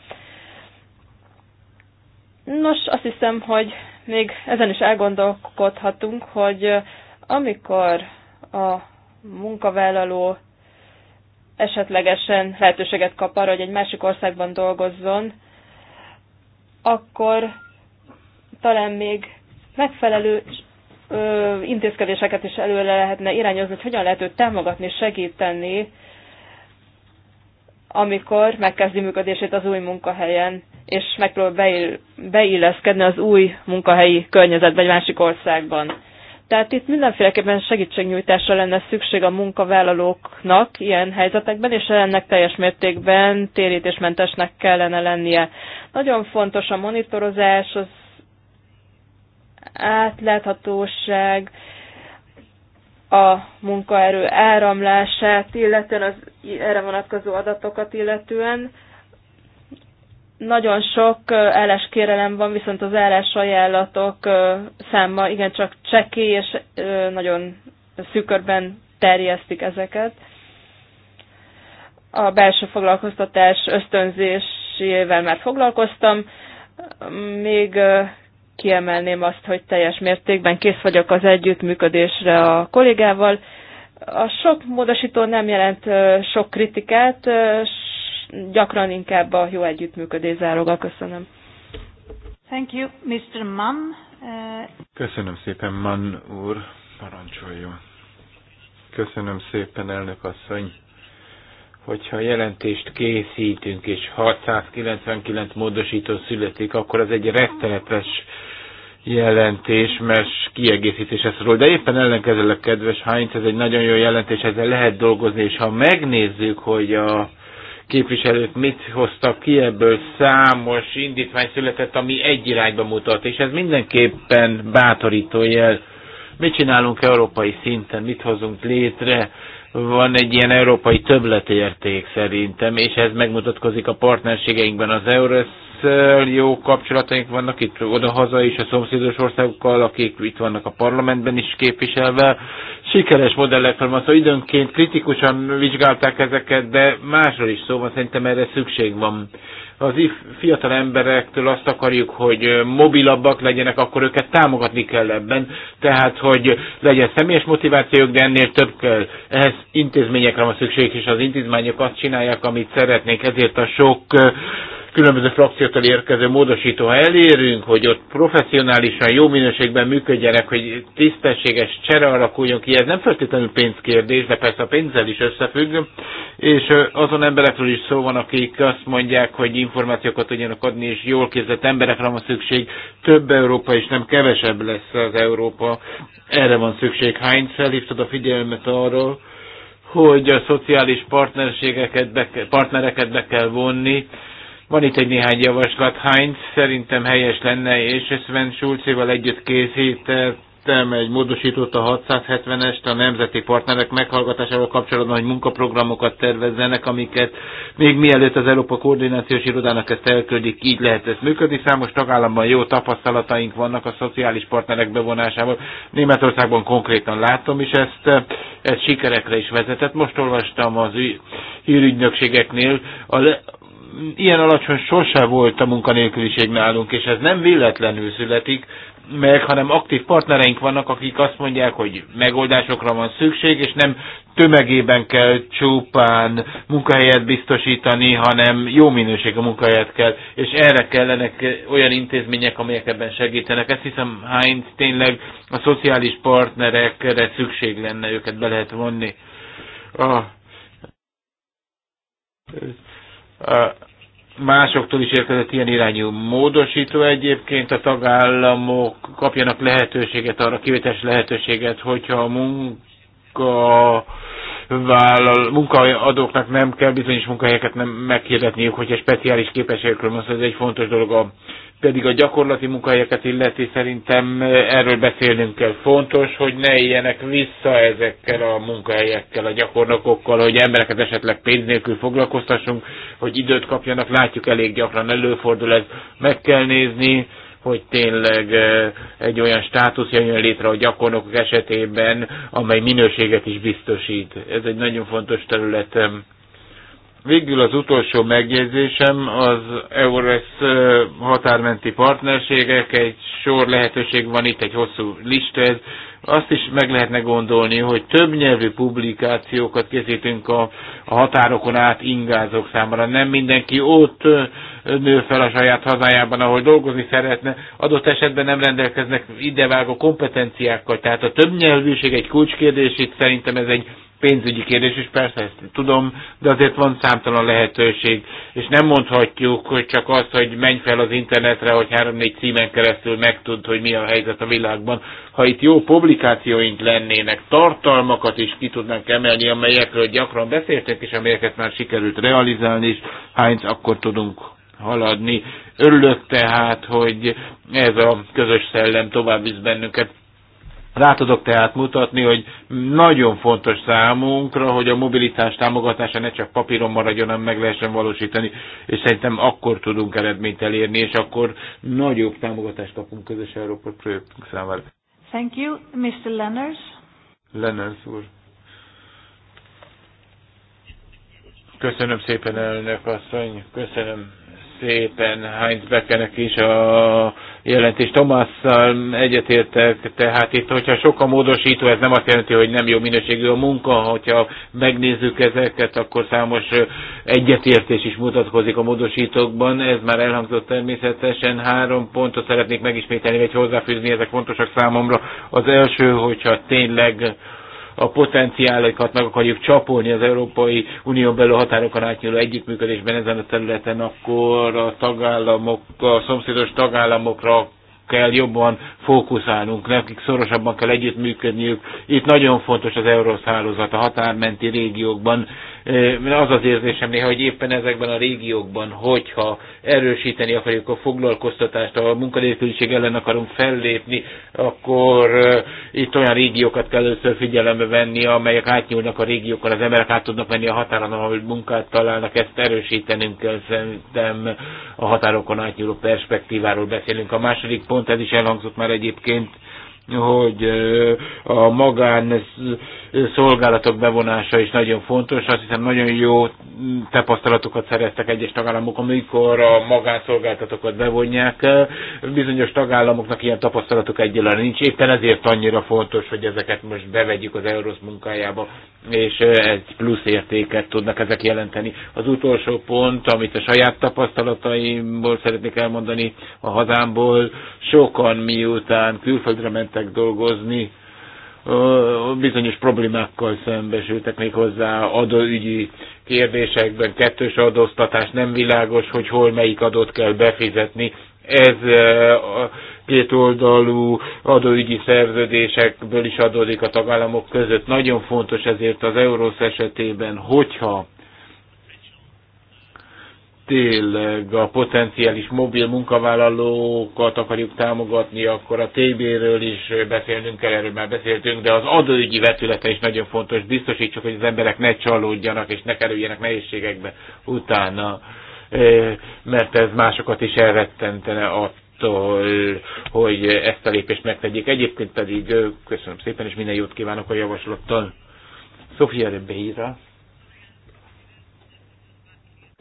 Nos, azt hiszem, hogy még ezen is elgondolkodhatunk, hogy amikor a munkavállaló esetlegesen lehetőséget kap arra, hogy egy másik országban dolgozzon, akkor talán még megfelelő ö, intézkedéseket is előre lehetne irányozni, hogy hogyan lehet őt támogatni, segíteni, amikor megkezdi működését az új munkahelyen, és megpróbál beill beilleszkedni az új munkahelyi környezetben egy másik országban. Tehát itt mindenféleképpen segítségnyújtásra lenne szükség a munkavállalóknak ilyen helyzetekben, és ennek teljes mértékben térítésmentesnek kellene lennie. Nagyon fontos a monitorozás, az átláthatóság, a munkaerő áramlását, illetően az erre vonatkozó adatokat illetően nagyon sok álláskérelem van, viszont az állásajánlatok ajánlatok száma igencsak cseki, és nagyon szűkörben terjesztik ezeket. A belső foglalkoztatás ösztönzésével már foglalkoztam. Még kiemelném azt, hogy teljes mértékben kész vagyok az együttműködésre a kollégával. A sok módosító nem jelent sok kritikát, gyakran inkább a jó együttműködés záloga. Köszönöm. Thank you, Mr. Mann. Uh... Köszönöm szépen, Mann úr. Parancsoljon. Köszönöm szépen, elnök asszony hogyha jelentést készítünk, és 699 módosító születik, akkor az egy rettenetes jelentés, mert kiegészítés róla. De éppen ellenkezőleg, kedves Heinz, ez egy nagyon jó jelentés, ezzel lehet dolgozni, és ha megnézzük, hogy a képviselők mit hoztak ki, ebből számos indítvány született, ami egy irányba mutat, és ez mindenképpen bátorító jel. Mit csinálunk európai szinten, mit hozunk létre, van egy ilyen európai többletérték szerintem, és ez megmutatkozik a partnerségeinkben az Eures Szel jó kapcsolataink vannak itt oda-haza is a szomszédos országokkal, akik itt vannak a parlamentben is képviselve. Sikeres modellekről van szóval időnként kritikusan vizsgálták ezeket, de másról is szó van, szerintem erre szükség van. Az fiatal emberektől azt akarjuk, hogy mobilabbak legyenek, akkor őket támogatni kell ebben, tehát hogy legyen személyes motivációk, de ennél több kell. Ehhez intézményekre van szükség, és az intézmények azt csinálják, amit szeretnék, ezért a sok uh, különböző frakciótól érkező módosító, ha elérünk, hogy ott professzionálisan, jó minőségben működjenek, hogy tisztességes csere alakuljon ki, ez nem feltétlenül pénzkérdés, de persze a pénzzel is összefügg, és azon emberekről is szó van, akik azt mondják, hogy információkat tudjanak adni, és jól képzett emberekre van szükség, több Európa és nem kevesebb lesz az Európa, erre van szükség. Hány felhívtad a figyelmet arról, hogy a szociális partnerségeket be, partnereket be kell vonni, van itt egy néhány javaslat, Heinz szerintem helyes lenne, és Sven Schulzéval együtt készítettem egy módosított a 670-est a nemzeti partnerek meghallgatásával kapcsolatban, hogy munkaprogramokat tervezzenek, amiket még mielőtt az Európa Koordinációs Irodának ezt elküldik, így lehet ezt működni. Számos tagállamban jó tapasztalataink vannak a szociális partnerek bevonásával. Németországban konkrétan látom is ezt, ez sikerekre is vezetett. Most olvastam az hírügynökségeknél, a le ilyen alacsony sose volt a munkanélküliség nálunk, és ez nem véletlenül születik meg, hanem aktív partnereink vannak, akik azt mondják, hogy megoldásokra van szükség, és nem tömegében kell csupán munkahelyet biztosítani, hanem jó minőség a munkahelyet kell, és erre kellenek olyan intézmények, amelyek ebben segítenek. Ezt hiszem, Heinz tényleg a szociális partnerekre szükség lenne, őket be lehet vonni. Ah másoktól is érkezett ilyen irányú módosító egyébként, a tagállamok kapjanak lehetőséget, arra kivételes lehetőséget, hogyha a munka vállal, munkaadóknak nem kell bizonyos munkahelyeket nem meghirdetniük, hogyha speciális képességekről van szó, ez egy fontos dolog. A, pedig a gyakorlati munkahelyeket illeti szerintem erről beszélnünk kell. Fontos, hogy ne éljenek vissza ezekkel a munkahelyekkel, a gyakornokokkal, hogy embereket esetleg pénz nélkül foglalkoztassunk, hogy időt kapjanak, látjuk elég gyakran előfordul ez. Meg kell nézni, hogy tényleg egy olyan státusz jön létre a gyakornokok esetében, amely minőséget is biztosít. Ez egy nagyon fontos területem. Végül az utolsó megjegyzésem az EURES határmenti partnerségek, egy sor lehetőség van itt, egy hosszú lista ez. Azt is meg lehetne gondolni, hogy több nyelvű publikációkat készítünk a, a határokon át ingázók számára. Nem mindenki ott nő fel a saját hazájában, ahol dolgozni szeretne, adott esetben nem rendelkeznek idevágó kompetenciákkal. Tehát a többnyelvűség egy kulcskérdés, itt szerintem ez egy pénzügyi kérdés, és persze ezt tudom, de azért van számtalan lehetőség, és nem mondhatjuk hogy csak az, hogy menj fel az internetre, hogy három-négy címen keresztül megtudd, hogy mi a helyzet a világban. Ha itt jó publikációink lennének, tartalmakat is ki tudnánk emelni, amelyekről gyakran beszéltek, és amelyeket már sikerült realizálni, és hányt akkor tudunk haladni. Örülök tehát, hogy ez a közös szellem tovább visz bennünket. Rá tudok tehát mutatni, hogy nagyon fontos számunkra, hogy a mobilitás támogatása ne csak papíron maradjon, hanem meg lehessen valósítani, és szerintem akkor tudunk eredményt elérni, és akkor nagyobb támogatást kapunk közös Európa projektünk számára. Thank you, Mr. Lenners. Lenners úr. Köszönöm szépen, elnök asszony, köszönöm szépen Heinz Beckenek is a jelentés Tomásszal egyetértek, tehát itt, hogyha sok a módosító, ez nem azt jelenti, hogy nem jó minőségű a munka, hogyha megnézzük ezeket, akkor számos egyetértés is mutatkozik a módosítókban, ez már elhangzott természetesen, három pontot szeretnék megismételni, vagy hozzáfűzni, ezek fontosak számomra. Az első, hogyha tényleg a potenciálokat meg akarjuk csapolni az Európai Unió belül határokon átnyúló együttműködésben ezen a területen, akkor a tagállamok, a szomszédos tagállamokra kell jobban fókuszálnunk, nekik szorosabban kell együttműködniük. Itt nagyon fontos az Eurósz hálózat a határmenti régiókban. Az az érzésem néha, hogy éppen ezekben a régiókban, hogyha erősíteni akarjuk a foglalkoztatást, a munkanélküliség ellen akarunk fellépni, akkor itt olyan régiókat kell először figyelembe venni, amelyek átnyúlnak a régiókon, az emberek át tudnak menni a határon, ahol munkát találnak, ezt erősítenünk kell szerintem a határokon átnyúló perspektíváról beszélünk. A második pont pont, ez is elhangzott már egyébként, hogy a magán szolgálatok bevonása is nagyon fontos. Azt hiszem nagyon jó tapasztalatokat szereztek egyes tagállamok, amikor a magánszolgáltatókat bevonják. Bizonyos tagállamoknak ilyen tapasztalatok egyelőre nincs. Éppen ezért annyira fontos, hogy ezeket most bevegyük az Eurosz munkájába, és egy plusz értéket tudnak ezek jelenteni. Az utolsó pont, amit a saját tapasztalataimból szeretnék elmondani a hazámból, sokan miután külföldre mentek dolgozni, bizonyos problémákkal szembesültek még hozzá adóügyi kérdésekben, kettős adóztatás, nem világos, hogy hol melyik adót kell befizetni. Ez a oldalú adóügyi szerződésekből is adódik a tagállamok között. Nagyon fontos ezért az Eurósz esetében, hogyha tényleg a potenciális mobil munkavállalókat akarjuk támogatni, akkor a TB-ről is beszélnünk kell, erről már beszéltünk, de az adóügyi vetülete is nagyon fontos. Biztosítsuk, hogy az emberek ne csalódjanak és ne kerüljenek nehézségekbe utána, e, mert ez másokat is elrettentene attól, hogy ezt a lépést megtegyék. Egyébként pedig köszönöm szépen, és minden jót kívánok a javaslattal. Sofia Rebeira.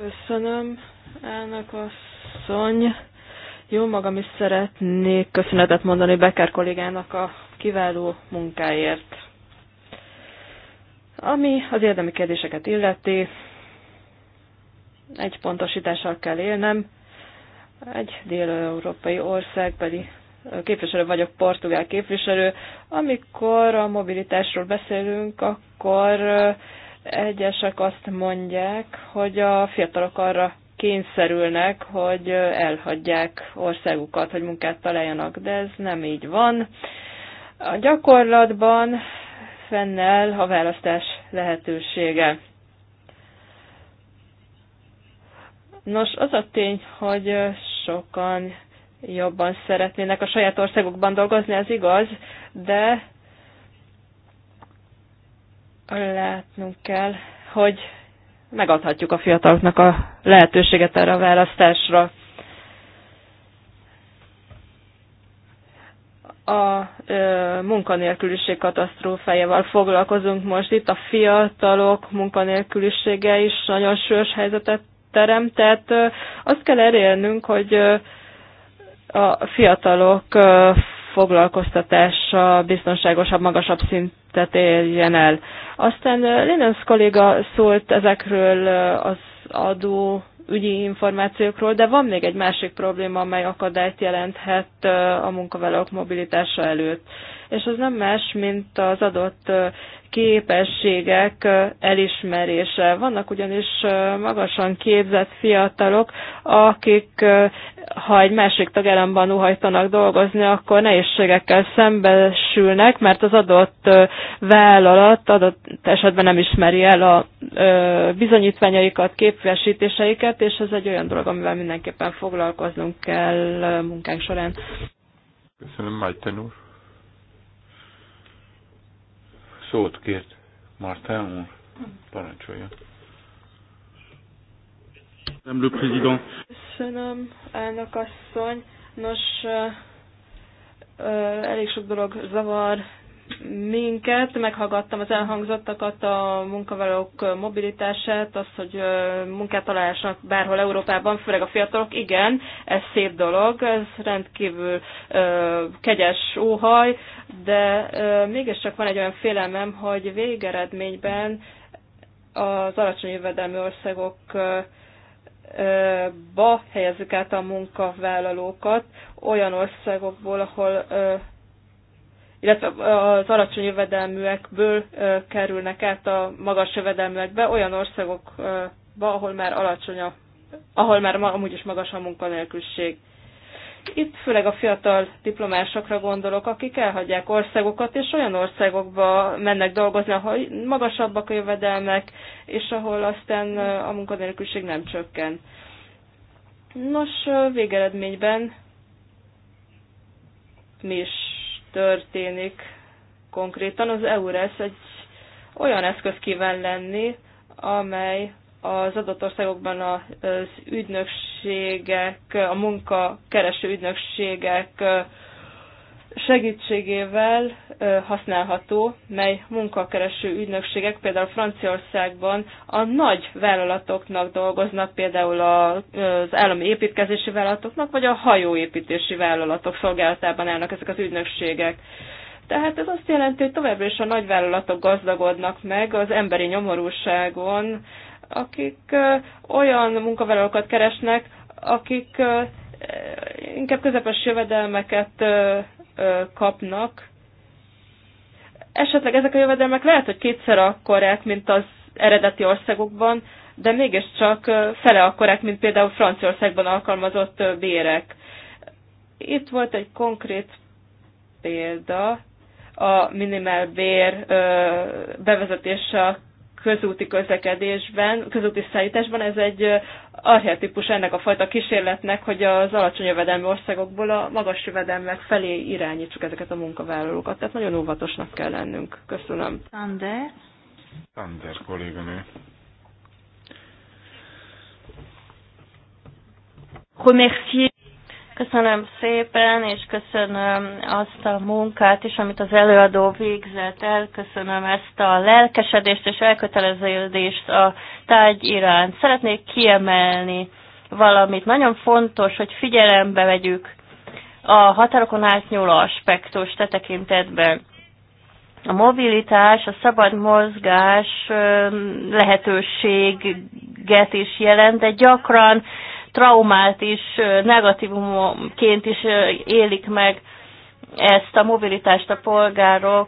Köszönöm, elnök asszony. Jó magam is szeretnék köszönetet mondani Becker kollégának a kiváló munkáért. Ami az érdemi kérdéseket illeti, egy pontosítással kell élnem. Egy dél-európai országbeli képviselő vagyok, portugál képviselő. Amikor a mobilitásról beszélünk, akkor Egyesek azt mondják, hogy a fiatalok arra kényszerülnek, hogy elhagyják országukat, hogy munkát találjanak, de ez nem így van. A gyakorlatban fennel a választás lehetősége. Nos, az a tény, hogy sokan jobban szeretnének a saját országukban dolgozni, ez igaz, de látnunk kell, hogy megadhatjuk a fiataloknak a lehetőséget erre a választásra. a ö, munkanélküliség katasztrófájával foglalkozunk most. Itt a fiatalok munkanélkülisége is nagyon sős helyzetet teremt, tehát ö, azt kell elérnünk, hogy ö, a fiatalok ö, foglalkoztatása biztonságosabb, magasabb szint szintet érjen el. Aztán Linens kolléga szólt ezekről az adó ügyi információkról, de van még egy másik probléma, amely akadályt jelenthet a munkavállalók mobilitása előtt és az nem más, mint az adott képességek elismerése. Vannak ugyanis magasan képzett fiatalok, akik ha egy másik tagállamban uhajtanak dolgozni, akkor nehézségekkel szembesülnek, mert az adott vállalat adott esetben nem ismeri el a bizonyítványaikat, képesítéseiket, és ez egy olyan dolog, amivel mindenképpen foglalkoznunk kell munkánk során. Köszönöm, Májten úr. Szót kért Martin úr. Parancsolja. Madame Köszönöm, elnök asszony. Nos, elég sok dolog zavar minket, meghallgattam az elhangzottakat, a munkavállalók mobilitását, az, hogy munkát találásnak bárhol Európában, főleg a fiatalok, igen, ez szép dolog, ez rendkívül ö, kegyes óhaj, de ö, mégiscsak van egy olyan félelmem, hogy végeredményben az alacsony jövedelmi országok ö, ba helyezzük át a munkavállalókat olyan országokból, ahol ö, illetve az alacsony jövedelműekből kerülnek át a magas jövedelműekbe olyan országokba, ahol már alacsony a, ahol már amúgy is magas a munkanélküliség. Itt főleg a fiatal diplomásokra gondolok, akik elhagyják országokat, és olyan országokba mennek dolgozni, ahol magasabbak a jövedelmek, és ahol aztán a munkanélküliség nem csökken. Nos, végeredményben mi is történik konkrétan. Az EURES egy olyan eszköz kíván lenni, amely az adott országokban az ügynökségek, a munkakereső ügynökségek segítségével használható, mely munkakereső ügynökségek például Franciaországban a nagy vállalatoknak dolgoznak, például az állami építkezési vállalatoknak, vagy a hajóépítési vállalatok szolgálatában állnak ezek az ügynökségek. Tehát ez azt jelenti, hogy továbbra is a nagyvállalatok gazdagodnak meg az emberi nyomorúságon, akik olyan munkavállalókat keresnek, akik inkább közepes jövedelmeket kapnak. Esetleg ezek a jövedelmek lehet, hogy kétszer akkorák, mint az eredeti országokban, de mégiscsak fele akkorák, mint például Franciaországban alkalmazott bérek. Itt volt egy konkrét példa, a bér bevezetése a közúti közlekedésben, közúti szállításban ez egy arhetipus ennek a fajta kísérletnek, hogy az alacsony jövedelmi országokból a magas jövedelmek felé irányítsuk ezeket a munkavállalókat. Tehát nagyon óvatosnak kell lennünk. Köszönöm. Sander. Sander kolléganő. Remercier. Köszönöm szépen, és köszönöm azt a munkát is, amit az előadó végzett el. Köszönöm ezt a lelkesedést és elköteleződést a tárgy iránt. Szeretnék kiemelni valamit. Nagyon fontos, hogy figyelembe vegyük a határokon átnyúló aspektus te tekintetben. A mobilitás, a szabad mozgás lehetőséget is jelent, de gyakran traumát is, negatívumként is élik meg ezt a mobilitást a polgárok,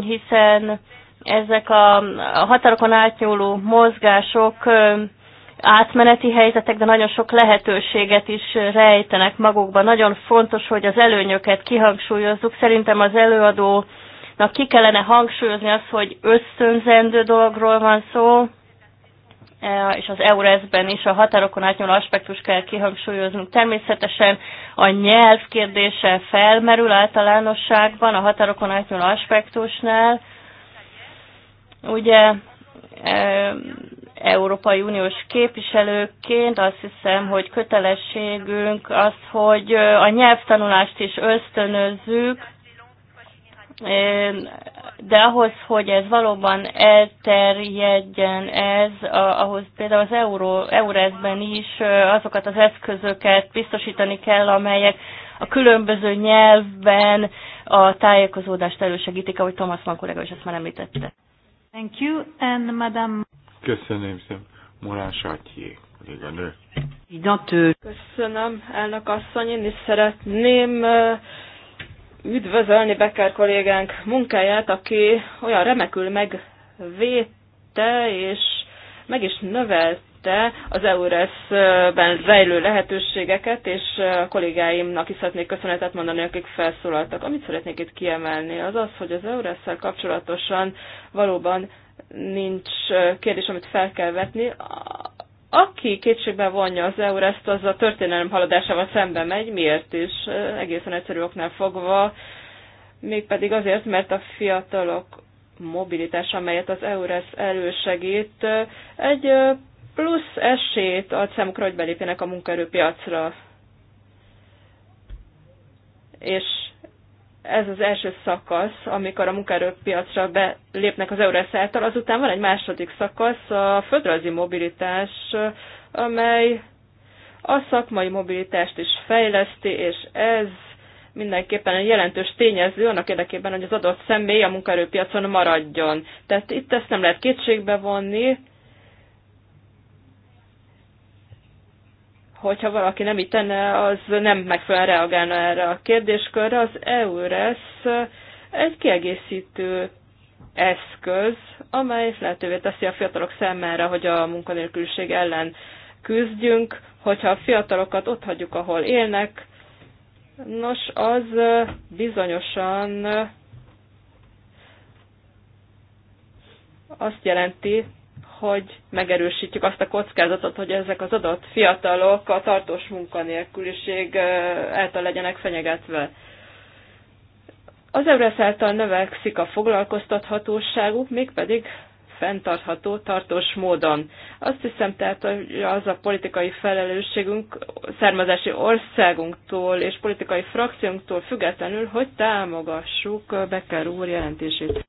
hiszen ezek a határokon átnyúló mozgások átmeneti helyzetek, de nagyon sok lehetőséget is rejtenek magukban. Nagyon fontos, hogy az előnyöket kihangsúlyozzuk. Szerintem az előadónak ki kellene hangsúlyozni azt, hogy ösztönzendő dologról van szó, és az EURES-ben is a határokon átnyúló aspektus kell kihangsúlyoznunk. Természetesen a nyelv kérdése felmerül általánosságban a határokon átnyúló aspektusnál. Ugye e, Európai Uniós képviselőként azt hiszem, hogy kötelességünk az, hogy a nyelvtanulást is ösztönözzük, de ahhoz, hogy ez valóban elterjedjen ez, ahhoz például az Euró, Eurezben is azokat az eszközöket biztosítani kell, amelyek a különböző nyelvben a tájékozódást elősegítik, ahogy Thomas Mann kollega is ezt már említette. Thank you, and Madame... Köszönöm szépen. Morán Satyé, Köszönöm, elnök asszony, én is szeretném üdvözölni Becker kollégánk munkáját, aki olyan remekül megvédte és meg is növelte az EURES-ben rejlő lehetőségeket, és a kollégáimnak is szeretnék köszönetet mondani, akik felszólaltak. Amit szeretnék itt kiemelni, az az, hogy az EURES-szel kapcsolatosan valóban nincs kérdés, amit fel kell vetni aki kétségbe vonja az EU ezt, az a történelem haladásával szembe megy. Miért is? Egészen egyszerű oknál fogva. Mégpedig azért, mert a fiatalok mobilitás, amelyet az EURES elősegít, egy plusz esélyt ad számukra, hogy belépjenek a munkaerőpiacra. És ez az első szakasz, amikor a munkaerőpiacra belépnek az EURESZ által, azután van egy második szakasz, a földrajzi mobilitás, amely a szakmai mobilitást is fejleszti, és ez mindenképpen egy jelentős tényező annak érdekében, hogy az adott személy a munkaerőpiacon maradjon. Tehát itt ezt nem lehet kétségbe vonni, hogyha valaki nem ittene, tenne, az nem megfelelően reagálna erre a kérdéskörre. Az EURES egy kiegészítő eszköz, amely lehetővé teszi a fiatalok számára, hogy a munkanélküliség ellen küzdjünk, hogyha a fiatalokat ott hagyjuk, ahol élnek, nos, az bizonyosan azt jelenti, hogy megerősítjük azt a kockázatot, hogy ezek az adott fiatalok a tartós munkanélküliség által legyenek fenyegetve. Az EURES által növekszik a foglalkoztathatóságuk, mégpedig fenntartható, tartós módon. Azt hiszem tehát, hogy az a politikai felelősségünk származási országunktól és politikai frakciónktól függetlenül, hogy támogassuk Becker úr jelentését.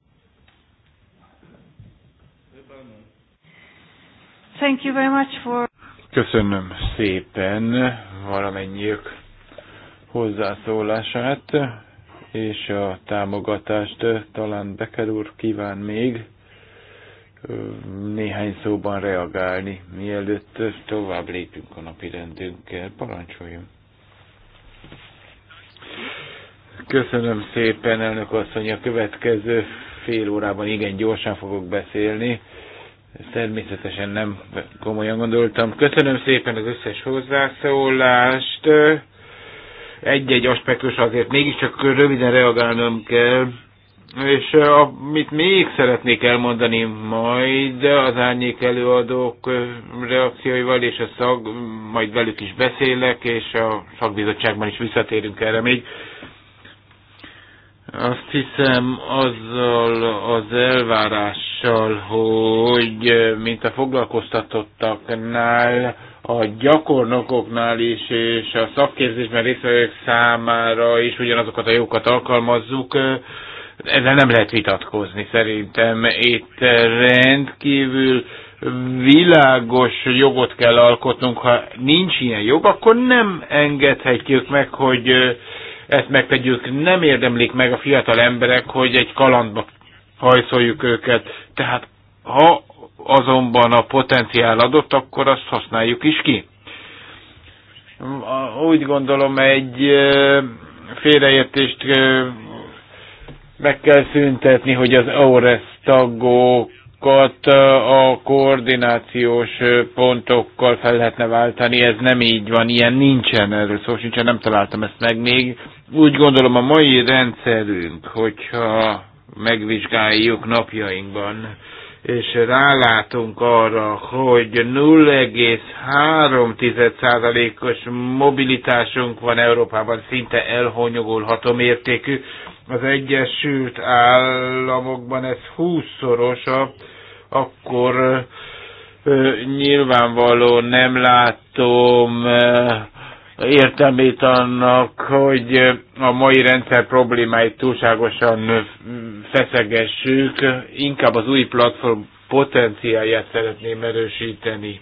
Thank you very much for... Köszönöm szépen valamennyiük hozzászólását és a támogatást. Talán Becker úr kíván még néhány szóban reagálni, mielőtt tovább lépünk a napi rendünkkel. Parancsoljon! Köszönöm szépen, elnök asszony, a következő fél órában igen gyorsan fogok beszélni. Természetesen nem komolyan gondoltam. Köszönöm szépen az összes hozzászólást. Egy-egy aspektus azért mégiscsak röviden reagálnom kell. És eh, amit még szeretnék elmondani majd az árnyék előadók eh, reakcióival, és a szag, majd velük is beszélek, és a szakbizottságban is visszatérünk erre még. Azt hiszem azzal az elvárással, hogy mint a foglalkoztatottaknál, a gyakornokoknál is, és a szakképzésben részvevők számára is ugyanazokat a jókat alkalmazzuk, ezzel nem lehet vitatkozni szerintem. Itt rendkívül világos jogot kell alkotnunk. Ha nincs ilyen jog, akkor nem engedhetjük meg, hogy ezt megtegyük. Nem érdemlik meg a fiatal emberek, hogy egy kalandba hajszoljuk őket. Tehát ha azonban a potenciál adott, akkor azt használjuk is ki. Úgy gondolom egy félreértést meg kell szüntetni, hogy az AURES tagokat a koordinációs pontokkal fel lehetne váltani. Ez nem így van, ilyen nincsen, erről szó sincsen, nem találtam ezt meg még. Úgy gondolom a mai rendszerünk, hogyha megvizsgáljuk napjainkban, és rálátunk arra, hogy 0,3%-os mobilitásunk van Európában, szinte elhonyogolható mértékű. Az Egyesült Államokban ez 20-szorosa, akkor nyilvánvaló nem látom értelmét annak, hogy a mai rendszer problémáit túlságosan feszegessük, inkább az új platform potenciáját szeretném erősíteni.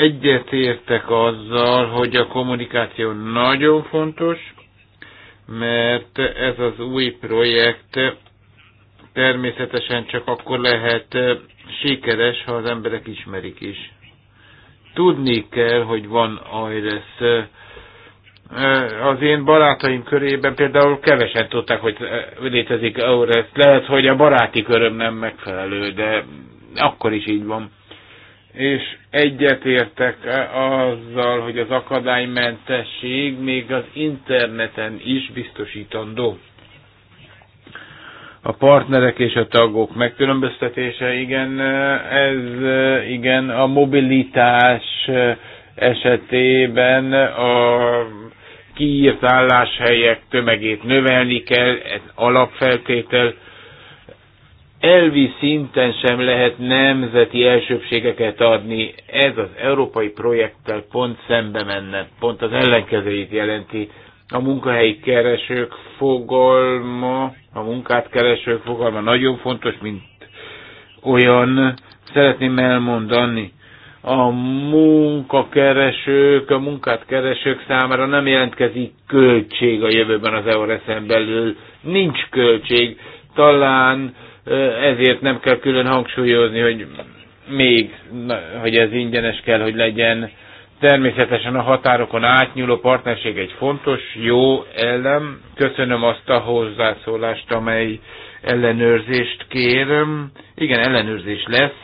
Egyet értek azzal, hogy a kommunikáció nagyon fontos, mert ez az új projekt természetesen csak akkor lehet sikeres, ha az emberek ismerik is. Tudni kell, hogy van AIRES. Az én barátaim körében például kevesen tudták, hogy létezik AIRES. Lehet, hogy a baráti köröm nem megfelelő, de akkor is így van. És egyetértek azzal, hogy az akadálymentesség még az interneten is biztosítandó a partnerek és a tagok megkülönböztetése, igen, ez igen a mobilitás esetében a kiírt álláshelyek tömegét növelni kell, ez alapfeltétel. Elvi szinten sem lehet nemzeti elsőbségeket adni, ez az európai projekttel pont szembe menne, pont az ellenkezőjét jelenti. A munkahelyi keresők fogalma, a munkát kereső fogalma nagyon fontos, mint olyan. Szeretném elmondani, a munkakeresők, a munkát keresők számára nem jelentkezik költség a jövőben az EURES-en belül. Nincs költség. Talán ezért nem kell külön hangsúlyozni, hogy még, hogy ez ingyenes kell, hogy legyen Természetesen a határokon átnyúló partnerség egy fontos, jó elem. Köszönöm azt a hozzászólást, amely ellenőrzést kérem. Igen, ellenőrzés lesz,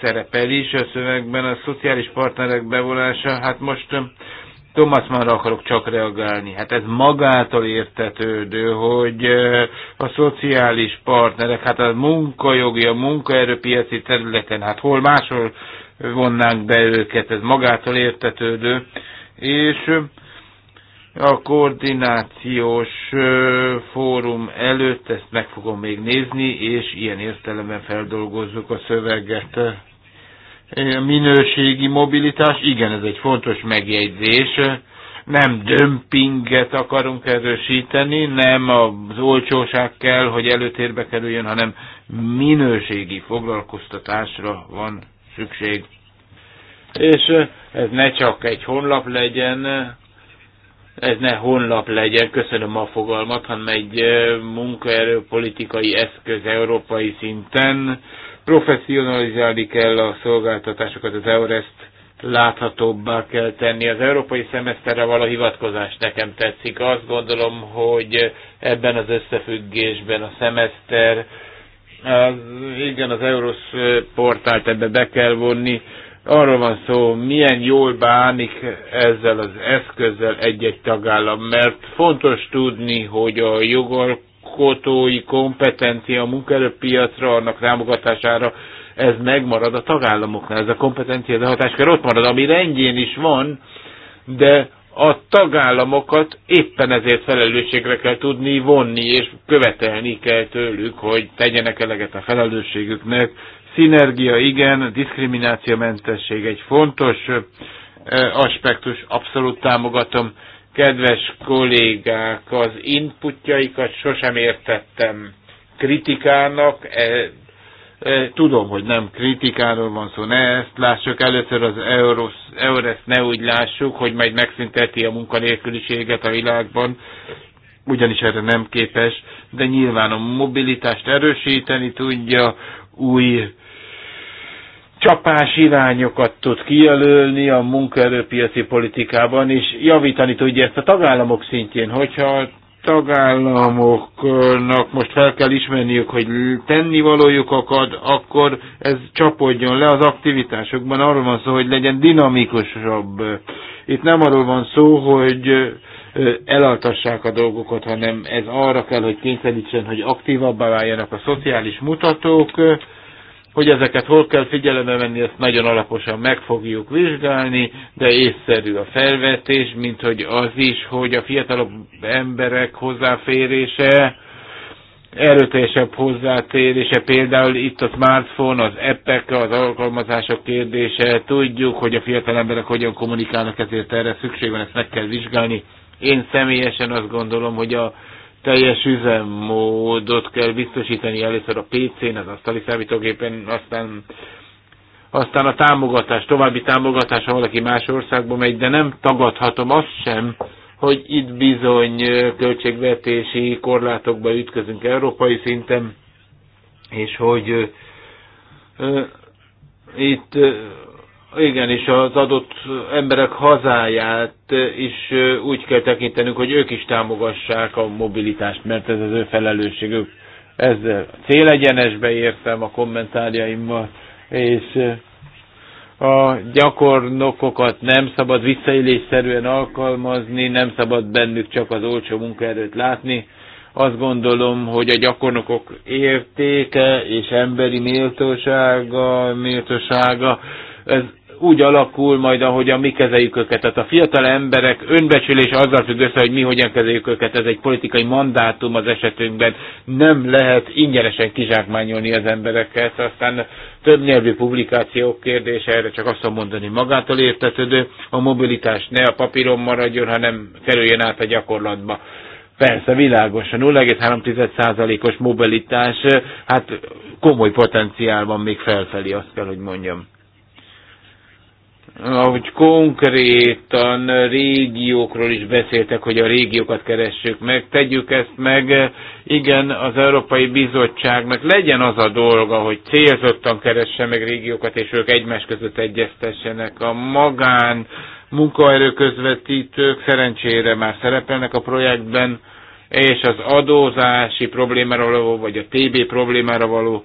szerepel is a szövegben a szociális partnerek bevonása. Hát most um, Thomas Mannra akarok csak reagálni. Hát ez magától értetődő, hogy uh, a szociális partnerek, hát a munkajogi, a munkaerőpiaci területen, hát hol máshol vonnánk be őket, ez magától értetődő, és a koordinációs fórum előtt ezt meg fogom még nézni, és ilyen értelemben feldolgozzuk a szöveget. a Minőségi mobilitás, igen, ez egy fontos megjegyzés. Nem dömpinget akarunk erősíteni, nem az olcsóság kell, hogy előtérbe kerüljön, hanem minőségi foglalkoztatásra van szükség. És ez ne csak egy honlap legyen, ez ne honlap legyen, köszönöm a fogalmat, hanem egy munkaerőpolitikai eszköz európai szinten. Professionalizálni kell a szolgáltatásokat, az EUREST láthatóbbá kell tenni. Az európai szemeszterre való hivatkozás nekem tetszik. Azt gondolom, hogy ebben az összefüggésben a szemeszter a, igen, az Eurosz portált ebbe be kell vonni. Arról van szó, milyen jól bánik ezzel az eszközzel egy-egy tagállam, mert fontos tudni, hogy a jogalkotói kompetencia a munkaerőpiacra, annak támogatására ez megmarad a tagállamoknál, ez a kompetencia, de hatáskör ott marad, ami rendjén is van, de a tagállamokat éppen ezért felelősségre kell tudni vonni, és követelni kell tőlük, hogy tegyenek eleget a felelősségüknek. Szinergia igen, diszkriminációmentesség egy fontos aspektus, abszolút támogatom. Kedves kollégák, az inputjaikat sosem értettem kritikának, e, Tudom, hogy nem kritikáról van szó, ne ezt lássuk. Először az Euros, Eures ne úgy lássuk, hogy majd megszünteti a munkanélküliséget a világban, ugyanis erre nem képes, de nyilván a mobilitást erősíteni tudja, új csapás irányokat tud kijelölni a munkaerőpiaci politikában, és javítani tudja ezt a tagállamok szintjén, hogyha tagállamoknak most fel kell ismerniük, hogy tennivalójuk akad, akkor ez csapódjon le az aktivitásokban. Arról van szó, hogy legyen dinamikusabb. Itt nem arról van szó, hogy elaltassák a dolgokat, hanem ez arra kell, hogy kényszerítsen, hogy aktívabbá váljanak a szociális mutatók, hogy ezeket hol kell figyelembe venni, ezt nagyon alaposan meg fogjuk vizsgálni, de észszerű a felvetés, mint hogy az is, hogy a fiatalabb emberek hozzáférése, erőteljesebb hozzátérése, például itt a smartphone, az epek, az alkalmazások kérdése, tudjuk, hogy a fiatal emberek hogyan kommunikálnak, ezért erre szükség van, ezt meg kell vizsgálni. Én személyesen azt gondolom, hogy a teljes üzemmódot kell biztosítani először a PC-n, az asztali számítógépen, aztán, aztán a támogatás, további támogatás, ha valaki más országba megy, de nem tagadhatom azt sem, hogy itt bizony költségvetési korlátokba ütközünk európai szinten, és hogy itt igen, és az adott emberek hazáját is úgy kell tekintenünk, hogy ők is támogassák a mobilitást, mert ez az ő felelősségük. Ezzel célegyenesbe értem a kommentárjaimmal, és a gyakornokokat nem szabad visszaélésszerűen alkalmazni, nem szabad bennük csak az olcsó munkaerőt látni. Azt gondolom, hogy a gyakornokok értéke és emberi méltósága, méltósága, ez úgy alakul majd, ahogyan mi kezeljük őket. Tehát a fiatal emberek önbecsülés azzal függ össze, hogy mi hogyan kezeljük őket. Ez egy politikai mandátum az esetünkben. Nem lehet ingyenesen kizsákmányolni az embereket. Aztán több nyelvű publikációk kérdése, erre csak azt mondani magától értetődő, a mobilitás ne a papíron maradjon, hanem kerüljön át a gyakorlatba. Persze, világos. A 0,3%-os mobilitás, hát komoly potenciál van még felfelé, azt kell, hogy mondjam ahogy konkrétan régiókról is beszéltek, hogy a régiókat keressük meg, tegyük ezt meg, igen, az Európai Bizottságnak legyen az a dolga, hogy célzottan keresse meg régiókat, és ők egymás között egyeztessenek. A magán munkaerő közvetítők szerencsére már szerepelnek a projektben, és az adózási problémára való, vagy a TB problémára való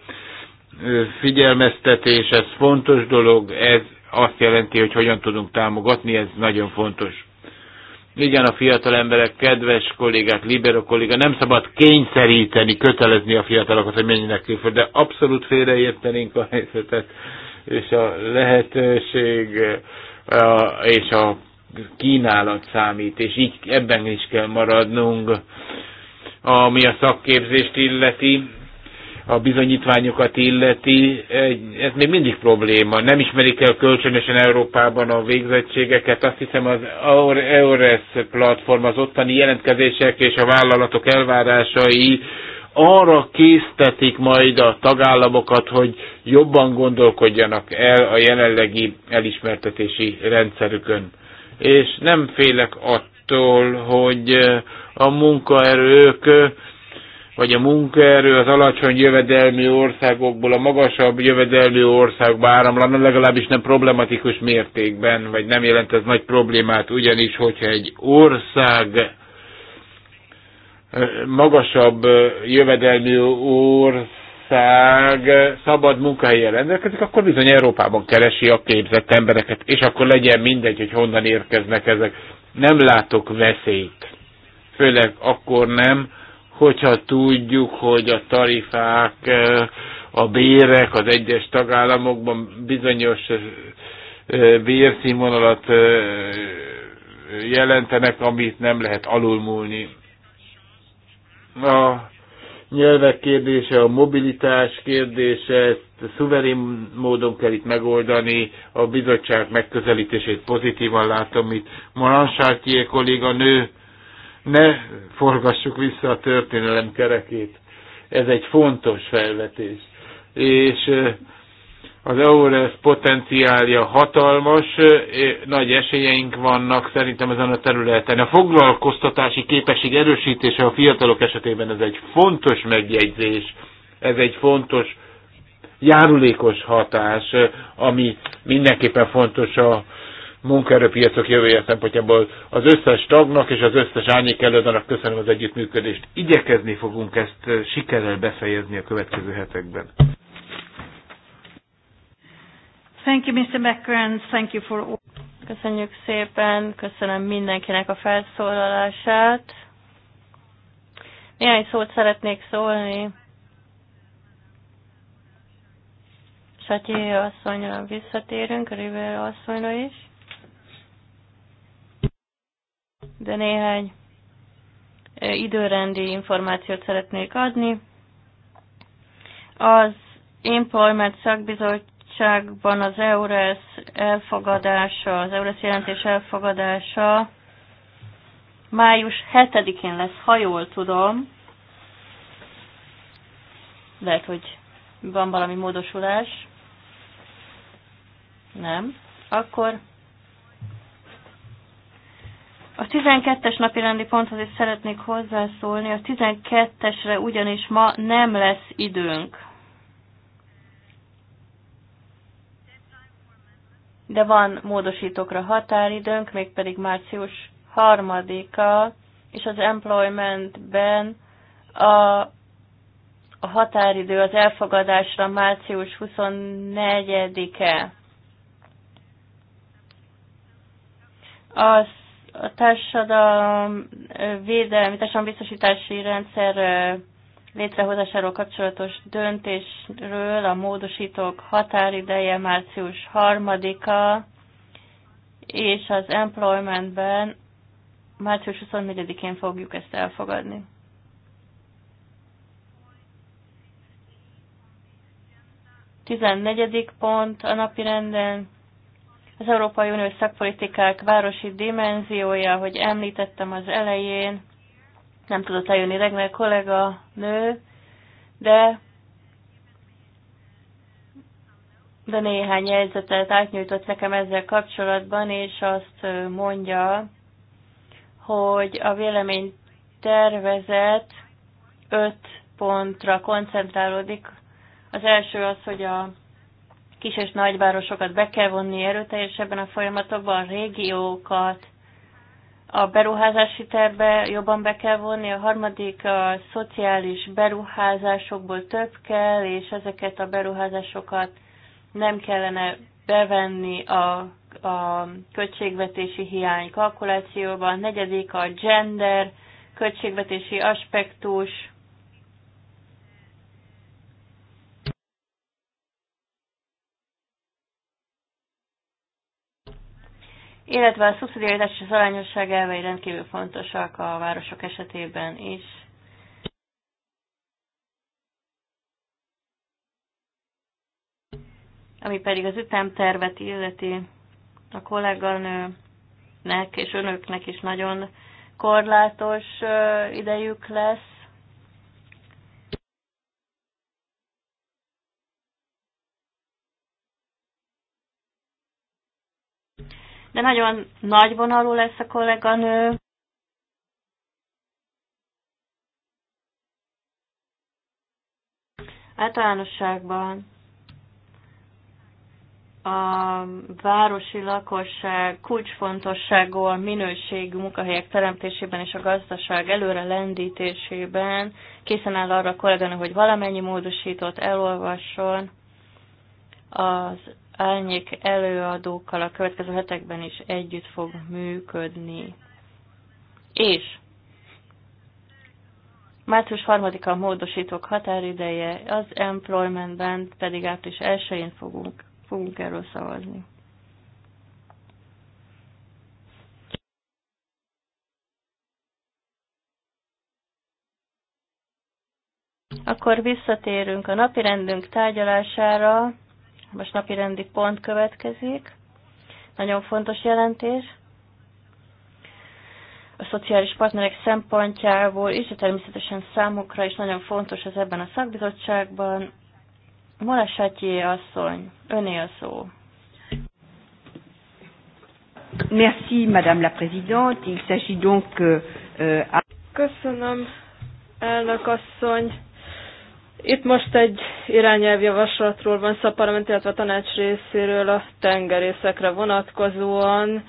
figyelmeztetés, ez fontos dolog, ez azt jelenti, hogy hogyan tudunk támogatni, ez nagyon fontos. Igen, a fiatal emberek, kedves kollégák, libero kolléga, nem szabad kényszeríteni, kötelezni a fiatalokat, hogy menjenek külföldre, de abszolút félreértenénk a helyzetet, és a lehetőség és a kínálat számít, és így ebben is kell maradnunk, ami a szakképzést illeti a bizonyítványokat illeti, ez még mindig probléma. Nem ismerik el kölcsönösen Európában a végzettségeket. Azt hiszem az EURES platform, az ottani jelentkezések és a vállalatok elvárásai arra késztetik majd a tagállamokat, hogy jobban gondolkodjanak el a jelenlegi elismertetési rendszerükön. És nem félek attól, hogy a munkaerők vagy a munkaerő az alacsony jövedelmi országokból a magasabb jövedelmi országba áramlana, legalábbis nem problematikus mértékben, vagy nem jelent ez nagy problémát, ugyanis hogyha egy ország magasabb jövedelmi ország szabad munkahelyen rendelkezik, akkor bizony Európában keresi a képzett embereket, és akkor legyen mindegy, hogy honnan érkeznek ezek. Nem látok veszélyt. Főleg akkor nem, hogyha tudjuk, hogy a tarifák, eh, a bérek az egyes tagállamokban bizonyos eh, eh, bérszínvonalat jelentenek, amit nem lehet alulmúlni. A nyelvek kérdése, a mobilitás kérdése, ezt szuverén módon kell itt megoldani, a bizottság megközelítését pozitívan látom itt. Maransártyé kolléga nő ne forgassuk vissza a történelem kerekét. Ez egy fontos felvetés. És az EURES potenciálja hatalmas, nagy esélyeink vannak szerintem ezen a területen. A foglalkoztatási képesség erősítése a fiatalok esetében ez egy fontos megjegyzés, ez egy fontos járulékos hatás, ami mindenképpen fontos a munkaerőpiacok jövője szempontjából az összes tagnak és az összes árnyék előadónak köszönöm az együttműködést. Igyekezni fogunk ezt eh, sikerrel befejezni a következő hetekben. Thank you, Mr. Becker, thank you for all. Köszönjük szépen, köszönöm mindenkinek a felszólalását. Néhány szót szeretnék szólni. Satyi asszonyra visszatérünk, River asszonyra is de néhány időrendi információt szeretnék adni. Az Employment Szakbizottságban az EURES elfogadása, az EURES jelentés elfogadása május 7-én lesz, ha jól tudom. Lehet, hogy van valami módosulás. Nem. Akkor a 12-es napi rendi ponthoz is szeretnék hozzászólni, a 12-esre ugyanis ma nem lesz időnk. De van módosítókra határidőnk, mégpedig március 3-a, és az employmentben a a határidő az elfogadásra március 24-e. Az a társadalom védelmi, társadalom biztosítási rendszer létrehozásáról kapcsolatos döntésről a módosítók határideje március 3-a, és az employmentben március 24-én fogjuk ezt elfogadni. Tizennegyedik pont a napi renden az Európai Unió szakpolitikák városi dimenziója, hogy említettem az elején, nem tudott eljönni Regner kollega nő, de de néhány jegyzetet átnyújtott nekem ezzel kapcsolatban, és azt mondja, hogy a vélemény tervezet öt pontra koncentrálódik. Az első az, hogy a kis és nagyvárosokat be kell vonni erőteljesebben a folyamatokba, a régiókat, a beruházási terve jobban be kell vonni, a harmadik a szociális beruházásokból több kell, és ezeket a beruházásokat nem kellene bevenni a, a költségvetési hiány kalkulációba, A negyedik a gender költségvetési aspektus, illetve a szubszidiaritás és az arányosság elvei rendkívül fontosak a városok esetében is. Ami pedig az ütemtervet illeti, a kolléganőnek és önöknek is nagyon korlátos idejük lesz, de nagyon nagy vonalú lesz a kolléganő. Általánosságban a városi lakosság kulcsfontosságú minőségű munkahelyek teremtésében és a gazdaság előre lendítésében készen áll arra a kolléganő, hogy valamennyi módosított elolvasson az Álnyék előadókkal a következő hetekben is együtt fog működni. És március 3-a a módosítók határideje, az employment band pedig április 1-én fogunk, fogunk erről szavazni. Akkor visszatérünk a napirendünk tárgyalására most napi rendi pont következik. Nagyon fontos jelentés. A szociális partnerek szempontjából is, de természetesen számukra is nagyon fontos ez ebben a szakbizottságban. Molasátyi asszony, öné a szó. Merci, Madame la Présidente. Il s'agit donc... Euh, euh Köszönöm, elnök asszony. Itt most egy irányelvjavaslatról van szó a parlament, illetve a tanács részéről a tengerészekre vonatkozóan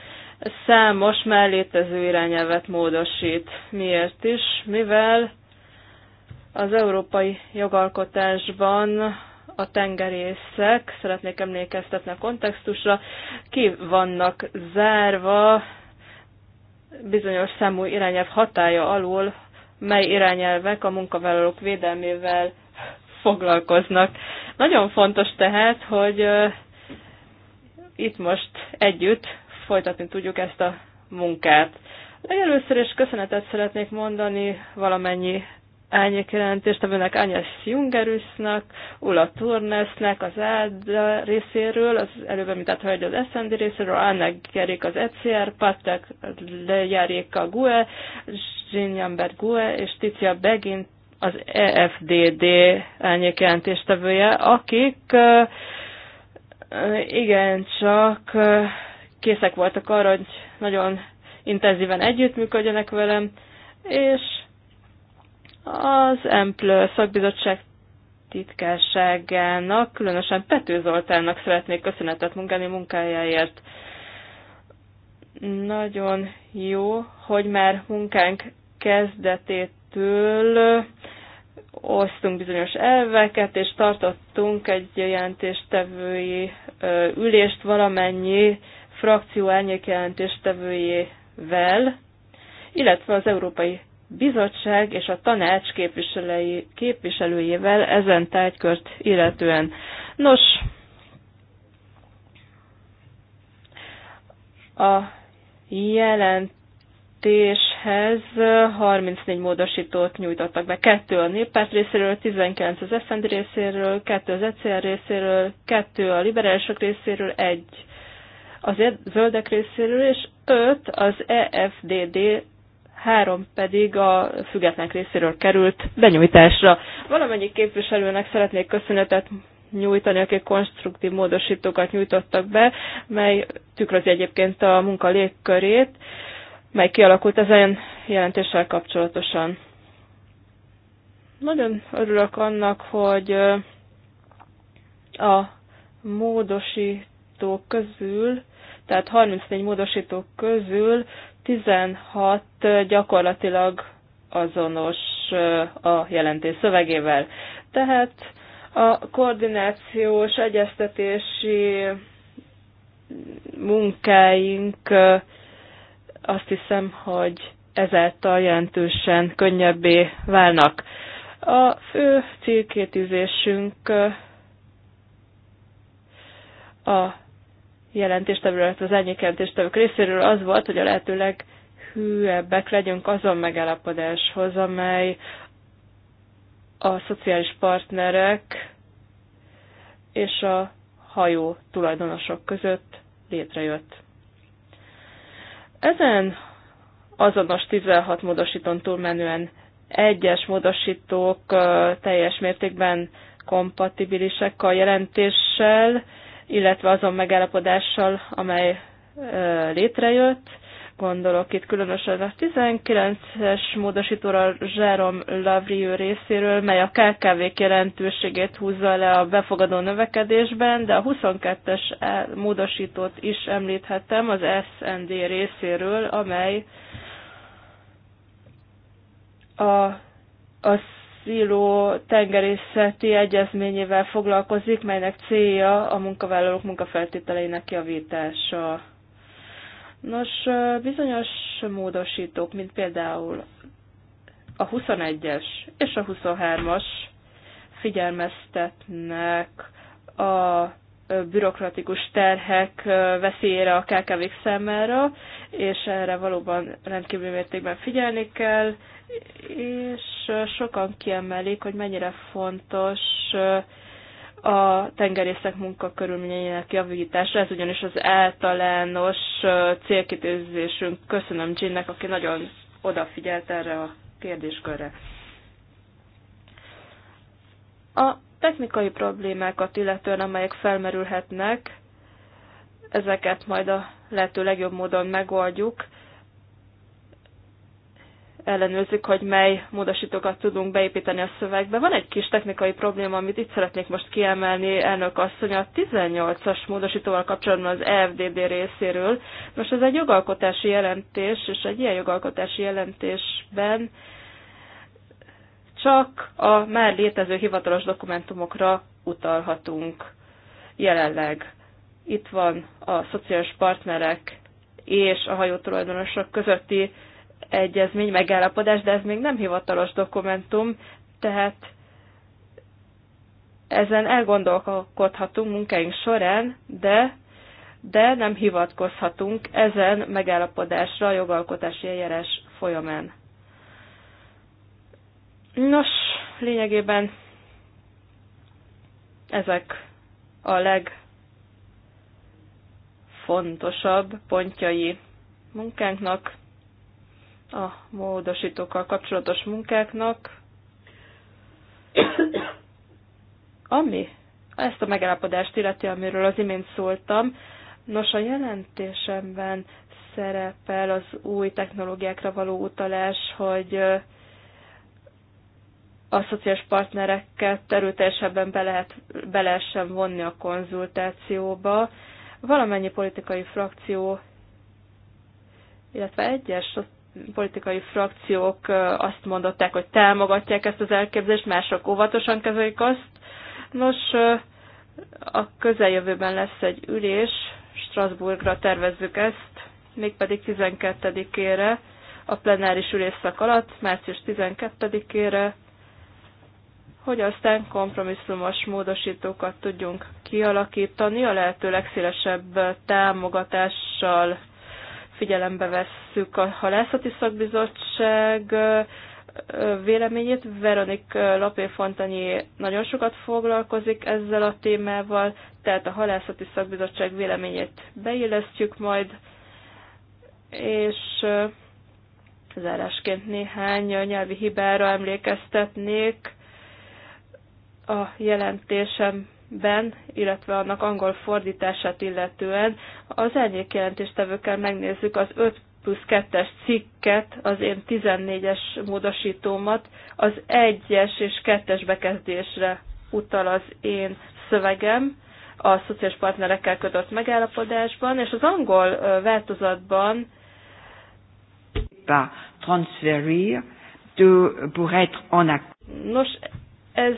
számos már létező irányelvet módosít. Miért is? Mivel az európai jogalkotásban a tengerészek, szeretnék emlékeztetni a kontextusra, ki vannak zárva bizonyos számú irányelv hatája alul, mely irányelvek a munkavállalók védelmével foglalkoznak. Nagyon fontos tehát, hogy itt most együtt folytatni tudjuk ezt a munkát. Legelőször is köszönetet szeretnék mondani valamennyi jelentést, aminek Ányes Jungerusnak, Ula Turnesnek az ÁD részéről, az előbb említett hölgy az SND részéről, Anna Gerik az ECR, Patek a Gue, Zsinyambert Gue és Ticia Begin az EFDD elnyékjelentéstevője, akik igen, csak készek voltak arra, hogy nagyon intenzíven együttműködjenek velem, és az Emplő szakbizottság titkárságának, különösen Pető Zoltánnak szeretnék köszönetet munkálni munkájáért. Nagyon jó, hogy már munkánk kezdetét keresztül osztunk bizonyos elveket, és tartottunk egy jelentéstevői ülést valamennyi frakció elnyék jelentéstevőjével, illetve az Európai Bizottság és a tanács képviselőjével ezen tárgykört illetően. Nos, a jelent jelentéshez 34 módosítót nyújtottak be. Kettő a néppárt részéről, 19 az SZND részéről, kettő az ECR részéről, kettő a liberálisok részéről, egy az e zöldek részéről, és öt az EFDD, három pedig a függetlenek részéről került benyújtásra. Valamennyi képviselőnek szeretnék köszönetet nyújtani, akik konstruktív módosítókat nyújtottak be, mely tükrözi egyébként a munka légkörét mely kialakult ezen jelentéssel kapcsolatosan. Nagyon örülök annak, hogy a módosítók közül, tehát 34 módosítók közül 16 gyakorlatilag azonos a jelentés szövegével. Tehát a koordinációs, egyeztetési munkáink azt hiszem, hogy ezáltal jelentősen könnyebbé válnak. A fő célkétűzésünk a jelentéstevő, az egyik jelentéstevők részéről az volt, hogy a lehetőleg hűebbek legyünk azon megállapodáshoz, amely a szociális partnerek és a hajó tulajdonosok között létrejött. Ezen azonos 16 módosítón túlmenően egyes módosítók teljes mértékben kompatibilisek a jelentéssel, illetve azon megállapodással, amely létrejött. Gondolok itt különösen a 19-es módosítóra Jerome Lavrieu részéről, mely a kkv jelentőségét húzza le a befogadó növekedésben, de a 22-es e módosítót is említhetem az SND részéről, amely a, a Sziló tengerészeti egyezményével foglalkozik, melynek célja a munkavállalók munkafeltételeinek javítása. Nos, bizonyos módosítók, mint például a 21-es és a 23-as figyelmeztetnek a bürokratikus terhek veszélyére a kkv számára, és erre valóban rendkívül mértékben figyelni kell, és sokan kiemelik, hogy mennyire fontos a tengerészek munkakörülményeinek javítása, ez ugyanis az általános célkitűzésünk. Köszönöm Ginnek, aki nagyon odafigyelt erre a kérdéskörre. A technikai problémákat illetően, amelyek felmerülhetnek, ezeket majd a lehető legjobb módon megoldjuk, ellenőrzik, hogy mely módosítókat tudunk beépíteni a szövegbe. Van egy kis technikai probléma, amit itt szeretnék most kiemelni, elnök asszony, a 18-as módosítóval kapcsolatban az FDD részéről. Most ez egy jogalkotási jelentés, és egy ilyen jogalkotási jelentésben csak a már létező hivatalos dokumentumokra utalhatunk jelenleg. Itt van a szociális partnerek és a hajótulajdonosok közötti egyezmény, megállapodás, de ez még nem hivatalos dokumentum, tehát ezen elgondolkodhatunk munkáink során, de, de nem hivatkozhatunk ezen megállapodásra a jogalkotási eljárás folyamán. Nos, lényegében ezek a legfontosabb pontjai munkánknak a módosítókkal kapcsolatos munkáknak, ami ezt a megállapodást illeti, amiről az imént szóltam. Nos, a jelentésemben szerepel az új technológiákra való utalás, hogy a szociális partnerekkel erőteljesebben be, lehet, be lehessen vonni a konzultációba. Valamennyi politikai frakció, illetve egyes politikai frakciók azt mondották, hogy támogatják ezt az elképzelést, mások óvatosan kezelik azt. Nos, a közeljövőben lesz egy ülés, Strasbourgra tervezzük ezt, mégpedig 12-ére, a plenáris ülésszak alatt, március 12-ére, hogy aztán kompromisszumos módosítókat tudjunk kialakítani a lehető legszélesebb támogatással figyelembe vesszük a halászati szakbizottság véleményét. Veronik Lapé Fontanyi nagyon sokat foglalkozik ezzel a témával, tehát a halászati szakbizottság véleményét beillesztjük majd, és zárásként néhány nyelvi hibára emlékeztetnék a jelentésem ben, illetve annak angol fordítását illetően az elnyék jelentéstevőkkel megnézzük az 5 plusz 2-es cikket, az én 14-es módosítómat, az 1-es és 2-es bekezdésre utal az én szövegem a szociális partnerekkel kötött megállapodásban, és az angol változatban pas de, pour être en Nos, ez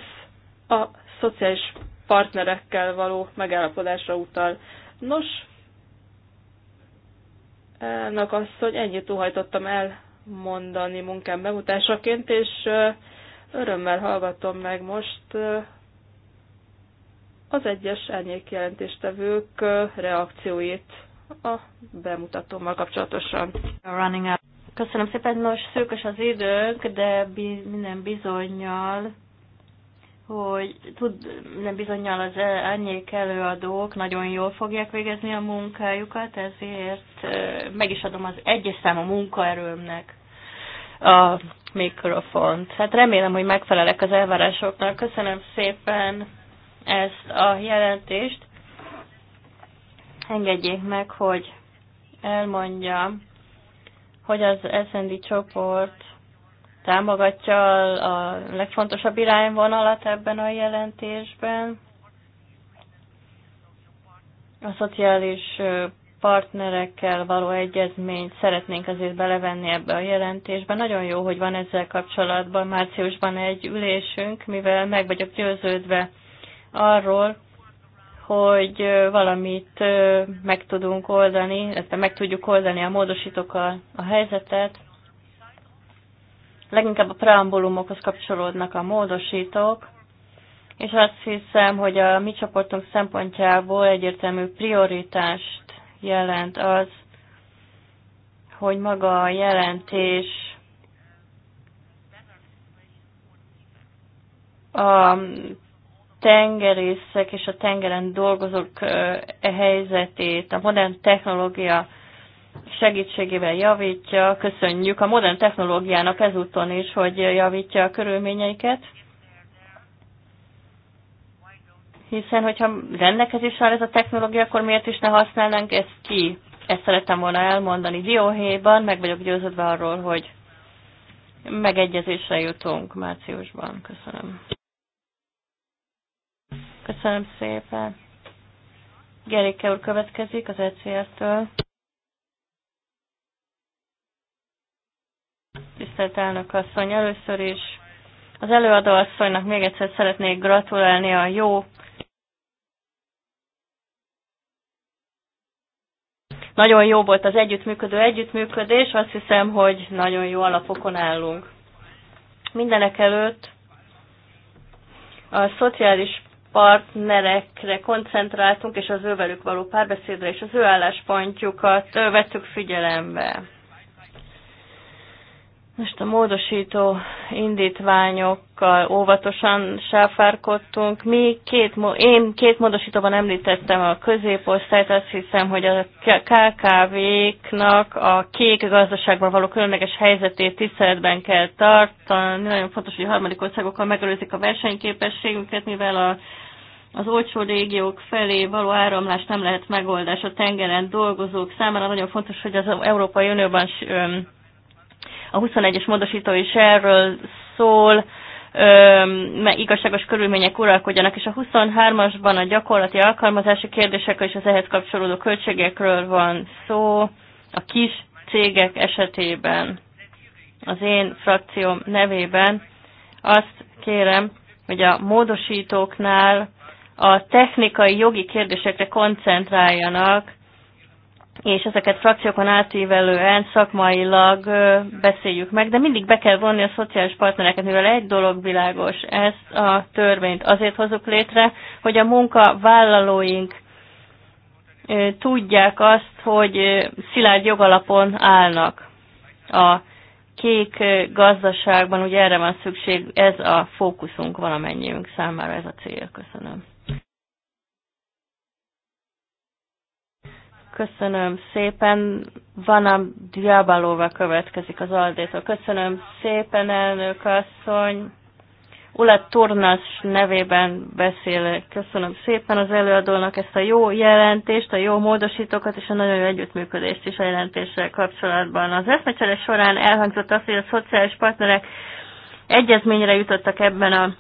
a szociális partnerekkel való megállapodásra utal. Nos, az, hogy ennyit óhajtottam elmondani munkám bemutásaként, és örömmel hallgatom meg most az egyes jelentéstevők reakcióit a bemutatómmal kapcsolatosan. Köszönöm szépen, most szűkös az időnk, de minden bizonyal hogy tud, nem bizonyal az e- árnyék előadók nagyon jól fogják végezni a munkájukat, ezért meg is adom az egyes számú munkaerőmnek a mikrofont. Hát remélem, hogy megfelelek az elvárásoknak. Köszönöm szépen ezt a jelentést. Engedjék meg, hogy elmondjam, hogy az SND csoport támogatja a legfontosabb irányvonalat ebben a jelentésben. A szociális partnerekkel való egyezményt szeretnénk azért belevenni ebbe a jelentésbe. Nagyon jó, hogy van ezzel kapcsolatban márciusban egy ülésünk, mivel meg vagyok győződve arról, hogy valamit meg tudunk oldani, illetve meg tudjuk oldani a módosítókkal a helyzetet, leginkább a preambulumokhoz kapcsolódnak a módosítók, és azt hiszem, hogy a mi csoportunk szempontjából egyértelmű prioritást jelent az, hogy maga a jelentés a tengerészek és a tengeren dolgozók helyzetét, a modern technológia segítségével javítja, köszönjük a modern technológiának ezúton is, hogy javítja a körülményeiket. Hiszen, hogyha rendelkezésre áll ez a technológia, akkor miért is ne használnánk ezt ki? Ezt szerettem volna elmondani dióhéjban, meg vagyok győződve arról, hogy megegyezésre jutunk márciusban. Köszönöm. Köszönöm szépen. Gerike úr következik az ECR-től. Tisztelt elnök asszony, először is az előadó asszonynak még egyszer szeretnék gratulálni a jó nagyon jó volt az együttműködő együttműködés, azt hiszem, hogy nagyon jó alapokon állunk. Mindenek előtt a szociális partnerekre koncentráltunk, és az ővelük való párbeszédre és az ő álláspontjukat vettük figyelembe. Most a módosító indítványokkal óvatosan sáfárkodtunk. Mi két, én két módosítóban említettem a középosztályt, azt hiszem, hogy a KKV-knak a kék gazdaságban való különleges helyzetét tiszteletben kell tartani. Nagyon fontos, hogy a harmadik országokkal megelőzik a versenyképességünket, mivel a az olcsó régiók felé való áramlás nem lehet megoldás a tengeren dolgozók számára. Nagyon fontos, hogy az Európai Unióban a 21-es módosító is erről szól, mert igazságos körülmények uralkodjanak, és a 23-asban a gyakorlati alkalmazási kérdésekről és az ehhez kapcsolódó költségekről van szó a kis cégek esetében. Az én frakcióm nevében azt kérem, hogy a módosítóknál a technikai jogi kérdésekre koncentráljanak, és ezeket frakciókon átívelően szakmailag beszéljük meg, de mindig be kell vonni a szociális partnereket, mivel egy dolog világos, ezt a törvényt azért hozok létre, hogy a munkavállalóink tudják azt, hogy szilárd jogalapon állnak a kék gazdaságban, ugye erre van szükség, ez a fókuszunk valamennyiünk számára, ez a cél. Köszönöm. Köszönöm szépen. van a Diabalóva következik az Aldétól. Köszönöm szépen, elnök asszony. Ula Turnas nevében beszélek. Köszönöm szépen az előadónak ezt a jó jelentést, a jó módosítókat és a nagyon jó együttműködést is a jelentéssel kapcsolatban. Az eszmecsere során elhangzott az, hogy a szociális partnerek egyezményre jutottak ebben a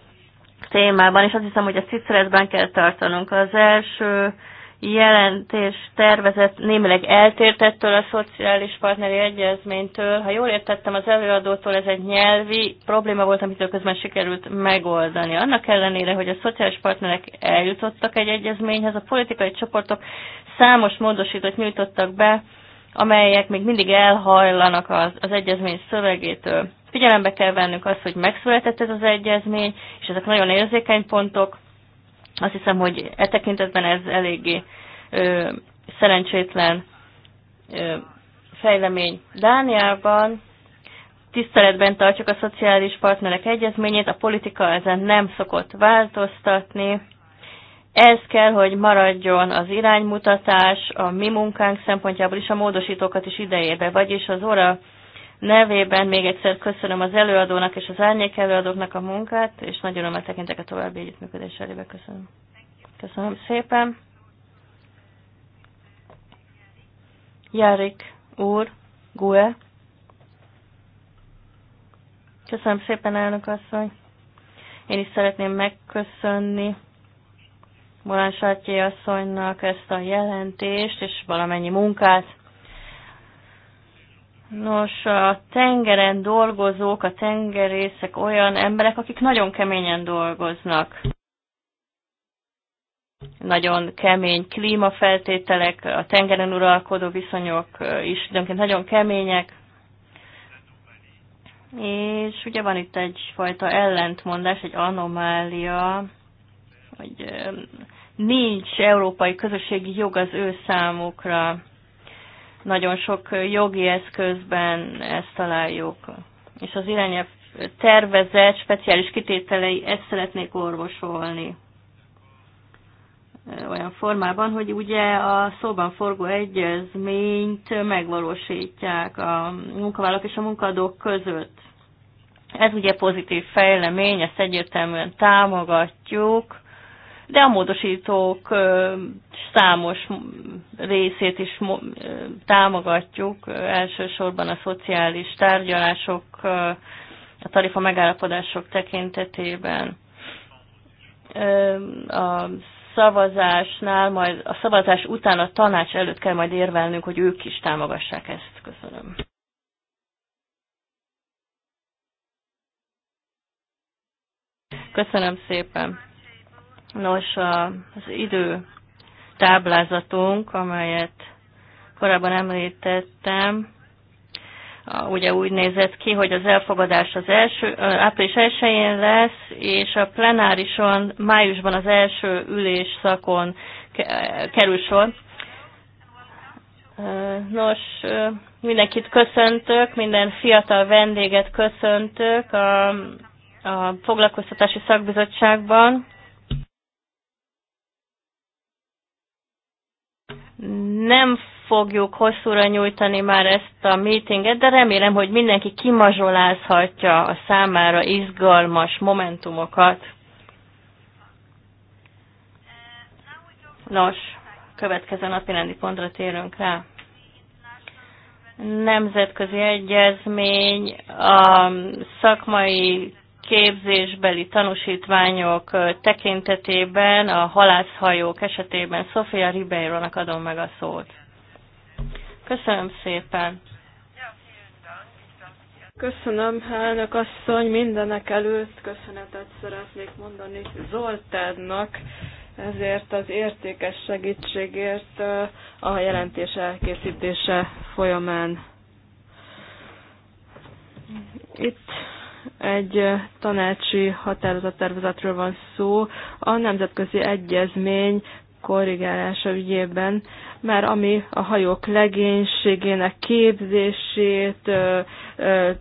témában, és azt hiszem, hogy a Cicerezben kell tartanunk. Az első jelentés tervezet némileg eltért ettől a szociális partneri egyezménytől. Ha jól értettem az előadótól, ez egy nyelvi probléma volt, amit közben sikerült megoldani. Annak ellenére, hogy a szociális partnerek eljutottak egy egyezményhez, a politikai csoportok számos módosítót nyújtottak be, amelyek még mindig elhajlanak az, az egyezmény szövegétől. Figyelembe kell vennünk azt, hogy megszületett ez az egyezmény, és ezek nagyon érzékeny pontok, azt hiszem, hogy e tekintetben ez eléggé ö, szerencsétlen ö, fejlemény. Dániában tiszteletben tartjuk a szociális partnerek egyezményét, a politika ezen nem szokott változtatni. Ez kell, hogy maradjon az iránymutatás a mi munkánk szempontjából is, a módosítókat is idejébe, vagyis az óra nevében még egyszer köszönöm az előadónak és az árnyék előadóknak a munkát, és nagyon örömmel tekintek a további együttműködés elébe. Köszönöm. Köszönöm szépen. Járik úr, Gue. Köszönöm szépen, elnök asszony. Én is szeretném megköszönni Molán Sartjé asszonynak ezt a jelentést és valamennyi munkát, Nos, a tengeren dolgozók, a tengerészek olyan emberek, akik nagyon keményen dolgoznak. Nagyon kemény klímafeltételek, a tengeren uralkodó viszonyok is időnként nagyon kemények. És ugye van itt egyfajta ellentmondás, egy anomália, hogy nincs európai közösségi jog az ő számukra nagyon sok jogi eszközben ezt találjuk. És az irányelv tervezett speciális kitételei ezt szeretnék orvosolni olyan formában, hogy ugye a szóban forgó egyezményt megvalósítják a munkavállalók és a munkadók között. Ez ugye pozitív fejlemény, ezt egyértelműen támogatjuk, de a módosítók számos részét is támogatjuk, elsősorban a szociális tárgyalások, a tarifa megállapodások tekintetében. A szavazásnál, majd a szavazás után a tanács előtt kell majd érvelnünk, hogy ők is támogassák ezt. Köszönöm. Köszönöm szépen. Nos, az idő táblázatunk, amelyet korábban említettem, ugye úgy nézett ki, hogy az elfogadás az első, április 1-én lesz, és a plenárison májusban az első ülés szakon kerül sor. Nos, mindenkit köszöntök, minden fiatal vendéget köszöntök a, a foglalkoztatási szakbizottságban. Nem fogjuk hosszúra nyújtani már ezt a meetinget, de remélem, hogy mindenki kimazsolázhatja a számára izgalmas momentumokat. Nos, következő napi rendi pontra térünk rá nemzetközi egyezmény a szakmai képzésbeli tanúsítványok tekintetében a halászhajók esetében Sofia ribeiro adom meg a szót. Köszönöm szépen! Köszönöm, elnök asszony, mindenek előtt köszönetet szeretnék mondani Zoltánnak ezért az értékes segítségért a jelentés elkészítése folyamán. Itt egy tanácsi határozattervezetről van szó, a nemzetközi egyezmény korrigálása ügyében, már ami a hajók legénységének képzését,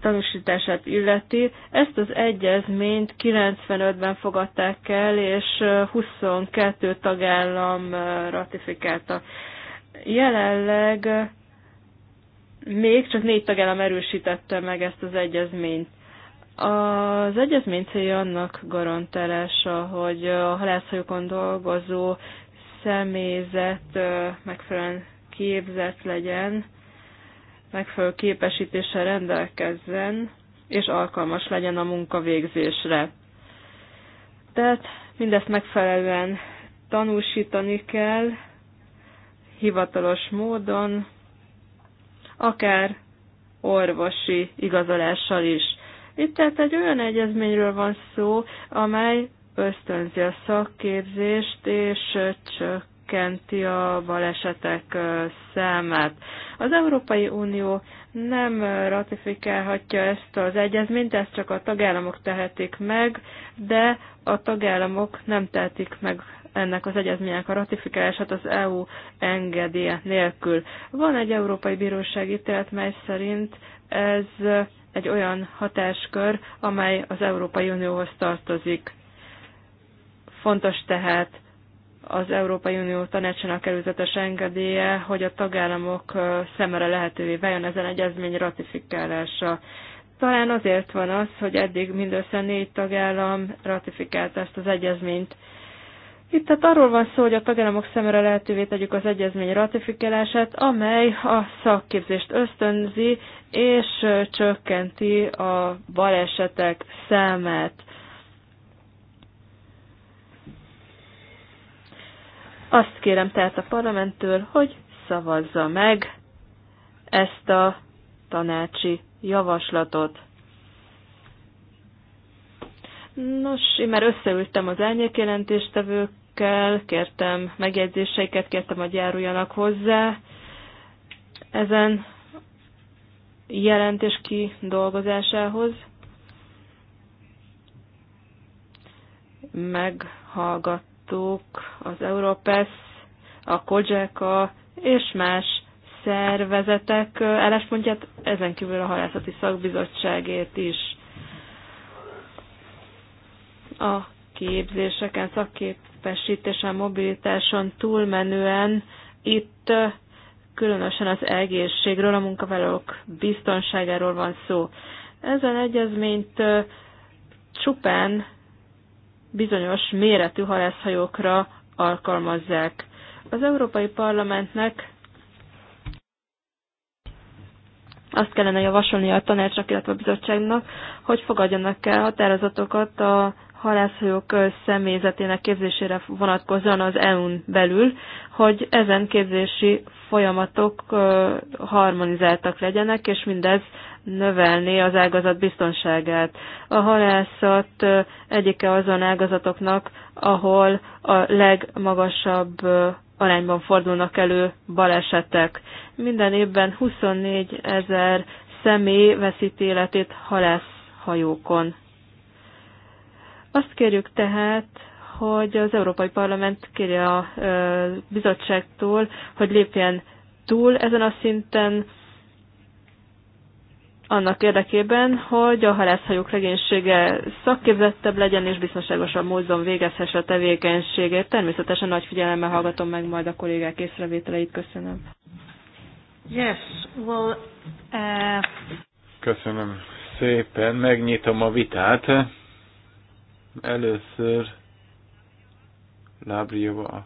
tanúsítását illeti. Ezt az egyezményt 95-ben fogadták el, és 22 tagállam ratifikálta. Jelenleg még csak négy tagállam erősítette meg ezt az egyezményt. Az egyezmény célja annak garantálása, hogy a halászhajókon dolgozó személyzet megfelelően képzett legyen, megfelelő képesítéssel rendelkezzen, és alkalmas legyen a munka végzésre. Tehát mindezt megfelelően tanúsítani kell, hivatalos módon, akár orvosi igazolással is. Itt tehát egy olyan egyezményről van szó, amely ösztönzi a szakképzést és csökkenti a balesetek számát. Az Európai Unió nem ratifikálhatja ezt az egyezményt, ezt csak a tagállamok tehetik meg, de a tagállamok nem tehetik meg ennek az egyezménynek a ratifikálását az EU engedélye nélkül. Van egy Európai Bíróság ítélet, mely szerint ez egy olyan hatáskör, amely az Európai Unióhoz tartozik. Fontos tehát az Európai Unió tanácsának előzetes engedélye, hogy a tagállamok szemere lehetővé váljon ezen egyezmény ratifikálása. Talán azért van az, hogy eddig mindössze négy tagállam ratifikálta ezt az egyezményt. Itt tehát arról van szó, hogy a tagállamok szemére lehetővé tegyük az egyezmény ratifikálását, amely a szakképzést ösztönzi és csökkenti a balesetek számát. Azt kérem tehát a parlamenttől, hogy szavazza meg ezt a tanácsi javaslatot. Nos, én már összeültem az jelentéstevők, kérdésekkel, kértem megjegyzéseiket, kértem, hogy járuljanak hozzá. Ezen jelentés kidolgozásához meghallgattuk az Európesz, a Kodzseka és más szervezetek álláspontját, ezen kívül a halászati szakbizottságét is. A képzéseken, szakkép képesítésen, mobilitáson túlmenően itt különösen az egészségről, a munkavállalók biztonságáról van szó. Ezen egyezményt csupán bizonyos méretű halászhajókra alkalmazzák. Az Európai Parlamentnek azt kellene javasolni a tanácsnak, illetve a bizottságnak, hogy fogadjanak el határozatokat a halászhajók személyzetének képzésére vonatkozóan az EU-n belül, hogy ezen képzési folyamatok harmonizáltak legyenek, és mindez növelni az ágazat biztonságát. A halászat egyike azon ágazatoknak, ahol a legmagasabb arányban fordulnak elő balesetek. Minden évben 24 ezer személy veszít életét halászhajókon. Azt kérjük tehát, hogy az Európai Parlament kérje a bizottságtól, hogy lépjen túl ezen a szinten, annak érdekében, hogy a halászhajók legénysége szakképzettebb legyen és biztonságosabb módon végezhesse a tevékenységét. Természetesen nagy figyelemmel hallgatom meg majd a kollégák észrevételeit. Köszönöm. Yes, well, uh... Köszönöm szépen. Megnyitom a vitát. Először Lábriova a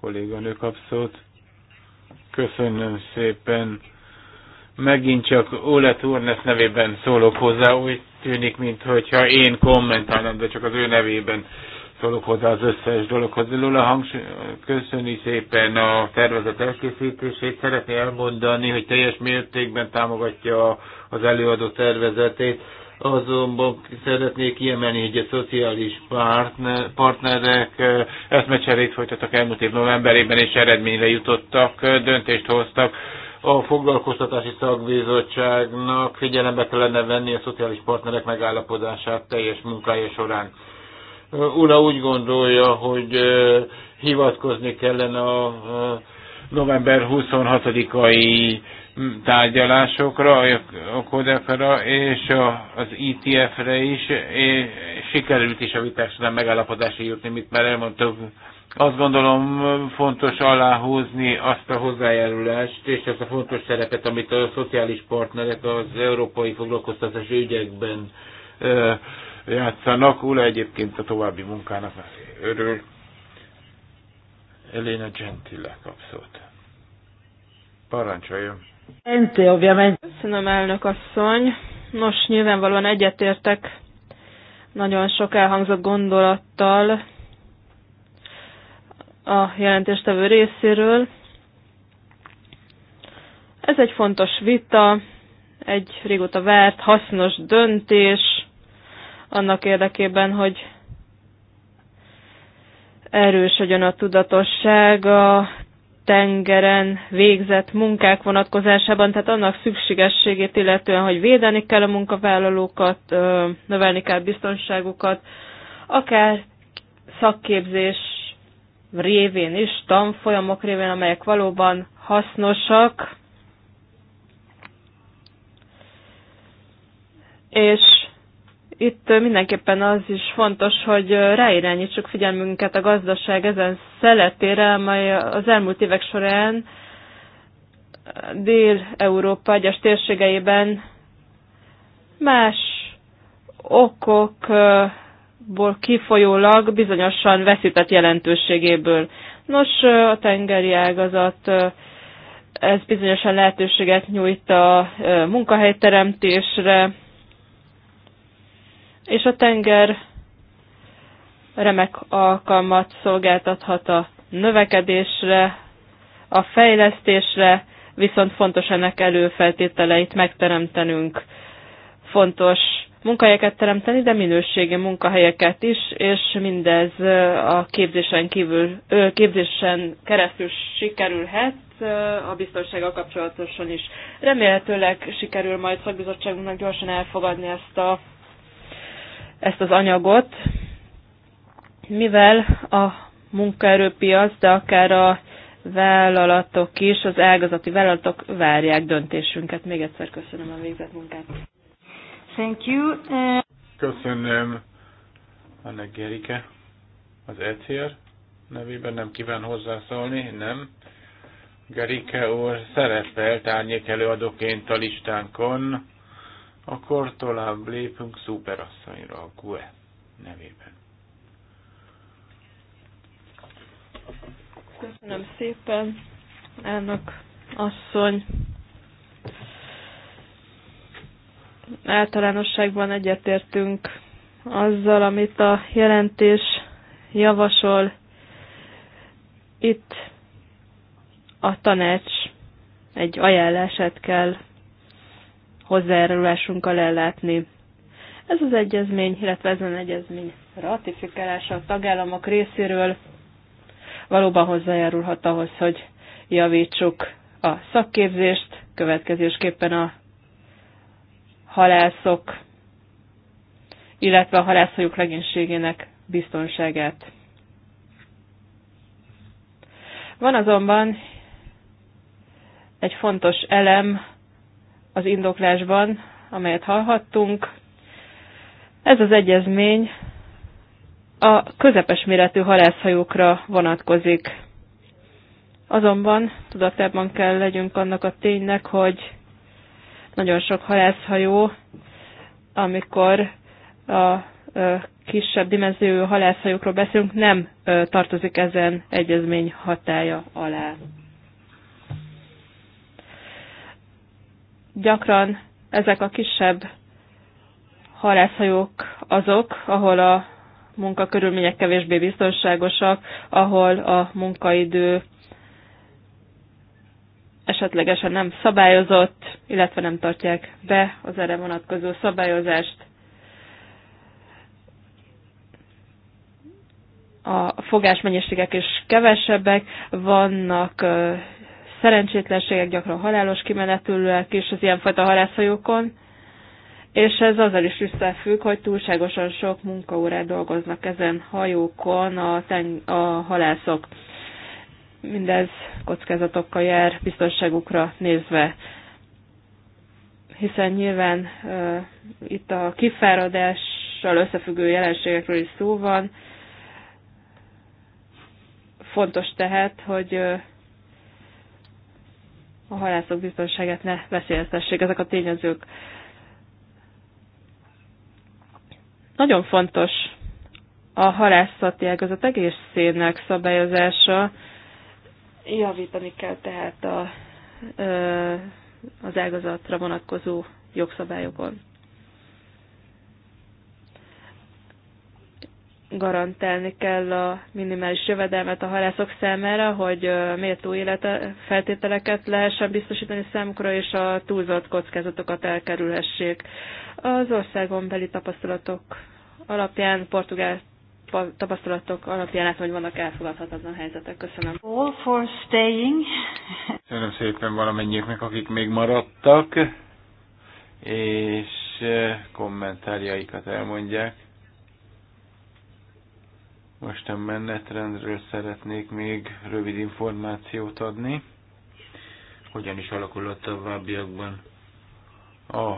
kolléganő kap szót. Köszönöm szépen. Megint csak Ole Turnes nevében szólok hozzá, úgy tűnik, mintha én kommentálnám, de csak az ő nevében szólok hozzá az összes dologhoz. Lula hangsúly, köszöni szépen a tervezet elkészítését, szeretné elmondani, hogy teljes mértékben támogatja az előadó tervezetét azonban szeretnék kiemelni, hogy a szociális partner, partnerek eszmecserét folytattak elmúlt év novemberében, és eredményre jutottak, döntést hoztak. A foglalkoztatási szakbizottságnak figyelembe kellene venni a szociális partnerek megállapodását teljes munkája során. Ura úgy gondolja, hogy hivatkozni kellene a november 26-ai tárgyalásokra, a kodekra és az ETF-re is, és sikerült is a vitásra során megállapodásra jutni, mit már elmondtuk. Azt gondolom fontos aláhúzni azt a hozzájárulást és ezt a fontos szerepet, amit a szociális partnerek az európai foglalkoztatás ügyekben ö, játszanak. Ula egyébként a további munkának örül. Elena Gentile kapszott. Parancsoljon! Köszönöm, elnök asszony. Nos, nyilvánvalóan egyetértek nagyon sok elhangzott gondolattal a jelentéstevő részéről. Ez egy fontos vita, egy régóta várt, hasznos döntés annak érdekében, hogy erősödjön a tudatosság a tengeren végzett munkák vonatkozásában, tehát annak szükségességét illetően, hogy védeni kell a munkavállalókat, növelni kell biztonságukat, akár szakképzés révén is, tanfolyamok révén, amelyek valóban hasznosak, és itt mindenképpen az is fontos, hogy ráirányítsuk figyelmünket a gazdaság ezen szeletére, amely az elmúlt évek során Dél-Európa egyes térségeiben más okokból kifolyólag bizonyosan veszített jelentőségéből. Nos, a tengeri ágazat ez bizonyosan lehetőséget nyújt a munkahelyteremtésre, és a tenger remek alkalmat szolgáltathat a növekedésre, a fejlesztésre, viszont fontos ennek előfeltételeit megteremtenünk. Fontos munkahelyeket teremteni, de minőségi munkahelyeket is, és mindez a képzésen, kívül, képzésen keresztül sikerülhet, a biztonsággal kapcsolatosan is. Remélhetőleg sikerül majd szakbizottságunknak gyorsan elfogadni ezt a ezt az anyagot, mivel a munkaerőpiac, de akár a vállalatok is, az ágazati vállalatok várják döntésünket. Még egyszer köszönöm a végzett munkát. Thank you. Uh, köszönöm Anna Gerike az ECR nevében nem kíván hozzászólni, nem. Gerike úr szerepelt árnyék előadóként a listánkon. Akkor tovább lépünk szuperasszonyra a QE nevében. Köszönöm szépen, elnök asszony. Általánosságban egyetértünk azzal, amit a jelentés javasol. Itt a tanács egy ajánlását kell hozzájárulásunkkal ellátni. Ez az egyezmény, illetve ezen egyezmény ratifikálása a tagállamok részéről valóban hozzájárulhat ahhoz, hogy javítsuk a szakképzést, következésképpen a halászok, illetve a halászhajók legénységének biztonságát. Van azonban egy fontos elem, az indoklásban, amelyet hallhattunk. Ez az egyezmény a közepes méretű halászhajókra vonatkozik. Azonban tudatában kell legyünk annak a ténynek, hogy nagyon sok halászhajó, amikor a kisebb dimenziójú halászhajókról beszélünk, nem tartozik ezen egyezmény hatája alá. Gyakran ezek a kisebb halászhajók azok, ahol a munkakörülmények kevésbé biztonságosak, ahol a munkaidő esetlegesen nem szabályozott, illetve nem tartják be az erre vonatkozó szabályozást. A fogásmennyiségek is kevesebbek, vannak szerencsétlenségek gyakran halálos kimenetülőek is az ilyenfajta halászhajókon, és ez azzal is összefügg, hogy túlságosan sok munkaórát dolgoznak ezen hajókon a, ten, a halászok. Mindez kockázatokkal jár biztonságukra nézve hiszen nyilván uh, itt a kifáradással összefüggő jelenségekről is szó van. Fontos tehát, hogy uh, a halászok biztonságát ne veszélyeztessék ezek a tényezők. Nagyon fontos a halászati ágazat egész szénnek szabályozása. Javítani kell tehát a, az ágazatra vonatkozó jogszabályokon. garantálni kell a minimális jövedelmet a halászok számára, hogy méltó élete feltételeket lehessen biztosítani számukra, és a túlzott kockázatokat elkerülhessék. Az országon beli tapasztalatok alapján, portugál tapasztalatok alapján látom, hogy vannak elfogadhatatlan helyzetek. Köszönöm. All for staying. Köszönöm szépen valamennyieknek, akik még maradtak, és kommentárjaikat elmondják. Most a menetrendről szeretnék még rövid információt adni. Hogyan is alakul a továbbiakban? A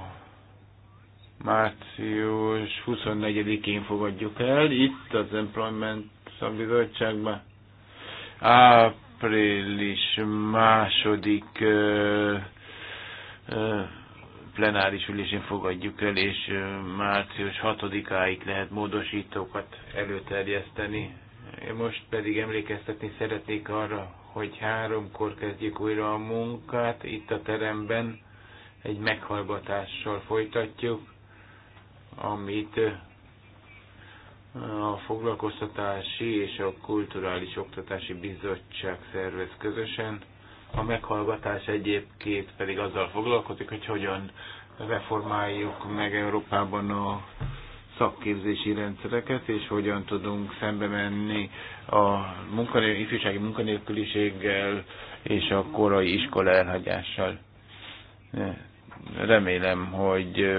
március 24-én fogadjuk el, itt az Employment Szabizottságban. Április második ö, ö, plenáris ülésén fogadjuk el, és március 6-áig lehet módosítókat előterjeszteni. Én most pedig emlékeztetni szeretnék arra, hogy háromkor kezdjük újra a munkát itt a teremben, egy meghallgatással folytatjuk, amit a Foglalkoztatási és a Kulturális Oktatási Bizottság szervez közösen a meghallgatás egyébként pedig azzal foglalkozik, hogy hogyan reformáljuk meg Európában a szakképzési rendszereket, és hogyan tudunk szembe menni a munkanél, ifjúsági munkanélküliséggel és a korai iskola elhagyással. Remélem, hogy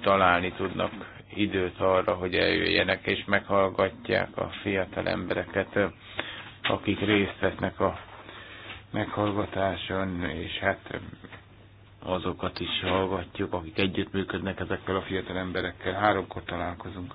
találni tudnak időt arra, hogy eljöjjenek és meghallgatják a fiatal embereket, akik részt vesznek a meghallgatáson, és hát azokat is hallgatjuk, akik együttműködnek ezekkel a fiatal emberekkel. Háromkor találkozunk.